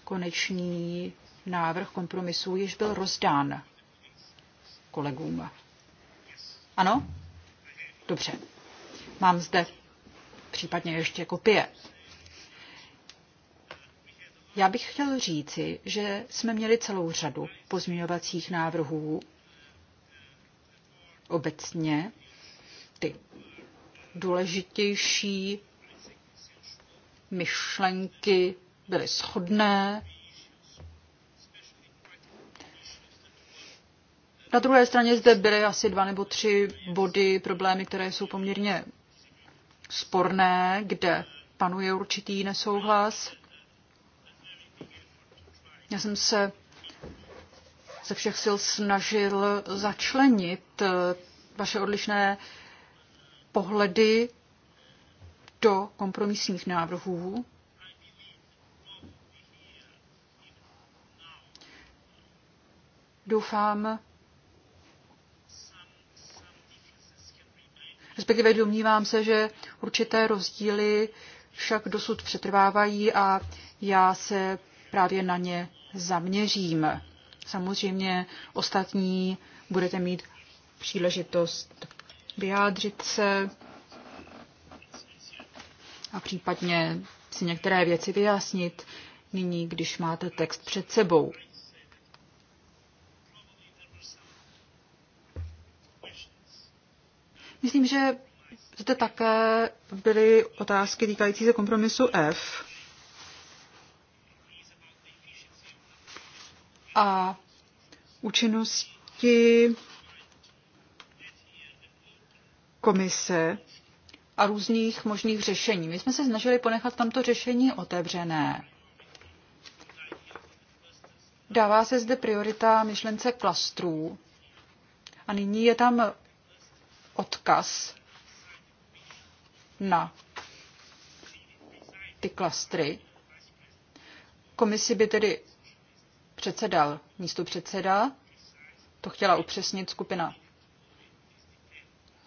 konečný návrh kompromisu již byl rozdán kolegům. Ano? Dobře. Mám zde případně ještě kopie. Já bych chtěl říci, že jsme měli celou řadu pozměňovacích návrhů obecně. Ty důležitější myšlenky byly shodné. Na druhé straně zde byly asi dva nebo tři body, problémy, které jsou poměrně sporné, kde panuje určitý nesouhlas. Já jsem se ze všech sil snažil začlenit eh, vaše odlišné pohledy do kompromisních návrhů. Doufám, respektive domnívám se, že určité rozdíly však dosud přetrvávají a já se právě na ně zaměřím. Samozřejmě ostatní budete mít příležitost vyjádřit se a případně si některé věci vyjasnit nyní, když máte text před sebou. Myslím, že zde také byly otázky týkající se kompromisu F. A účinnosti komise a různých možných řešení. My jsme se snažili ponechat tamto řešení otevřené. Dává se zde priorita myšlence klastrů a nyní je tam odkaz na ty klastry. Komisi by tedy předsedal místo předseda, to chtěla upřesnit skupina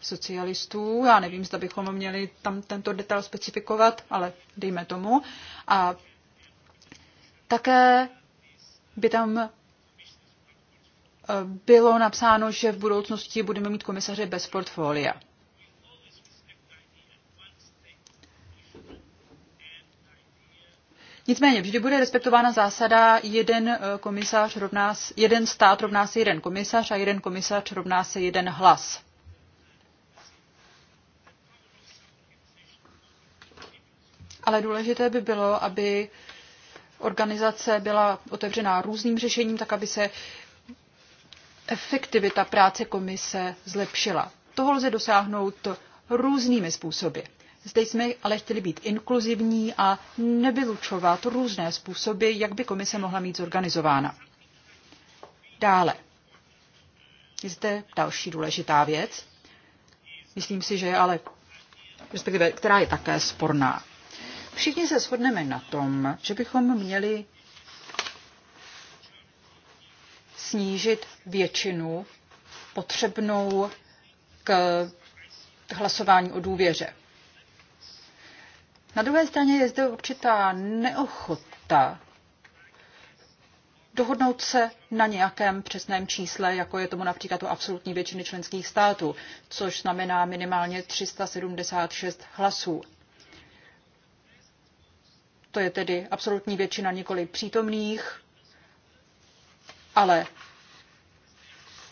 socialistů. Já nevím, zda bychom měli tam tento detail specifikovat, ale dejme tomu. A také by tam eh, bylo napsáno, že v budoucnosti budeme mít komisaře bez portfolia. Nicméně vždy bude respektována zásada jeden eh, komisař rovná, jeden stát rovná se jeden komisař a jeden komisař rovná se jeden hlas. ale důležité by bylo, aby organizace byla otevřená různým řešením, tak aby se efektivita práce komise zlepšila. Toho lze dosáhnout různými způsoby. Zde jsme ale chtěli být inkluzivní a nevylučovat různé způsoby, jak by komise mohla mít zorganizována. Dále. Je zde další důležitá věc. Myslím si, že je ale, respektive, která je také sporná. Všichni se shodneme na tom, že bychom měli snížit většinu potřebnou k hlasování o důvěře. Na druhé straně je zde určitá neochota dohodnout se na nějakém přesném čísle, jako je tomu například u absolutní většiny členských států, což znamená minimálně 376 hlasů to je tedy absolutní většina nikoli přítomných, ale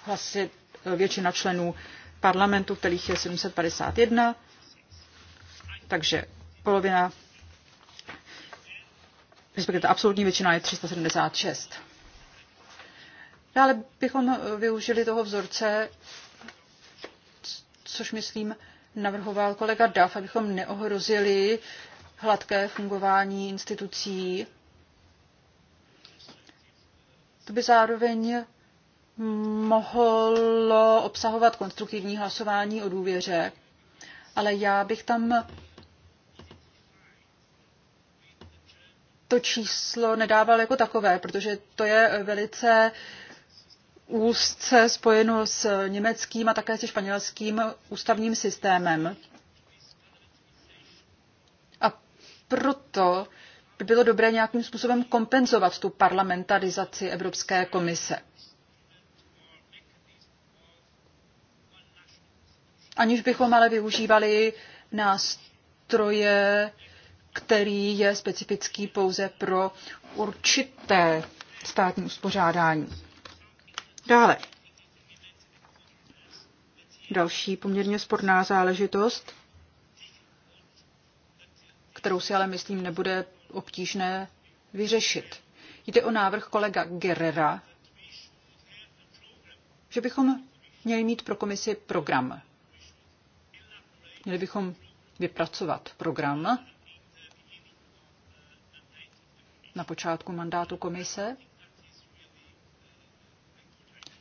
hlasy eh, většina členů parlamentu, kterých je 751, takže polovina, respektive ta absolutní většina je 376. Dále bychom eh, využili toho vzorce, což myslím navrhoval kolega Duff, abychom neohrozili hladké fungování institucí. To by zároveň mohlo obsahovat konstruktivní hlasování o důvěře, ale já bych tam to číslo nedával jako takové, protože to je velice úzce spojeno s německým a také se španělským ústavním systémem. proto by bylo dobré nějakým způsobem kompenzovat tu parlamentarizaci Evropské komise. Aniž bychom ale využívali nástroje, který je specifický pouze pro určité státní uspořádání. Dále. Další poměrně sporná záležitost kterou si ale myslím nebude obtížné vyřešit. Jde o návrh kolega Gerrera, že bychom měli mít pro komisi program. Měli bychom vypracovat program na počátku mandátu komise.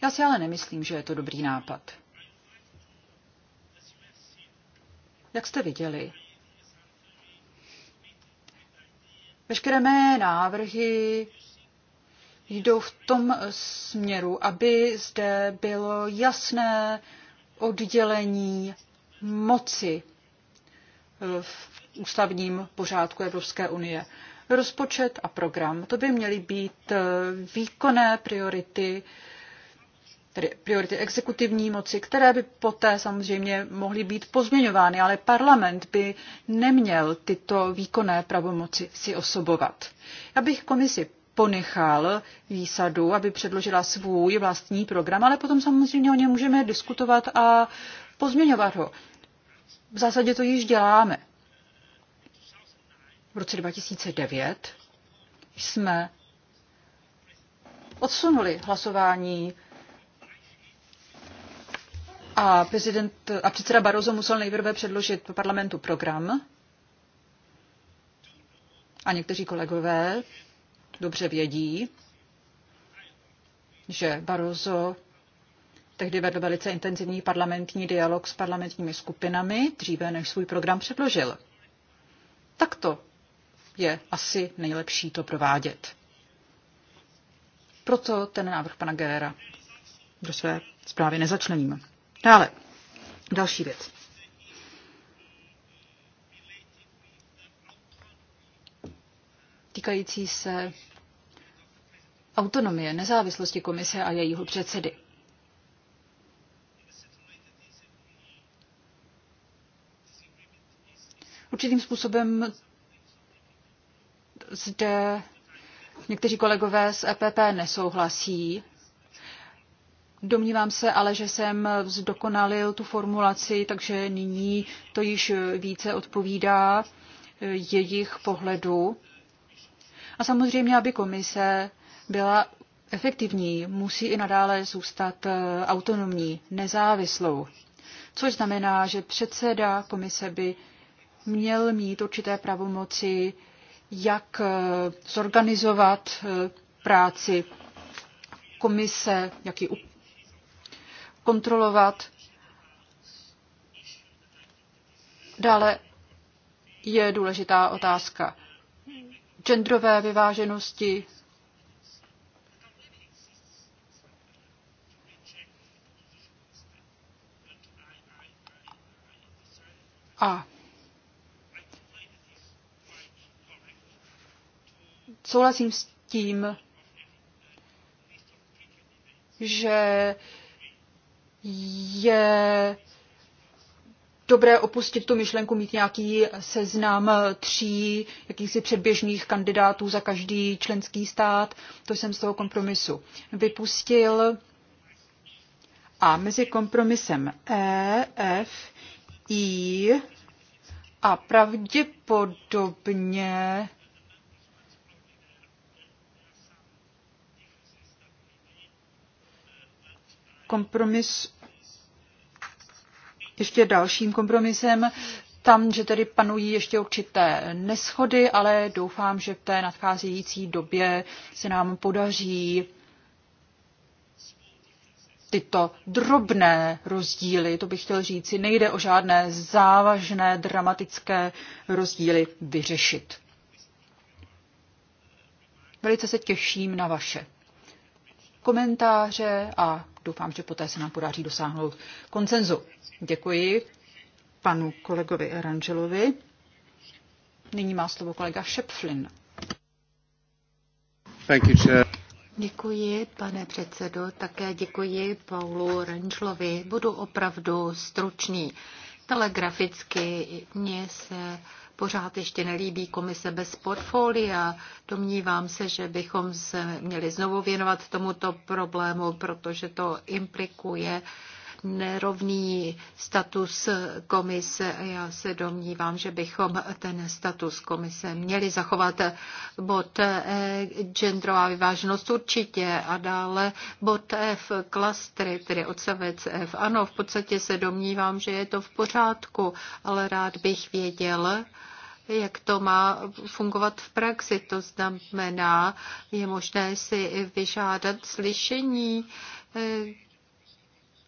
Já si ale nemyslím, že je to dobrý nápad. Jak jste viděli, Veškeré mé návrhy jdou v tom směru, aby zde bylo jasné oddělení moci eh, v ústavním pořádku Evropské unie. Rozpočet a program, to by měly být eh, výkonné priority tedy priority exekutivní moci, které by poté samozřejmě mohly být pozměňovány, ale parlament by neměl tyto výkonné pravomoci si osobovat. Já bych komisi ponechal výsadu, aby předložila svůj vlastní program, ale potom samozřejmě o něm můžeme diskutovat a pozměňovat ho. V zásadě to již děláme. V roce 2009 jsme odsunuli hlasování a, prezident, a předseda Barroso musel nejprve předložit parlamentu program. A někteří kolegové dobře vědí, že Barroso tehdy vedl velice intenzivní parlamentní dialog s parlamentními skupinami, dříve než svůj program předložil. Takto je asi nejlepší to provádět. Proto ten návrh pana Gerera do své zprávy nezačleníme. Dále, další věc. Týkající se autonomie, nezávislosti komise a jejího předsedy. Určitým způsobem zde někteří kolegové z EPP nesouhlasí Domnívám se ale, že jsem zdokonalil tu formulaci, takže nyní to již více odpovídá eh, jejich pohledu. A samozřejmě, aby komise byla efektivní, musí i nadále zůstat eh, autonomní, nezávislou. Což znamená, že předseda komise by měl mít určité pravomoci, jak eh, zorganizovat práci komise, jak ji kontrolovat. Dále je důležitá otázka genderové vyváženosti. A souhlasím s tím, že je dobré opustit tu myšlenku, mít nějaký seznam tří jakýchsi předběžných kandidátů za každý členský stát. To jsem z toho kompromisu vypustil. A mezi kompromisem E, F, I a pravděpodobně kompromis ještě dalším kompromisem, tam, že tedy panují ještě určité neschody, ale doufám, že v té nadcházející době se nám podaří tyto drobné rozdíly, to bych chtěl říci, nejde o žádné závažné, dramatické rozdíly vyřešit. Velice se těším na vaše komentáře a doufám, že poté se nám podaří dosáhnout koncenzu. Děkuji panu kolegovi Rangelovi. Nyní má slovo kolega Šepflin. Děkuji, pane předsedo. Také děkuji Paulu Rangelovi. Budu opravdu stručný. Telegraficky mě se pořád ještě nelíbí komise bez portfolia. Domnívám se, že bychom se měli znovu věnovat tomuto problému, protože to implikuje uh, nerovný status komise. Já se domnívám, že bychom ten status komise měli zachovat. Bod E, genderová vyváženost určitě a dále bod F, klastry, tedy odstavec F. Ano, v podstatě se domnívám, že je to v pořádku, ale rád bych věděl, jak to má fungovat v praxi. To znamená, je možné si vyžádat slyšení,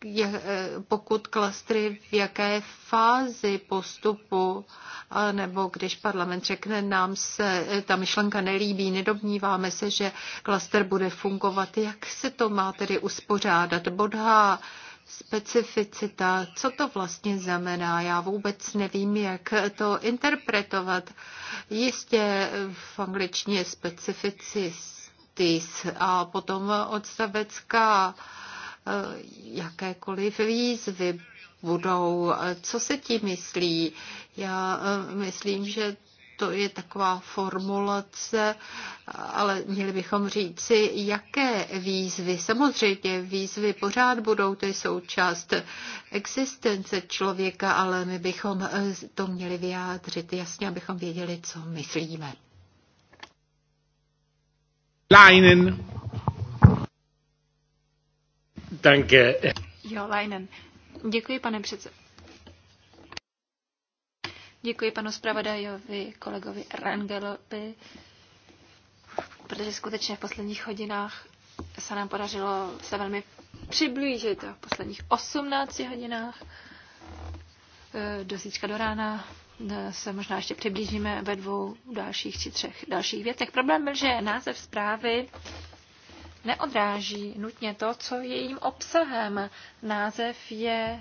je, eh, pokud klastry v jaké fázi postupu, nebo když parlament řekne, nám se eh, ta myšlenka nelíbí, nedobníváme se, že klaster bude fungovat, jak se to má tedy uspořádat? Bodha specificita, co to vlastně znamená, já vůbec nevím, jak to interpretovat. Jistě v angličtině specificities a potom odstavecká. Eh, jakékoliv výzvy budou. Co se tím myslí? Já eh, myslím, že to je taková formulace, ale měli bychom říci, jaké výzvy. Samozřejmě výzvy pořád budou, to je součást existence člověka, ale my bychom eh, to měli vyjádřit jasně, abychom věděli, co myslíme. Leinen. Danke. Jo, Leinen. Děkuji, pane předsedo. Děkuji panu zpravodajovi, kolegovi Rangelovi, protože skutečně v posledních hodinách se nám podařilo se velmi přiblížit v posledních 18 hodinách e, do zítřka do rána e, se možná ještě přiblížíme ve dvou dalších či třech dalších věcech. Problém byl, že název zprávy neodráží nutně to, co je jejím obsahem. Název je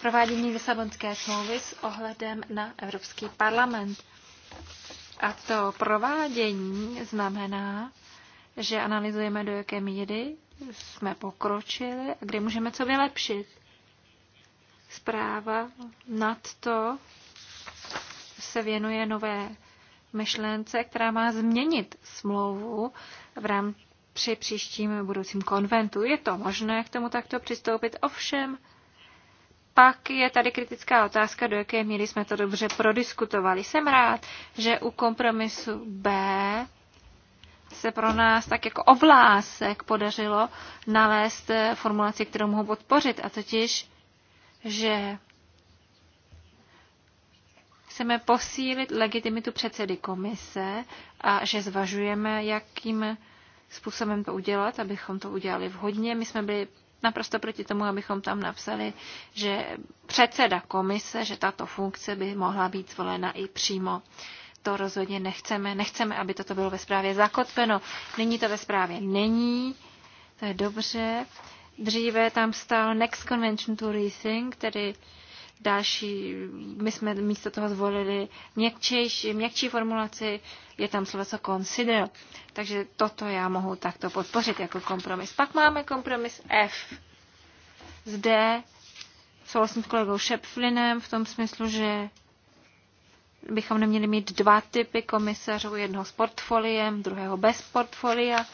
provádění Lisabonské smlouvy s ohledem na Evropský parlament. A to provádění znamená, že analyzujeme, do jaké míry jsme pokročili a kde můžeme co vylepšit. Zpráva nad to se věnuje nové myšlence, která má změnit smlouvu v rámci při příštím budoucím konventu. Je to možné k tomu takto přistoupit, ovšem pak je tady kritická otázka, do jaké míry jsme to dobře prodiskutovali. Jsem rád, že u kompromisu B se pro nás tak jako ovlásek podařilo nalézt formulaci, kterou mohu podpořit, a totiž, že chceme posílit legitimitu předsedy komise a že zvažujeme, jakým způsobem to udělat, abychom to udělali vhodně. My jsme byli naprosto proti tomu, abychom tam napsali, že předseda komise, že tato funkce by mohla být zvolena i přímo. To rozhodně nechceme. Nechceme, aby toto bylo ve zprávě zakotveno. Není to ve zprávě není. To je dobře. Dříve tam stál Next Convention to Rethink, tedy uh, další, my jsme místo toho zvolili měkčejší, měkčí formulaci, je tam sloveso consider. Takže toto já mohu takto podpořit jako kompromis. Pak máme kompromis F. Zde souhlasím s kolegou Šepflinem v tom smyslu, že bychom neměli mít dva typy komisařů, jednoho s portfoliem, druhého bez portfolia.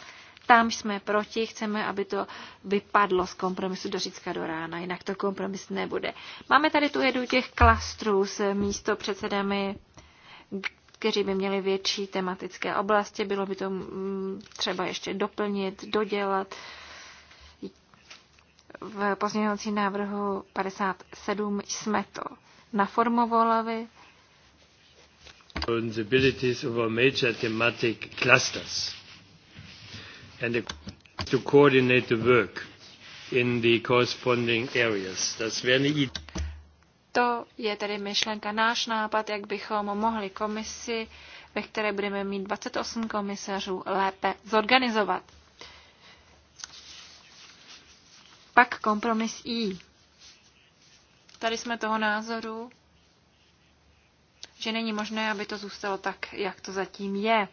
Tam jsme proti, chceme, aby to vypadlo z kompromisu do Řícka do rána, jinak to kompromis nebude. Máme tady tu jedu těch klastrů s místo předsedami kteří by měli větší tematické oblasti. Bylo by to mm, třeba ještě doplnit, dodělat. V pozměňovací návrhu 57 jsme to naformovali. Over major thematic clusters and the, to coordinate the work in the corresponding areas. Das wäre eine To je tedy myšlenka, náš nápad, jak bychom mohli komisi, ve které budeme mít 28 komisařů, lépe zorganizovat. Pak kompromis I. Tady jsme toho názoru, že není možné, aby to zůstalo tak, jak to zatím je.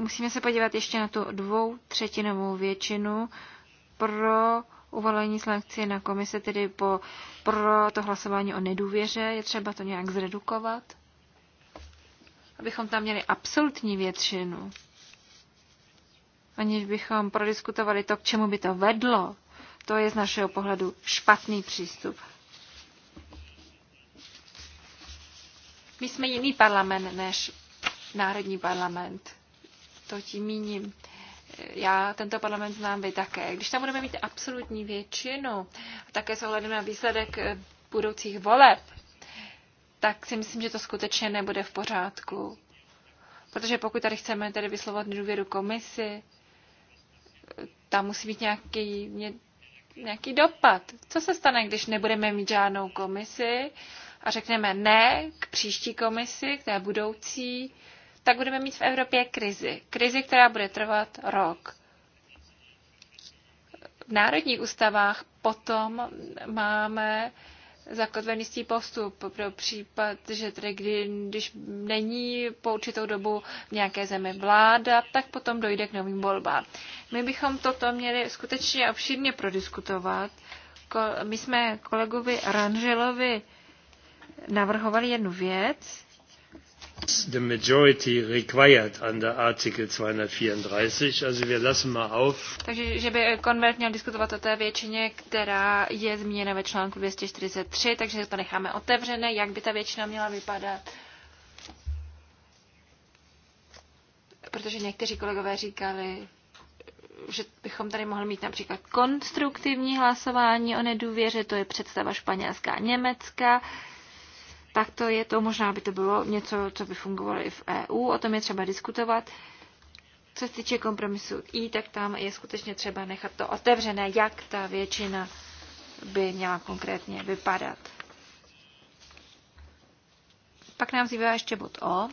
Musíme se podívat ještě na tu dvou třetinovou většinu pro uvalení sankcí na komise, tedy po, pro to hlasování o nedůvěře. Je třeba to nějak zredukovat, abychom tam měli absolutní většinu. Aniž bychom prodiskutovali to, k čemu by to vedlo, to je z našeho pohledu špatný přístup. My jsme jiný parlament než národní parlament to tím míním. Já tento parlament znám vy také. Když tam budeme mít absolutní většinu, a také s ohledem na výsledek eh, budoucích voleb, tak si myslím, že to skutečně nebude v pořádku. Protože pokud tady chceme tedy vyslovat důvěru komisi, tam musí být nějaký, nějaký dopad. Co se stane, když nebudeme mít žádnou komisi a řekneme ne k příští komisi, k té budoucí, tak budeme mít v Evropě krizi. Krizi, která bude trvat rok. V národních ústavách potom máme zakotvený jistý postup pro případ, že tedy kdy, když není po určitou dobu v nějaké zemi vláda, tak potom dojde k novým volbám. My bychom toto měli skutečně obšírně prodiskutovat. My jsme kolegovi Ranželovi navrhovali jednu věc, The majority required under Article 234, also wir lassen mal auf. Takže, že by konvert měl diskutovat o té většině, která je zmíněna ve článku 243, takže to necháme otevřené, jak by ta většina měla vypadat. Protože někteří kolegové říkali, že bychom tady mohli mít například konstruktivní hlasování o nedůvěře, to je představa španělská a německá tak to je to, možná by to bylo něco, co by fungovalo i v EU, o tom je třeba diskutovat. Co se týče kompromisu I, tak tam je skutečně třeba nechat to otevřené, jak ta většina by měla konkrétně vypadat. Pak nám zbývá ještě bod O.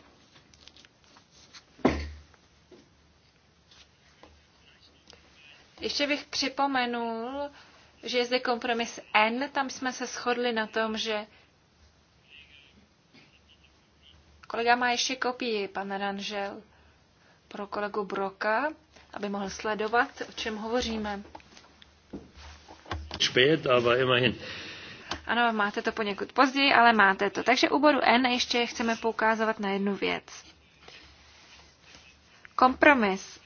Ještě bych připomenul, že je zde kompromis N, tam jsme se shodli na tom, že Kolega má ještě kopii, pan Ranžel, pro kolegu Broka, aby mohl sledovat, o čem hovoříme. Spät, ale immerhin. Ano, máte to poněkud později, ale máte to. Takže u bodu N ještě chceme poukázovat na jednu věc. Kompromis,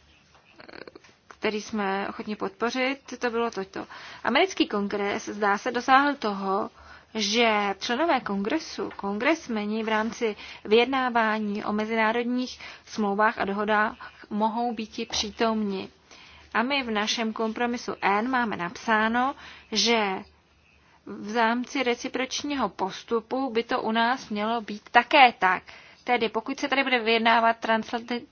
který jsme ochotni podpořit, to bylo toto. Americký kongres zdá se dosáhl toho, že členové kongresu, kongresmeni v rámci vyjednávání o mezinárodních smlouvách a dohodách mohou být přítomni. A my v našem kompromisu N máme napsáno, že v zámci recipročního postupu by to u nás mělo být také tak. Tedy pokud se tady bude vyjednávat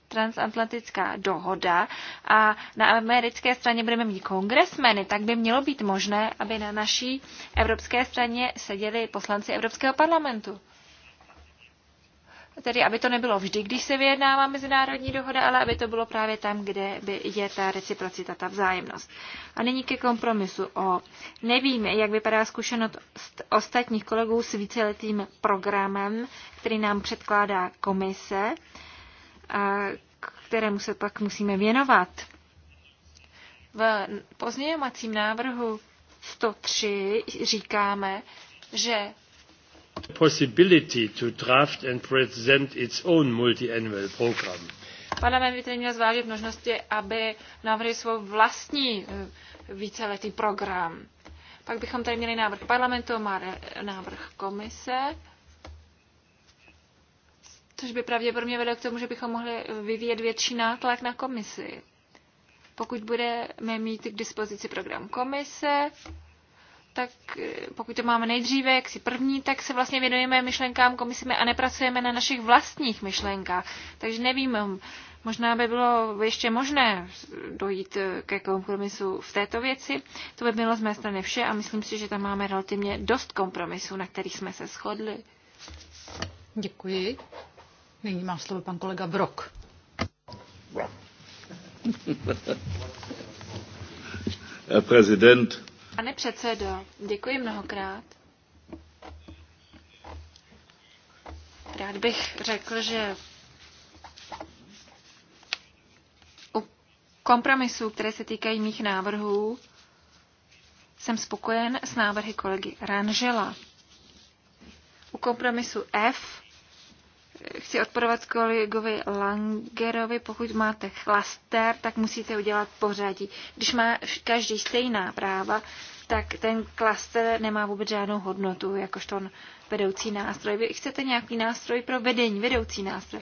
transatlantická dohoda a na americké straně budeme mít kongresmeny, tak by mělo být možné, aby na naší evropské straně seděli poslanci Evropského parlamentu tedy aby to nebylo vždy, když se vyjednává mezinárodní dohoda, ale aby to bylo právě tam, kde by je ta reciprocita, ta vzájemnost. A nyní ke kompromisu o nevím, jak vypadá zkušenost ostatních kolegů s víceletým programem, který nám předkládá komise, a kterému se pak musíme věnovat. V pozměňovacím návrhu 103 říkáme, že Parlament by tedy měl zvážit možnosti, aby navrhl svůj vlastní eh, víceletý program. Pak bychom tady měli návrh parlamentu, má návrh komise, což by pravděpodobně vedlo k tomu, že bychom mohli vyvíjet větší nátlak na komisi. Pokud budeme mít k dispozici program komise, tak eh, pokud to máme nejdříve, jak si první, tak se vlastně věnujeme myšlenkám komisíme a nepracujeme na našich vlastních myšlenkách. Takže nevím, možná by bylo ještě možné dojít eh, ke kompromisu v této věci. To by bylo z mé strany vše a myslím si, že tam máme relativně dost kompromisů, na kterých jsme se shodli. Děkuji. Nyní má slovo pan kolega Brok. Herr Präsident, Pane předsedo, děkuji mnohokrát. Rád bych řekl, že u kompromisů, které se týkají mých návrhů, jsem spokojen s návrhy kolegy Ranžela. U kompromisu F chci odporovat kolegovi Langerovi, pokud máte chlaster, tak musíte udělat pořadí. Když má každý stejná práva, tak ten klaster nemá vůbec žádnou hodnotu, jakožto vedoucí nástroj. Vy chcete nějaký nástroj pro vedení, vedoucí nástroj.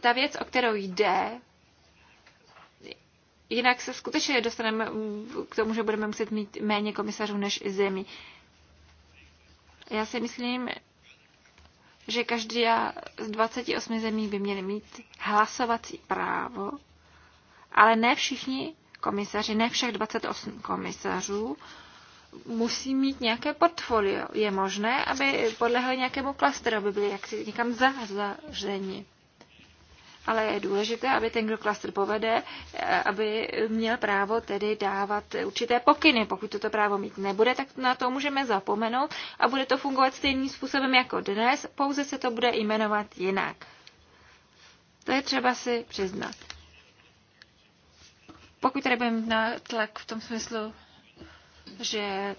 Ta věc, o kterou jde, jinak se skutečně dostaneme k tomu, že budeme muset mít méně komisařů než zemí. Já si myslím, že každý z 28 zemí by měli mít hlasovací právo, ale ne všichni komisaři, ne všech 28 komisařů musí mít nějaké portfolio. Je možné, aby podlehli nějakému klasteru, aby byli jaksi někam zařazeni ale je důležité, aby ten, kdo klaster povede, eh, aby měl právo tedy dávat určité pokyny. Pokud toto právo mít nebude, tak na to můžeme zapomenout a bude to fungovat stejným způsobem jako dnes, pouze se to bude jmenovat jinak. To je třeba si přiznat. Pokud tady budeme mít tlak v tom smyslu, že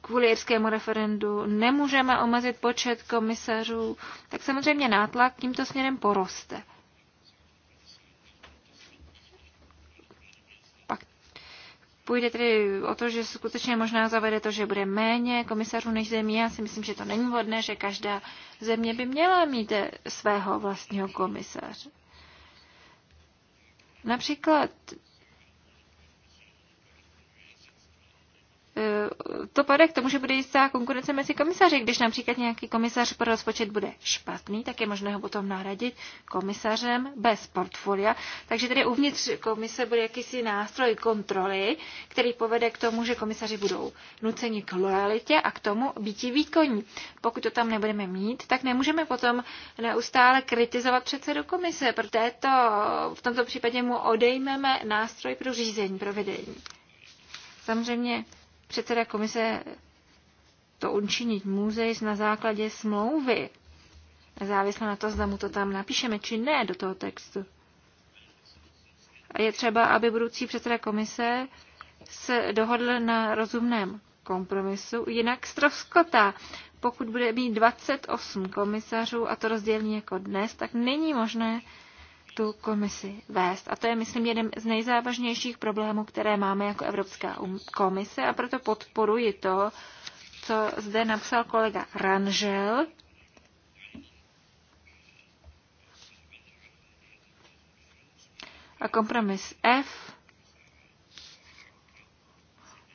kvůli jirskému referendu nemůžeme omezit počet komisařů, tak samozřejmě nátlak tímto směrem poroste. Pak půjde tedy o to, že skutečně možná zavede to, že bude méně komisařů než země. Já si myslím, že to není vhodné, že každá země by měla mít svého vlastního komisaře. Například Eh, to povede k tomu, že bude jistá konkurence mezi komisaři. Když například nějaký komisař pro rozpočet bude špatný, tak je možné ho potom nahradit komisařem bez portfolia. Takže tedy uvnitř komise bude jakýsi nástroj kontroly, který povede k tomu, že komisaři budou nuceni k lojalitě a k tomu býti výkonní. Pokud to tam nebudeme mít, tak nemůžeme potom neustále kritizovat předsedu komise, protože to, v tomto případě mu odejmeme nástroj pro řízení, pro vedení. Samozřejmě Předseda komise to učinit může na základě smlouvy, závisle na to, zda mu to tam napíšeme, či ne do toho textu. A je třeba, aby budoucí předseda komise se dohodl na rozumném kompromisu, jinak stroskotá. Pokud bude mít 28 komisařů a to rozdělí jako dnes, tak není možné tu komisi vést. A to je, myslím, jeden z nejzávažnějších problémů, které máme jako Evropská um- komise a proto podporuji to, co zde napsal kolega Ranžel. A kompromis F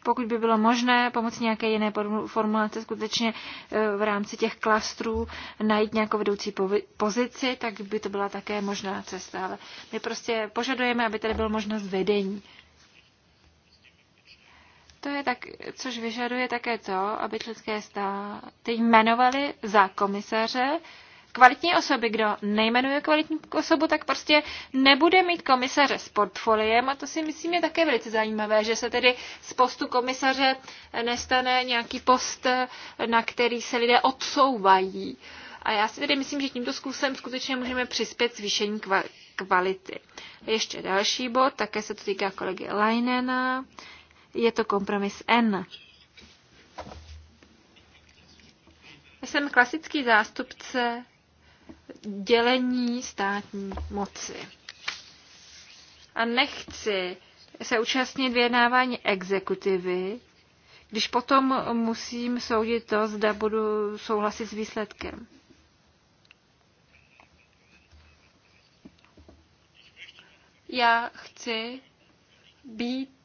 pokud by bylo možné pomocí nějaké jiné formulace skutečně e, v rámci těch klastrů najít nějakou vedoucí pozici, tak by to byla také možná cesta. Ale my prostě požadujeme, aby tady byla možnost vedení. To je tak, což vyžaduje také to, aby členské státy jmenovali za komisaře kvalitní osoby. Kdo nejmenuje kvalitní osobu, tak prostě nebude mít komisaře s portfoliem a to si myslím je také velice zajímavé, že se tedy z postu komisaře nestane nějaký post, na který se lidé odsouvají. A já si tedy myslím, že tímto zkusem skutečně můžeme přispět k zvýšení kvality. Ještě další bod, také se to týká kolegy Leinena. Je to kompromis N. Jsem klasický zástupce dělení státní moci. A nechci se účastnit vyjednávání exekutivy, když potom musím soudit to, zda budu souhlasit s výsledkem. Já chci být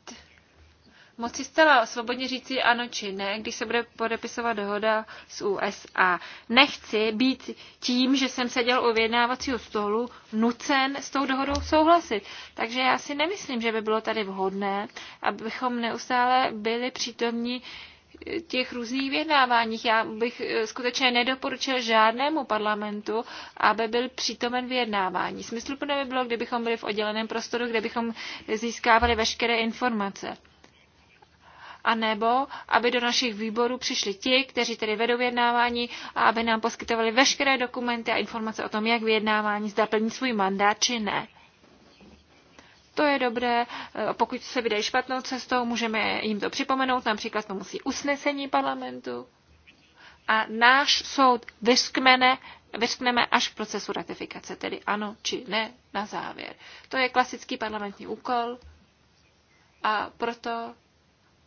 moci zcela svobodně říci ano či ne, když se bude podepisovat dohoda s USA. Nechci být tím, že jsem seděl u vyjednávacího stolu nucen s tou dohodou souhlasit. Takže já si nemyslím, že by bylo tady vhodné, abychom neustále byli přítomní těch různých vyjednáváních. Já bych eh, skutečně nedoporučil žádnému parlamentu, aby byl přítomen vyjednávání. Smysluplné by bylo, kdybychom byli v odděleném prostoru, kde bychom získávali veškeré informace anebo aby do našich výborů přišli ti, kteří tedy vedou vyjednávání a aby nám poskytovali veškeré dokumenty a informace o tom, jak vyjednávání zda plní svůj mandát či ne. To je dobré, e, pokud se vydají špatnou cestou, můžeme jim to připomenout, například to musí usnesení parlamentu. A náš soud vyskmene vyřkneme až v procesu ratifikace, tedy ano či ne na závěr. To je klasický parlamentní úkol a proto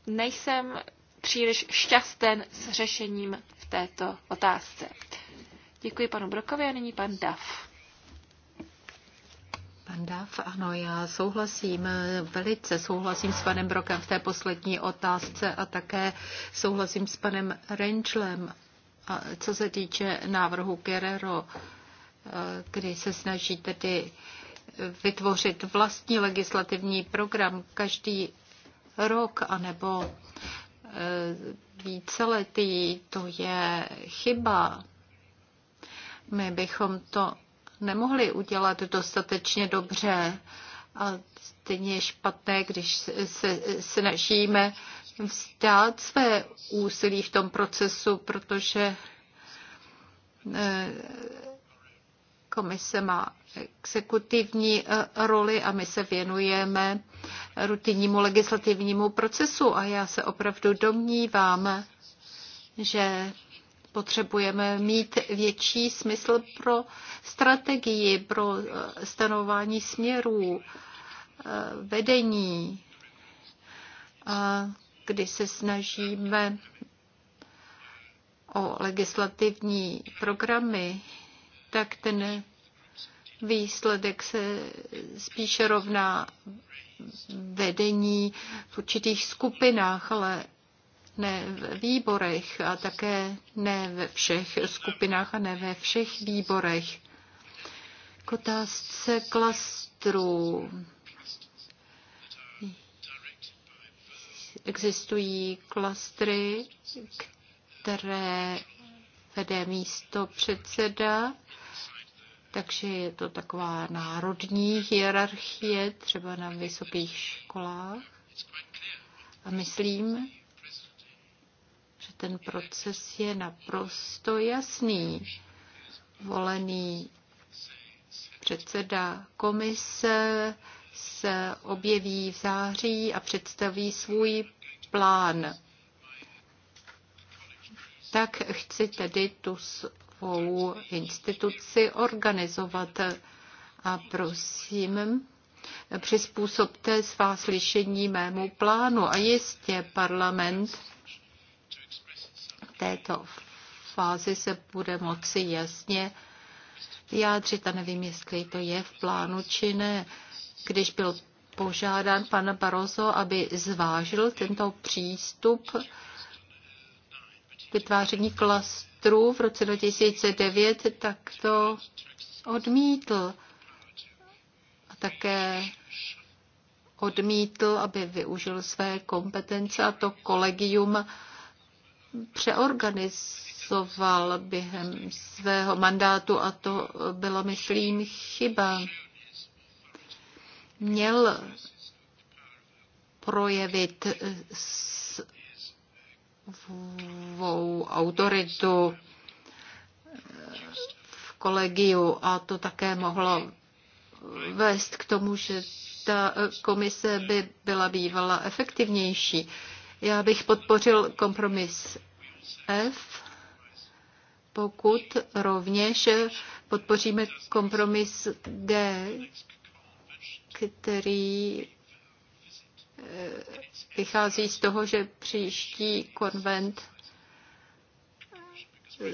nejsem příliš šťasten s řešením v této otázce. Děkuji panu Brokovi a nyní pan Dav. Pan Dav, ano, já souhlasím, velice souhlasím s panem Brokem v té poslední otázce a také souhlasím s panem Renčlem, a co se týče návrhu Guerrero, kdy se snaží tedy vytvořit vlastní legislativní program. Každý rok anebo eh, víceletý, to je chyba. My bychom to nemohli udělat dostatečně dobře a stejně špatné, když se snažíme vzdát své úsilí v tom procesu, protože eh, Komise má exekutivní eh, roli a my se věnujeme rutinnímu legislativnímu procesu a já se opravdu domnívám, že potřebujeme mít větší smysl pro strategii, pro eh, stanování směrů, eh, vedení, kdy se snažíme o legislativní programy, tak ten výsledek se spíše rovná vedení v určitých skupinách, ale ne v výborech a také ne ve všech skupinách a ne ve všech výborech. K otázce klastru. Existují klastry, které vede místo předseda takže je to taková národní hierarchie, třeba na vysokých školách. A myslím, že ten proces je naprosto jasný. Volený předseda komise se objeví v září a představí svůj plán. Tak chci tedy tu svou instituci organizovat. A prosím, přizpůsobte svá slyšení mému plánu. A jistě parlament v této fázi se bude moci jasně vyjádřit. A nevím, jestli to je v plánu či ne. Když byl požádán pan Barozo, aby zvážil tento přístup vytváření klas ministrů v roce 2009 takto odmítl. A také odmítl, aby využil své kompetence a to kolegium přeorganizoval během svého mandátu a to bylo myslím, chyba. Měl projevit vou autoritu v kolegiu a to také mohlo vést k tomu, že ta komise by byla bývala efektivnější. Já bych podpořil kompromis F, pokud rovněž podpoříme kompromis G, který Eh, vychází z toho, že příští konvent eh,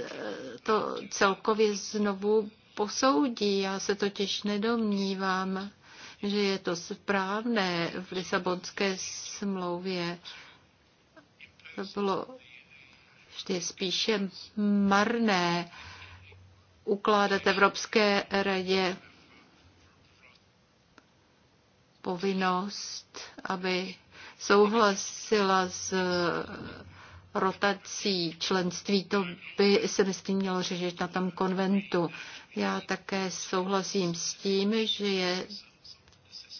to celkově znovu posoudí. Já se totiž nedomnívám, že je to správné v Lisabonské smlouvě. To bylo vždy spíše marné ukládat Evropské radě povinnost, aby souhlasila s eh, rotací členství, to by se myslím mělo řešit na tom konventu. Já také souhlasím s tím, že je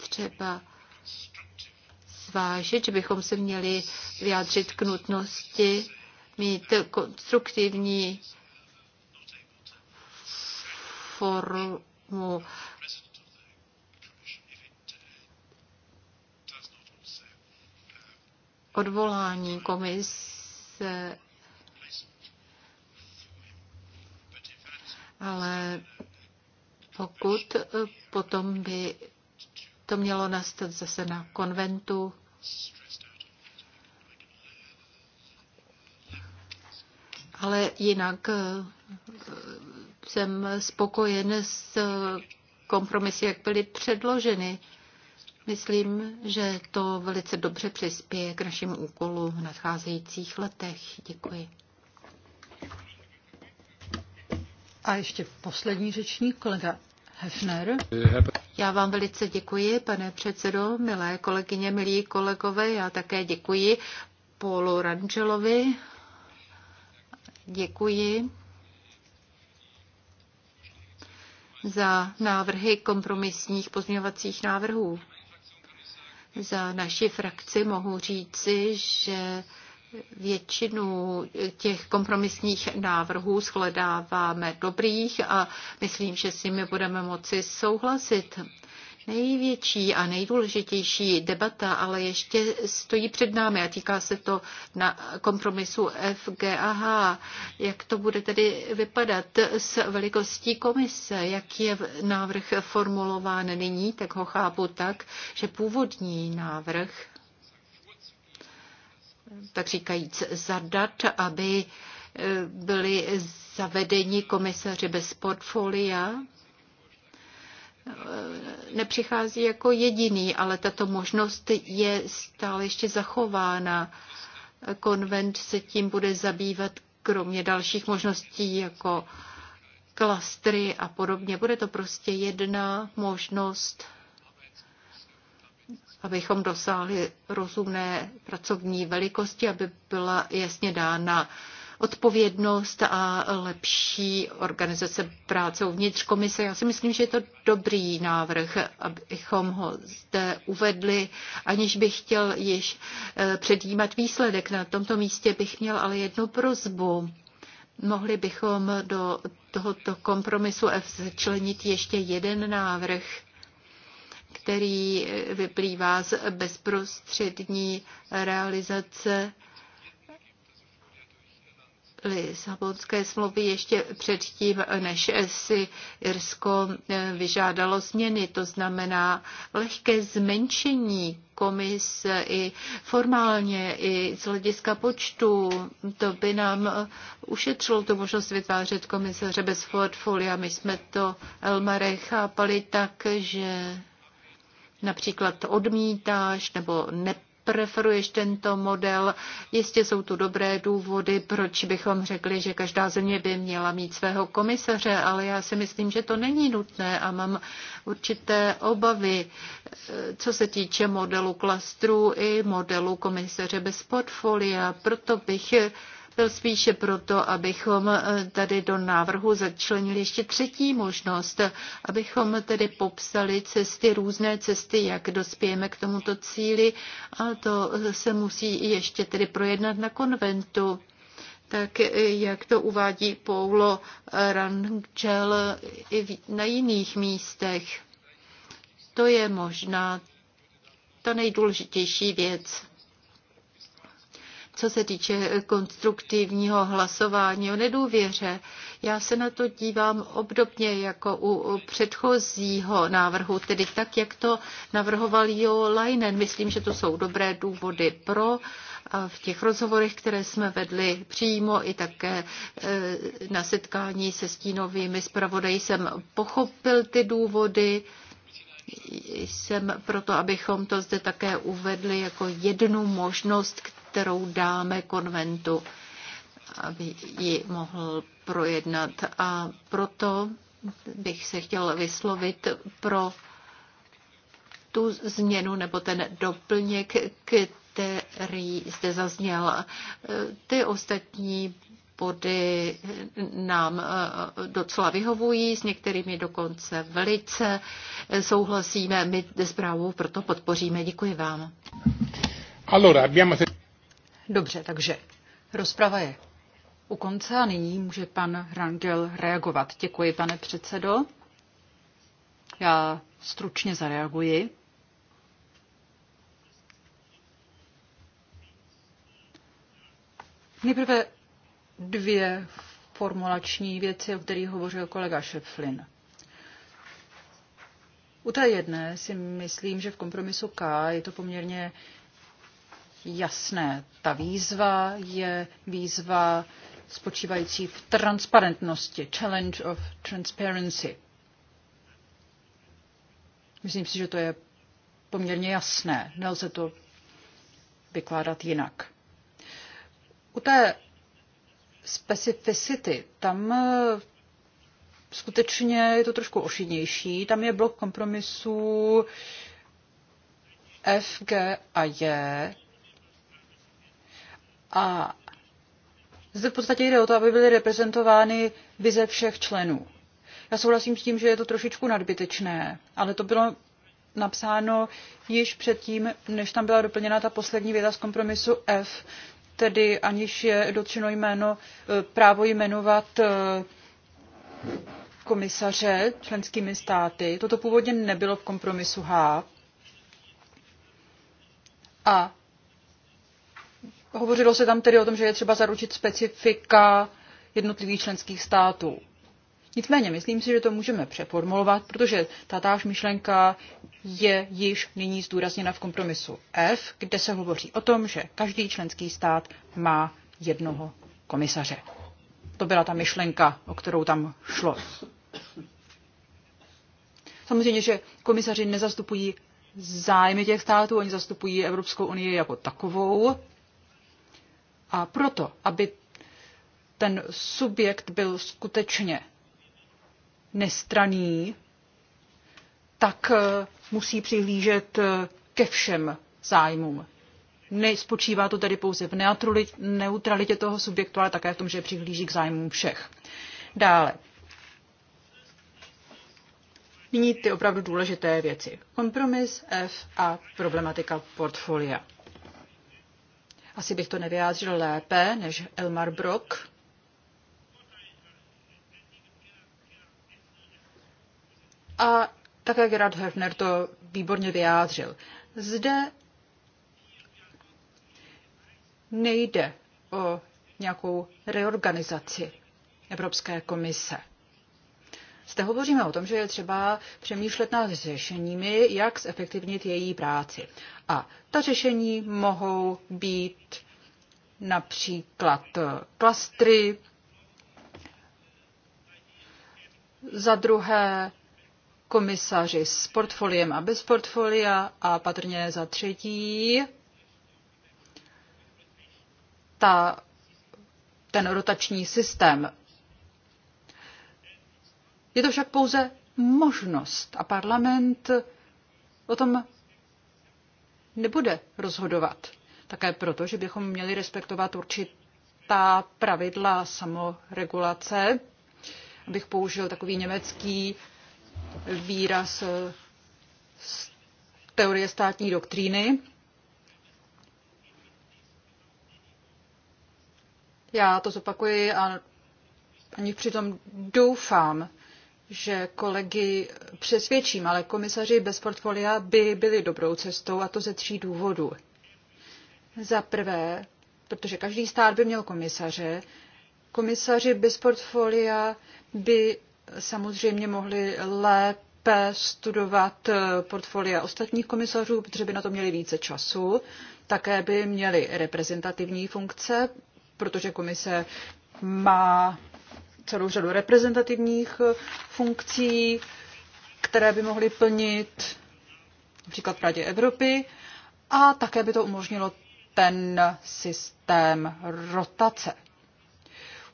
třeba zvážit, že bychom se měli vyjádřit k nutnosti mít konstruktivní formu odvolání komise, ale pokud potom by to mělo nastat zase na konventu, ale jinak eh, jsem spokojen s kompromisy, jak byly předloženy. Myslím, že to velice dobře přispěje k našemu úkolu v nadcházejících letech. Děkuji. A ještě poslední řečník, kolega Hefner. Já vám velice děkuji, pane předsedo, milé kolegyně, milí kolegové. Já také děkuji Paulu Rangelovi. Děkuji za návrhy kompromisních pozměňovacích návrhů. Za naši frakci mohu říci, že většinu těch kompromisních návrhů shledáváme dobrých a myslím, že s nimi budeme moci souhlasit. Největší a nejdůležitější debata ale ještě stojí před námi a týká se to na kompromisu F, G a H. Jak to bude tedy vypadat s velikostí komise? Jak je návrh formulován nyní, tak ho chápu tak, že původní návrh tak říkajíc zadat, aby byli zavedeni komisaři bez portfolia, nepřichází jako jediný, ale tato možnost je stále ještě zachována. Konvent se tím bude zabývat kromě dalších možností jako klastry a podobně. Bude to prostě jedna možnost, abychom dosáhli rozumné pracovní velikosti, aby byla jasně dána odpovědnost a lepší organizace práce uvnitř komise. Já si myslím, že je to dobrý návrh, abychom ho zde uvedli, aniž bych chtěl již eh, předjímat výsledek. Na tomto místě bych měl ale jednu prozbu. Mohli bychom do tohoto kompromisu F začlenit ještě jeden návrh, který eh, vyplývá z bezprostřední realizace Lisabonské smlouvy ještě předtím, než si Irsko eh, vyžádalo změny. To znamená lehké zmenšení komise i formálně, i z hlediska počtu. To by nám ušetřilo tu možnost vytvářet komisaře bez portfolia. My jsme to Elmare chápali tak, že například odmítáš nebo ne preferuješ tento model. Jistě jsou tu dobré důvody, proč bychom řekli, že každá země by měla mít svého komisaře, ale já si myslím, že to není nutné a mám určité obavy, eh, co se týče modelu klastru i modelu komisaře bez portfolia. Proto bych byl spíše proto, abychom eh, tady do návrhu začlenili ještě třetí možnost, abychom tedy popsali cesty, různé cesty, jak dospějeme k tomuto cíli a to eh, se musí ještě tedy projednat na konventu tak eh, jak to uvádí Paulo Rangel i na jiných místech. To je možná ta nejdůležitější věc co se týče konstruktivního hlasování o nedůvěře. Já se na to dívám obdobně jako u předchozího návrhu, tedy tak, jak to navrhoval Jo Leinen. Myslím, že to jsou dobré důvody pro v těch rozhovorech, které jsme vedli přímo i také e, na setkání se stínovými zpravodaji, jsem pochopil ty důvody. Jsem proto, abychom to zde také uvedli jako jednu možnost, kterou dáme konventu, aby ji mohl projednat. A proto bych se chtěl vyslovit pro tu změnu nebo ten doplněk, který zde zazněl. Ty ostatní body nám eh, docela vyhovují, s některými dokonce velice souhlasíme. My zprávu proto podpoříme. Děkuji vám. Allora, abbiamo... Dobře, takže rozprava je u konce a nyní může pan Rangel reagovat. Děkuji, pane předsedo. Já stručně zareaguji. Nejprve dvě formulační věci, o kterých hovořil kolega Šeflin. U té jedné si myslím, že v kompromisu K je to poměrně jasné. Ta výzva je výzva spočívající v transparentnosti, challenge of transparency. Myslím si, že to je poměrně jasné, nelze to vykládat jinak. U té specificity, tam eh, skutečně je to trošku ošidnější, tam je blok kompromisů F, G a J, a zde v podstatě jde o to, aby byly reprezentovány vize všech členů. Já souhlasím s tím, že je to trošičku nadbytečné, ale to bylo napsáno již předtím, než tam byla doplněna ta poslední věta z kompromisu F, tedy aniž je dotčeno jméno, e, právo jmenovat e, komisaře členskými státy. Toto původně nebylo v kompromisu H. A Hovořilo se tam tedy o tom, že je třeba zaručit specifika jednotlivých členských států. Nicméně, myslím si, že to můžeme přeformulovat, protože tatáž myšlenka je již nyní zdůrazněna v kompromisu F, kde se hovoří o tom, že každý členský stát má jednoho komisaře. To byla ta myšlenka, o kterou tam šlo. Samozřejmě, že komisaři nezastupují zájmy těch států, oni zastupují Evropskou unii jako takovou, a proto, aby ten subjekt byl skutečně nestraný, tak eh, musí přihlížet eh, ke všem zájmům. Nespočívá to tedy pouze v neutralitě toho subjektu, ale také v tom, že přihlíží k zájmům všech. Dále. Nyní ty opravdu důležité věci. Kompromis F a problematika portfolia. Asi bych to nevyjádřil lépe než Elmar Brock. A také Gerard Hefner to výborně vyjádřil. Zde nejde o nějakou reorganizaci Evropské komise. Zde hovoříme o tom, že je třeba přemýšlet nad řešeními, jak zefektivnit její práci. A ta řešení mohou být například eh, klastry, za druhé komisaři s portfoliem a bez portfolia a patrně za třetí ta, ten rotační systém je to však pouze možnost a parlament o tom nebude rozhodovat. Také proto, že bychom měli respektovat určitá pravidla samoregulace. Abych použil takový německý výraz z teorie státní doktríny. Já to zopakuji a ani přitom doufám, že kolegy přesvědčím, ale komisaři bez portfolia by byli dobrou cestou, a to ze tří důvodů. Za prvé, protože každý stát by měl komisaře, komisaři bez portfolia by samozřejmě mohli lépe studovat portfolia ostatních komisařů, protože by na to měli více času. Také by měli reprezentativní funkce, protože komise má celou řadu reprezentativních eh, funkcí, které by mohly plnit například v Radě Evropy a také by to umožnilo ten systém rotace.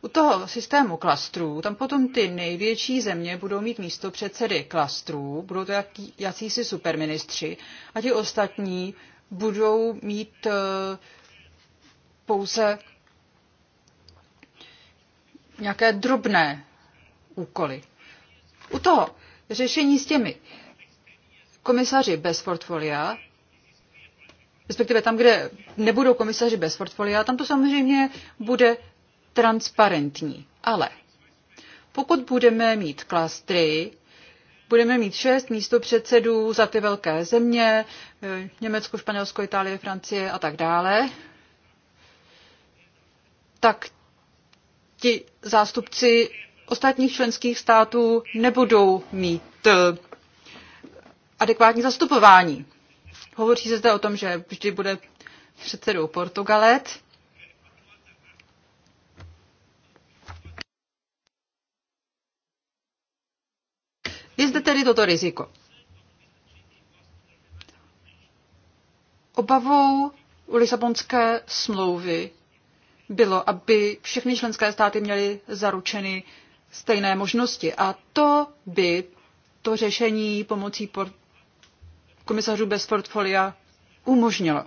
U toho systému klastrů, tam potom ty největší země budou mít místo předsedy klastrů, budou to jaký, jakýsi superministři a ti ostatní budou mít eh, pouze nějaké drobné úkoly. U toho řešení s těmi komisaři bez portfolia, respektive tam, kde nebudou komisaři bez portfolia, tam to samozřejmě bude transparentní. Ale pokud budeme mít klastry, budeme mít šest místo předsedů za ty velké země, eh, Německo, Španělsko, Itálie, Francie a tak dále, tak ti zástupci ostatních členských států nebudou mít eh, adekvátní zastupování. Hovoří se zde o tom, že vždy bude předsedou Portugalet. Je zde tedy toto riziko. Obavou u Lisabonské smlouvy bylo, aby všechny členské státy měly zaručeny stejné možnosti. A to by to řešení pomocí por- komisařů bez portfolia umožnilo.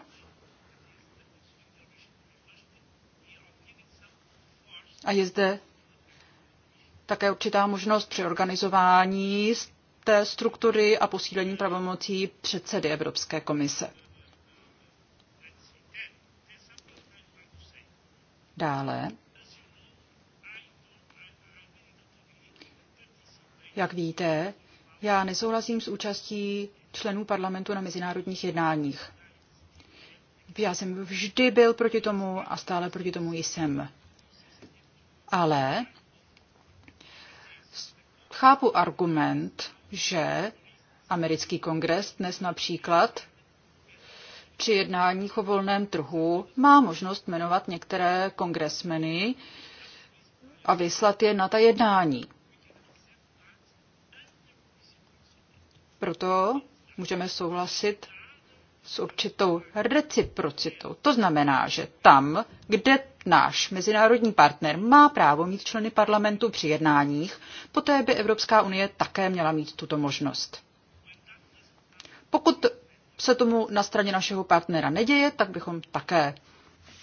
A je zde také určitá možnost při organizování té struktury a posílení pravomocí předsedy Evropské komise. Dále, jak víte, já nesouhlasím s účastí členů parlamentu na mezinárodních jednáních. Já jsem vždy byl proti tomu a stále proti tomu jsem. Ale chápu argument, že americký kongres dnes například při jednáních o volném trhu má možnost jmenovat některé kongresmeny a vyslat je na ta jednání. Proto můžeme souhlasit s určitou reciprocitou. To znamená, že tam, kde náš mezinárodní partner má právo mít členy parlamentu při jednáních, poté by Evropská unie také měla mít tuto možnost. Pokud se tomu na straně našeho partnera neděje, tak bychom také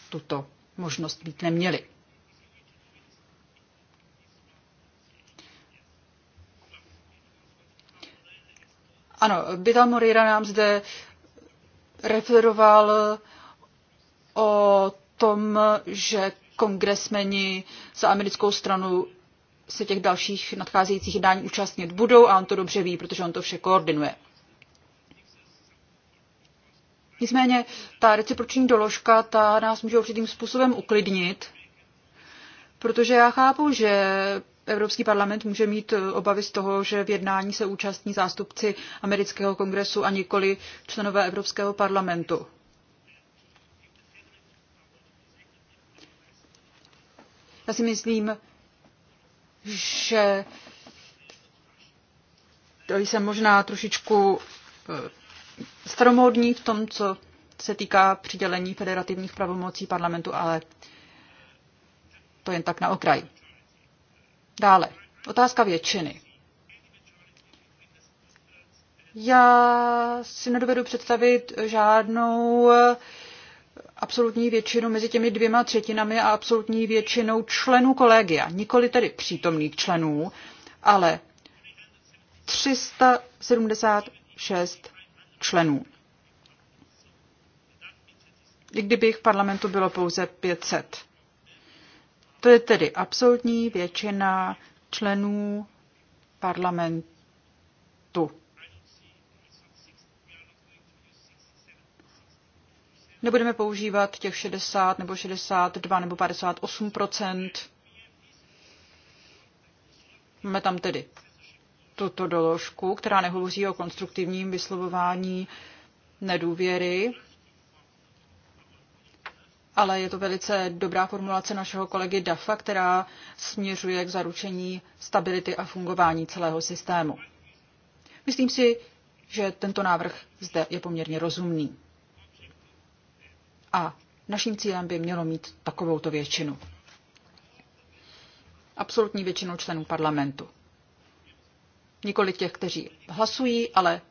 tuto možnost být neměli. Ano, Bita Morira nám zde referoval o tom, že kongresmeni za americkou stranu se těch dalších nadcházejících jednání účastnit budou a on to dobře ví, protože on to vše koordinuje. Nicméně ta reciproční doložka, ta nás může určitým způsobem uklidnit, protože já chápu, že Evropský parlament může mít obavy z toho, že v jednání se účastní zástupci amerického kongresu a nikoli členové Evropského parlamentu. Já si myslím, že jsem možná trošičku eh, staromódní v tom, co se týká přidělení federativních pravomocí parlamentu, ale to jen tak na okraj. Dále, otázka většiny. Já si nedovedu představit žádnou absolutní většinu mezi těmi dvěma třetinami a absolutní většinou členů kolegia. Nikoli tedy přítomných členů, ale 376 členů. I kdyby jich v parlamentu bylo pouze 500. To je tedy absolutní většina členů parlamentu. Nebudeme používat těch 60 nebo 62 nebo 58 Máme tam tedy tuto doložku, která nehovoří o konstruktivním vyslovování nedůvěry, ale je to velice dobrá formulace našeho kolegy Dafa, která směřuje k zaručení stability a fungování celého systému. Myslím si, že tento návrh zde je poměrně rozumný. A naším cílem by mělo mít takovouto většinu. Absolutní většinu členů parlamentu nikoli těch, kteří hlasují, ale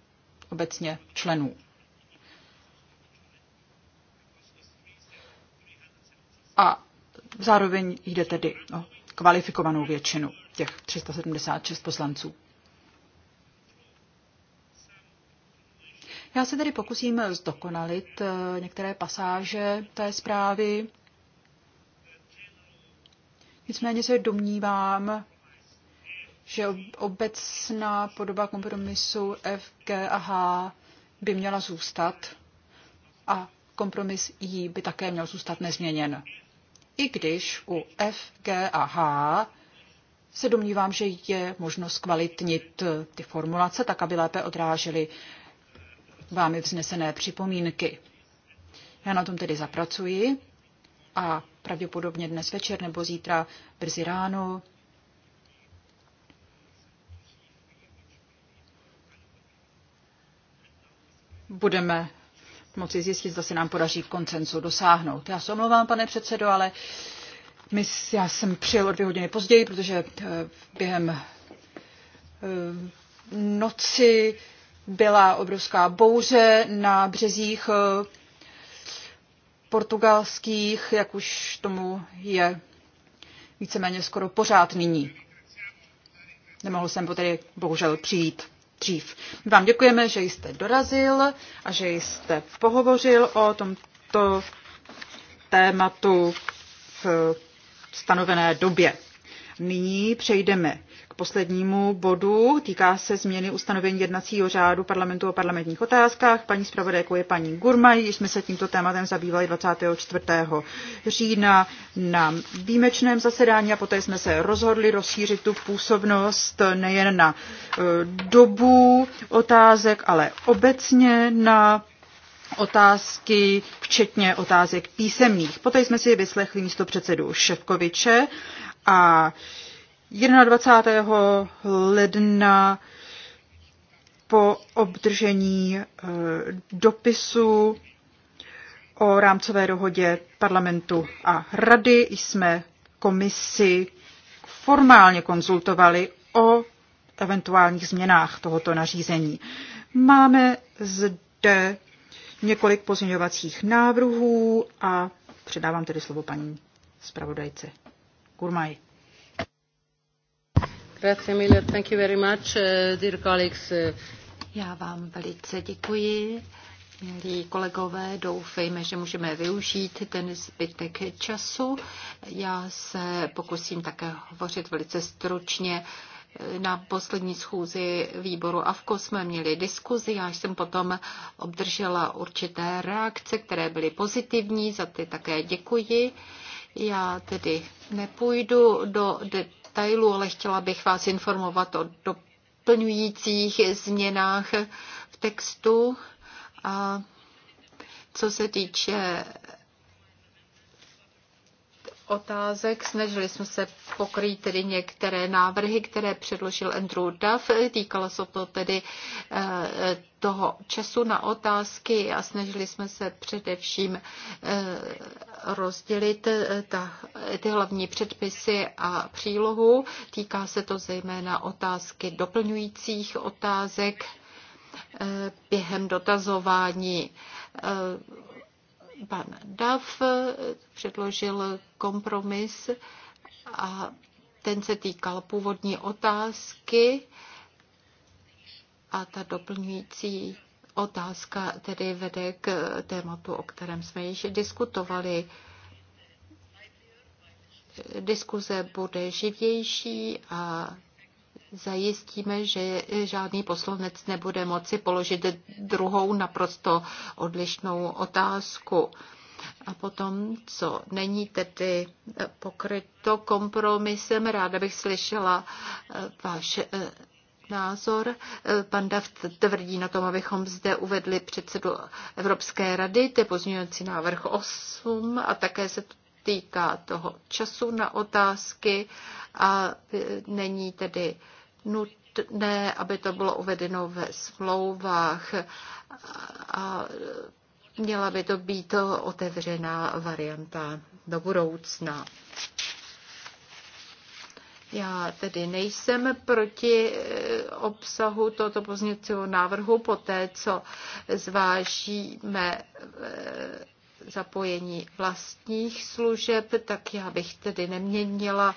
obecně členů. A zároveň jde tedy o kvalifikovanou většinu těch 376 poslanců. Já se tedy pokusím zdokonalit eh, některé pasáže té zprávy. Nicméně se domnívám, že obecná podoba kompromisu F, G a H by měla zůstat a kompromis I by také měl zůstat nezměněn. I když u F, G a H se domnívám, že je možno kvalitnit ty formulace tak, aby lépe odrážely vámi vznesené připomínky. Já na tom tedy zapracuji a pravděpodobně dnes večer nebo zítra brzy ráno budeme moci zjistit, zda se nám podaří koncensu dosáhnout. Já se omlouvám, pane předsedo, ale my, já jsem přijel o dvě hodiny později, protože eh, během eh, noci byla obrovská bouře na březích eh, portugalských, jak už tomu je víceméně skoro pořád nyní. Nemohl jsem tedy bohužel přijít dřív. Vám děkujeme, že jste dorazil a že jste pohovořil o tomto tématu v stanovené době. Nyní přejdeme poslednímu bodu. Týká se změny ustanovení jednacího řádu parlamentu o parlamentních otázkách. Paní zpravodajkou je paní Gurmaj, když jsme se tímto tématem zabývali 24. října na výjimečném zasedání a poté jsme se rozhodli rozšířit tu působnost nejen na eh, dobu otázek, ale obecně na otázky, včetně otázek písemných. Poté jsme si vyslechli místo předsedu Ševkoviče a uh, 21. ledna po obdržení eh, dopisu o rámcové dohodě parlamentu a rady jsme komisi formálně konzultovali o eventuálních změnách tohoto nařízení. Máme zde několik pozměňovacích návrhů a předávám tedy slovo paní zpravodajce Kurmaj. Eh, já vám velice děkuji. Milí kolegové, doufejme, že můžeme využít ten zbytek času. Já se pokusím také hovořit velice stručně. Na poslední schůzi výboru AFKO jsme měli diskuzi, já jsem potom obdržela určité reakce, které byly pozitivní, za ty také děkuji. Já tedy nepůjdu do detailů, ale chtěla bych vás informovat o doplňujících změnách v textu. A co se týče otázek. Snažili jsme se pokrýt tedy některé návrhy, které předložil Andrew Duff. Týkalo se to tedy eh, toho času na otázky a snažili jsme se především eh, rozdělit eh, ta, ty hlavní předpisy a přílohu. Týká se to zejména otázky doplňujících otázek během dotazování pan Dav předložil kompromis a ten se týkal původní otázky a ta doplňující otázka tedy vede k tématu, o kterém jsme již diskutovali. Diskuze bude živější a zajistíme, že žádný poslanec nebude moci položit druhou naprosto odlišnou otázku. A potom, co není tedy pokryto kompromisem, ráda bych slyšela eh, váš eh, názor. Eh, pan Dav tvrdí na tom, abychom zde uvedli předsedu Evropské rady, to je pozměňovací návrh 8 a také se týká toho času na otázky a e, není tedy nutné, aby to bylo uvedeno ve smlouvách a měla by to být otevřená varianta do budoucna. Já tedy nejsem proti e, obsahu tohoto pozměňovacího návrhu po té, co zvážíme e, zapojení vlastních služeb, tak já bych tedy neměnila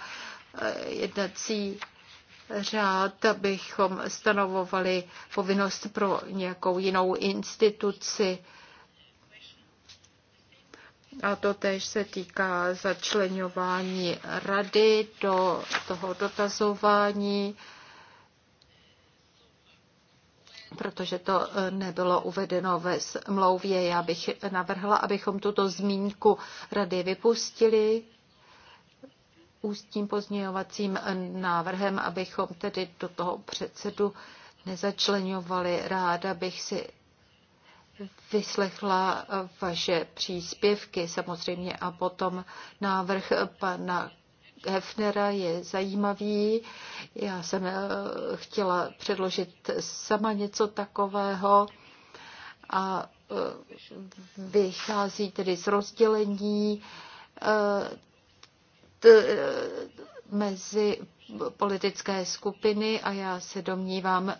eh, jednací řád, abychom stanovovali povinnost pro nějakou jinou instituci. A to tež se týká začlenování rady do toho dotazování protože to eh, nebylo uvedeno ve smlouvě. Já bych navrhla, abychom tuto zmínku rady vypustili ústním pozměňovacím návrhem, abychom tedy do toho předsedu nezačlenovali. Ráda bych si vyslechla eh, vaše příspěvky samozřejmě a potom návrh pana Hefnera je zajímavý. Já jsem eh, chtěla předložit sama něco takového a eh, vychází tedy z rozdělení eh, mezi politické skupiny a já se domnívám,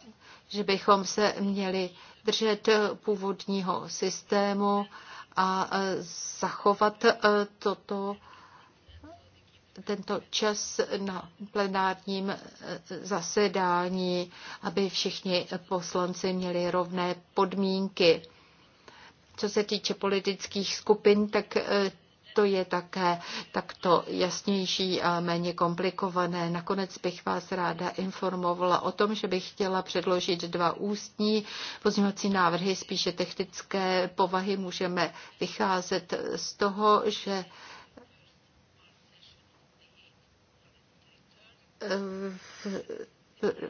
že bychom se měli držet původního systému a zachovat toto tento čas na plenárním eh, zasedání, aby všichni poslanci měli rovné podmínky. Co se týče politických skupin, tak eh, to je také takto jasnější a méně komplikované. Nakonec bych vás ráda informovala o tom, že bych chtěla předložit dva ústní pozměňovací návrhy, spíše technické povahy. Můžeme vycházet z toho, že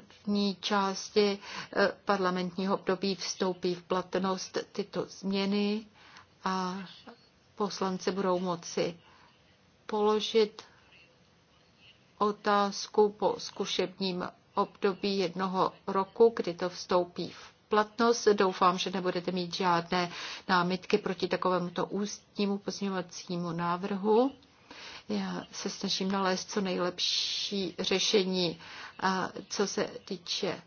první části eh, parlamentního období vstoupí v platnost tyto změny a poslanci budou moci položit otázku po zkušebním období jednoho roku, kdy to vstoupí v platnost. Doufám, že nebudete mít žádné námitky proti to ústnímu pozměňovacímu návrhu. Já se snažím nalézt co nejlepší řešení. A co se týče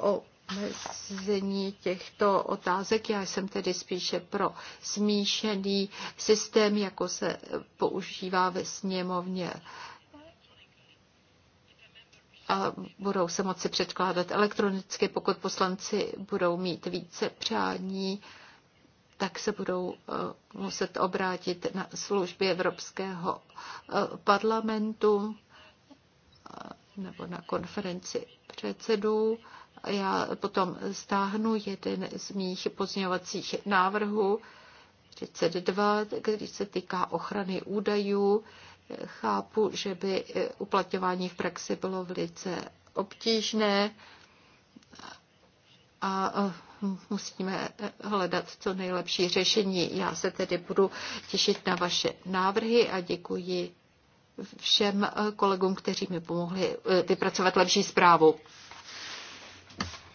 omezení těchto otázek, já jsem tedy spíše pro smíšený systém, jako se používá ve sněmovně a budou se moci předkládat elektronicky, pokud poslanci budou mít více přání tak se budou eh, muset obrátit na služby Evropského eh, parlamentu eh, nebo na konferenci předsedů. Já potom stáhnu jeden z mých pozměňovacích návrhů 32, který se týká ochrany údajů. Chápu, že by uplatňování v praxi bylo velice obtížné a musíme eh, hledat co nejlepší řešení. Já se tedy budu těšit na vaše návrhy a děkuji všem eh, kolegům, kteří mi pomohli eh, vypracovat lepší zprávu.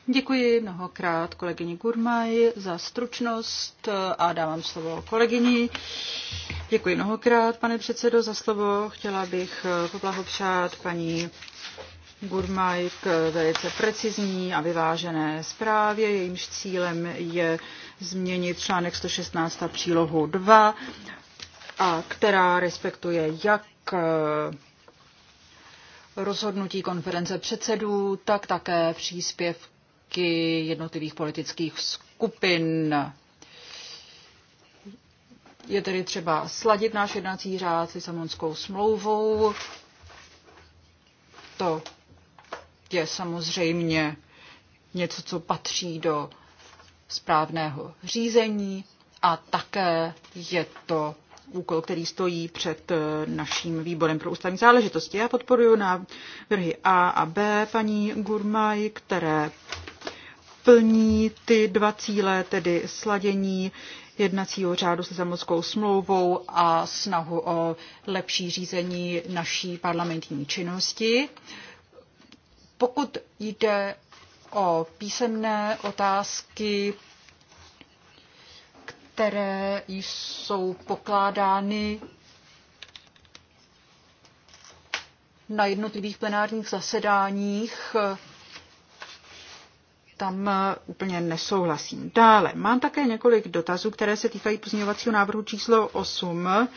Děkuji mnohokrát kolegyni Gurmaj za stručnost a dávám slovo kolegyni. Děkuji mnohokrát, pane předsedo, za slovo. Chtěla bych poblahopřát paní Gurmaj k velice precizní a vyvážené zprávě. Jejímž cílem je změnit článek 116 a přílohu 2, a která respektuje jak eh, rozhodnutí konference předsedů, tak také příspěvky jednotlivých politických skupin. Je tedy třeba sladit náš jednací řád s Lisabonskou smlouvou. To je samozřejmě něco, co patří do správného řízení a také je to úkol, který stojí před eh, naším výborem pro ústavní záležitosti. Já podporuji návrhy A a B paní Gurmaj, které plní ty dva cíle, tedy sladění jednacího řádu se Lizamotskou smlouvou a snahu o lepší řízení naší parlamentní činnosti. Pokud jde o písemné otázky, které jsou pokládány na jednotlivých plenárních zasedáních, tam úplně nesouhlasím. Dále mám také několik dotazů, které se týkají pozměňovacího návrhu číslo 8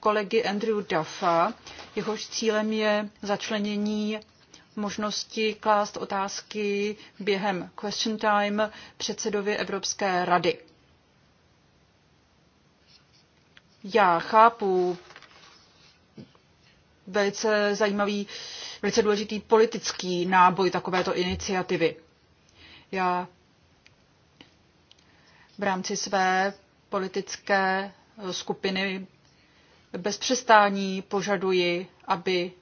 kolegy Andrew Duffa. Jehož cílem je začlenění možnosti klást otázky během question time předsedovi Evropské rady. Já chápu velice zajímavý, velice důležitý politický náboj takovéto iniciativy. Já v rámci své politické skupiny bez přestání požaduji, aby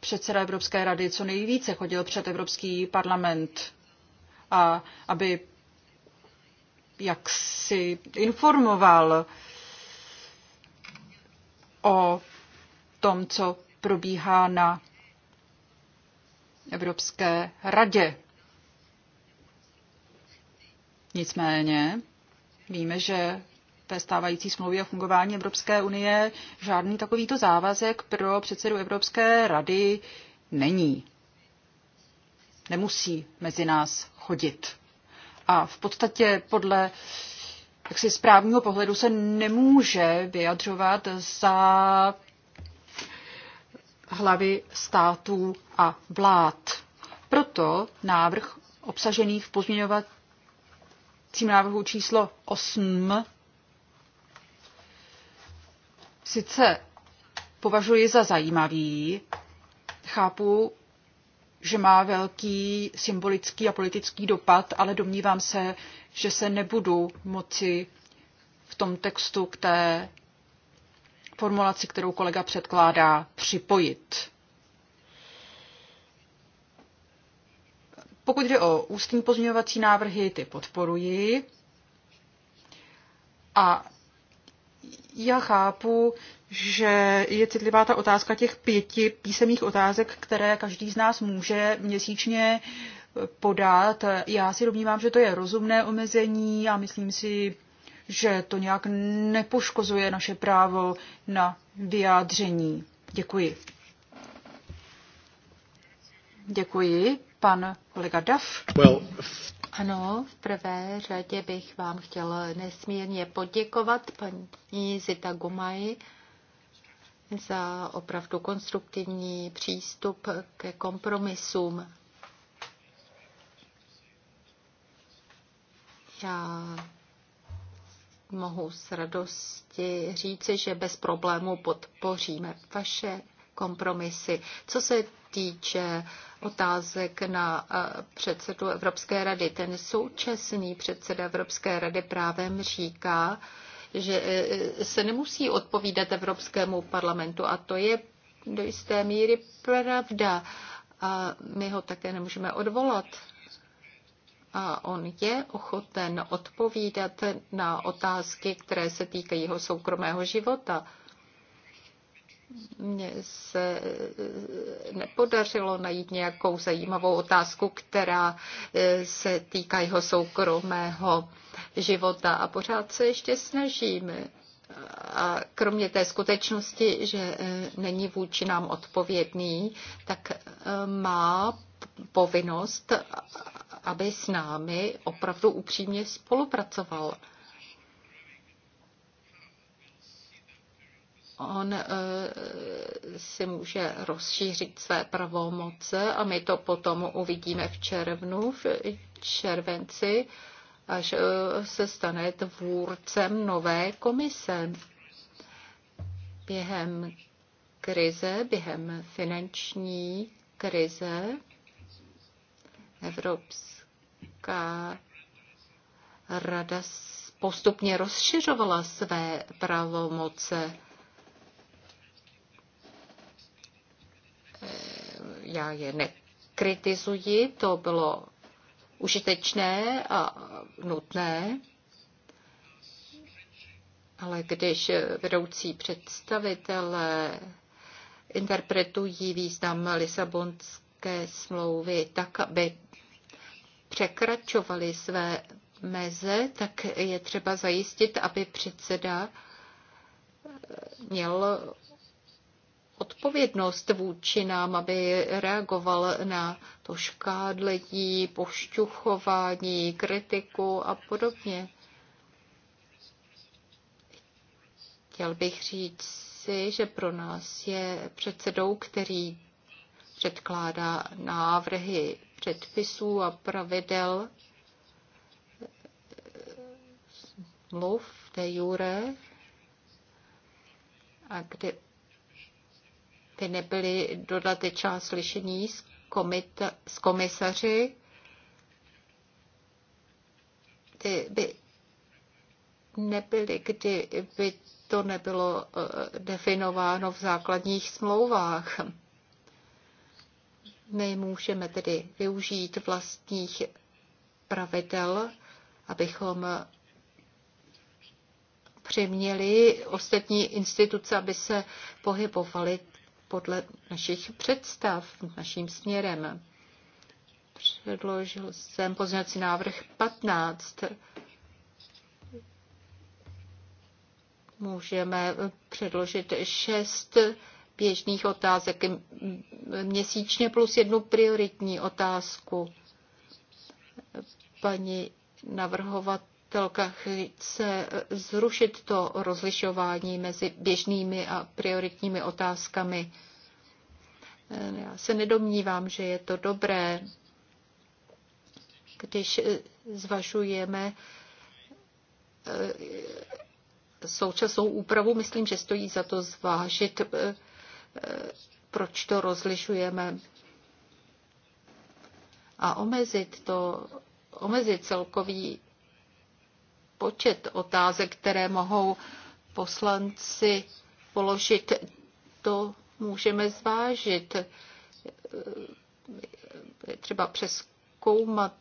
předseda Evropské rady co nejvíce chodil před Evropský parlament a aby jak si informoval o tom, co probíhá na Evropské radě. Nicméně víme, že té stávající smlouvě o fungování Evropské unie žádný takovýto závazek pro předsedu Evropské rady není. Nemusí mezi nás chodit. A v podstatě podle jaksi správního pohledu se nemůže vyjadřovat za hlavy států a vlád. Proto návrh obsažený v pozměňovacím návrhu číslo 8 sice považuji za zajímavý, chápu, že má velký symbolický a politický dopad, ale domnívám se, že se nebudu moci v tom textu k té formulaci, kterou kolega předkládá, připojit. Pokud jde o ústní pozměňovací návrhy, ty podporuji. A já chápu, že je citlivá ta otázka těch pěti písemných otázek, které každý z nás může měsíčně podat. Já si domnívám, že to je rozumné omezení a myslím si, že to nějak nepoškozuje naše právo na vyjádření. Děkuji. Děkuji. Pan kolega Duff. Well, ano, v prvé řadě bych vám chtěl nesmírně poděkovat paní Zita Gumaj za opravdu konstruktivní přístup ke kompromisům. Já mohu s radostí říci, že bez problému podpoříme vaše kompromisy. Co se týče otázek na eh, předsedu Evropské rady. Ten současný předseda Evropské rady právem říká, že eh, eh, se nemusí odpovídat Evropskému parlamentu a to je do jisté míry pravda. A my ho také nemůžeme odvolat. A on je ochoten odpovídat na otázky, které se týkají jeho soukromého života mně se eh, nepodařilo najít nějakou zajímavou otázku, která eh, se týká jeho soukromého života. A pořád se ještě snažíme. A kromě té skutečnosti, že eh, není vůči nám odpovědný, tak má povinnost, aby s námi opravdu upřímně spolupracoval. on eh, si může rozšířit své pravomoce a my to potom uvidíme v červnu, v červenci, až eh, se stane tvůrcem nové komise. Během krize, během finanční krize Evropská rada postupně rozšiřovala své pravomoce já je nekritizuji, to bylo užitečné a nutné, ale když vedoucí představitelé interpretují význam Lisabonské smlouvy tak, aby překračovali své meze, tak je třeba zajistit, aby předseda měl odpovědnost vůči nám, aby reagoval na to škádletí, pošťuchování, kritiku a podobně. Chtěl bych říct si, že pro nás je předsedou, který předkládá návrhy předpisů a pravidel mluv de jure a kdy ty nebyly dodatečná slyšení s, komita, s komisaři. Ty by nebyly, kdyby to nebylo eh, definováno v základních smlouvách. My můžeme tedy využít vlastních pravidel, abychom přiměli ostatní instituce, aby se pohybovaly podle našich představ, naším směrem. Předložil jsem pozměňovací návrh 15. Můžeme předložit šest běžných otázek měsíčně plus jednu prioritní otázku. Paní navrhovat velká chce eh, zrušit to rozlišování mezi běžnými a prioritními otázkami. Eh, já se nedomnívám, že je to dobré, když eh, zvažujeme současnou úpravu. Myslím, že stojí za to zvážit, proč to rozlišujeme a omezit to, omezit celkový počet otázek, které mohou poslanci položit, to můžeme zvážit. Třeba přeskoumat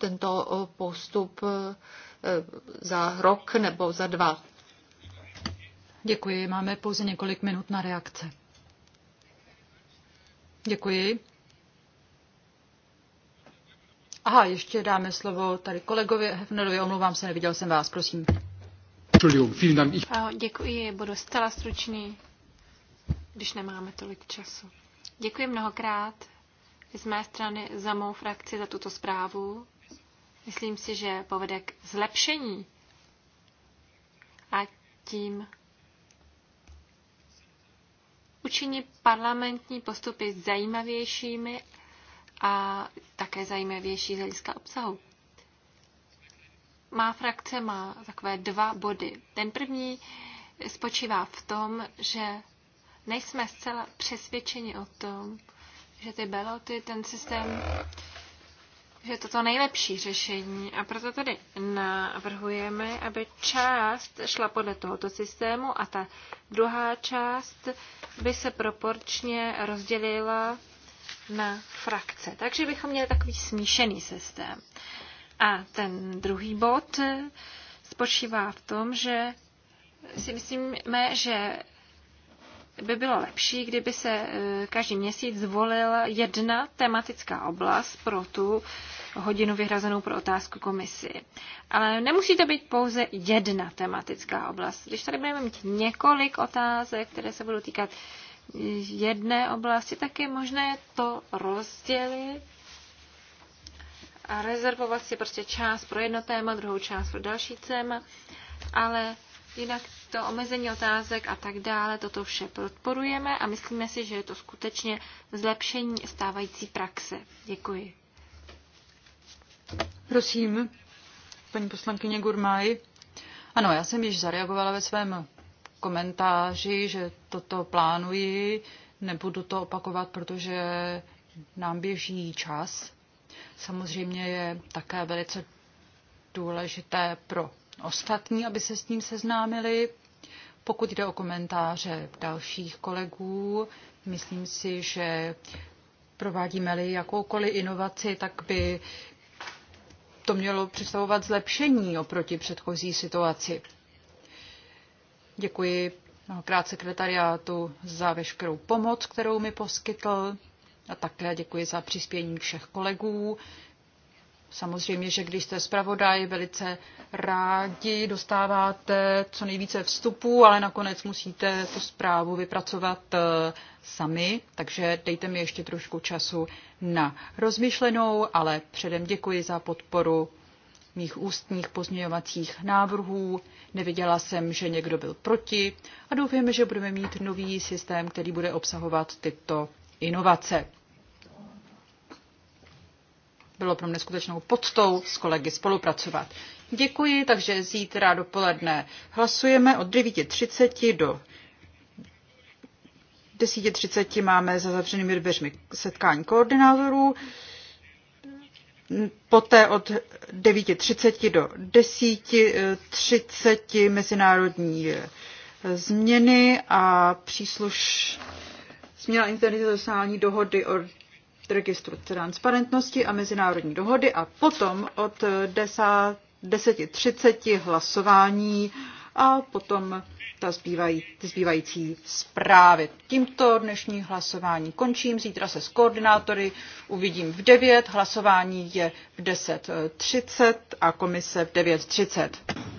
tento postup za rok nebo za dva. Děkuji. Máme pouze několik minut na reakce. Děkuji. Aha, ještě dáme slovo tady kolegovi Hefnerovi, omlouvám se, neviděl jsem vás, prosím. Děkuji, budu zcela stručný, když nemáme tolik času. Děkuji mnohokrát z mé strany za mou frakci, za tuto zprávu. Myslím si, že povede k zlepšení a tím učiní parlamentní postupy zajímavějšími a také zajímavější z hlediska obsahu. Má frakce má takové dva body. Ten první spočívá v tom, že nejsme zcela přesvědčeni o tom, že ty beloty, ten systém, že je to to nejlepší řešení. A proto tady navrhujeme, aby část šla podle tohoto systému a ta druhá část by se proporčně rozdělila na frakce. Takže bychom měli takový smíšený systém. A ten druhý bod spočívá v tom, že si myslíme, že by bylo lepší, kdyby se eh, každý měsíc zvolil jedna tematická oblast pro tu hodinu vyhrazenou pro otázku komisi. Ale nemusí to být pouze jedna tematická oblast. Když tady budeme mít několik otázek, které se budou týkat jedné oblasti, tak je možné to rozdělit a rezervovat si prostě část pro jedno téma, druhou část pro další téma, ale jinak to omezení otázek a tak dále, toto vše podporujeme a myslíme si, že je to skutečně zlepšení stávající praxe. Děkuji. Prosím, paní poslankyně Gurmaj. Ano, já jsem již zareagovala ve svém komentáři, že toto plánuji. Nebudu to opakovat, protože nám běží čas. Samozřejmě je také velice důležité pro ostatní, aby se s ním seznámili. Pokud jde o komentáře dalších kolegů, myslím si, že provádíme-li jakoukoliv inovaci, tak by to mělo představovat zlepšení oproti předchozí situaci. Děkuji mnohokrát sekretariátu za veškerou pomoc, kterou mi poskytl a také děkuji za přispění všech kolegů. Samozřejmě, že když jste zpravodaj, velice rádi dostáváte co nejvíce vstupů, ale nakonec musíte tu zprávu vypracovat eh, sami, takže dejte mi ještě trošku času na rozmyšlenou, ale předem děkuji za podporu mých ústních pozměňovacích návrhů. Neviděla jsem, že někdo byl proti a doufáme, že budeme mít nový systém, který bude obsahovat tyto inovace. Bylo pro mě skutečnou podstou s kolegy spolupracovat. Děkuji, takže zítra dopoledne hlasujeme od 9.30 do 10.30 máme za zavřenými dveřmi setkání koordinátorů poté od 9.30 do 10.30 mezinárodní eh, změny a přísluš změna internacionální dohody o registru transparentnosti a mezinárodní dohody a potom od 10.30 hlasování a potom ta zbývají, ty zbývající zprávy. Tímto dnešní hlasování končím. Zítra se s koordinátory uvidím v 9. Hlasování je v 10.30 a komise v 9.30.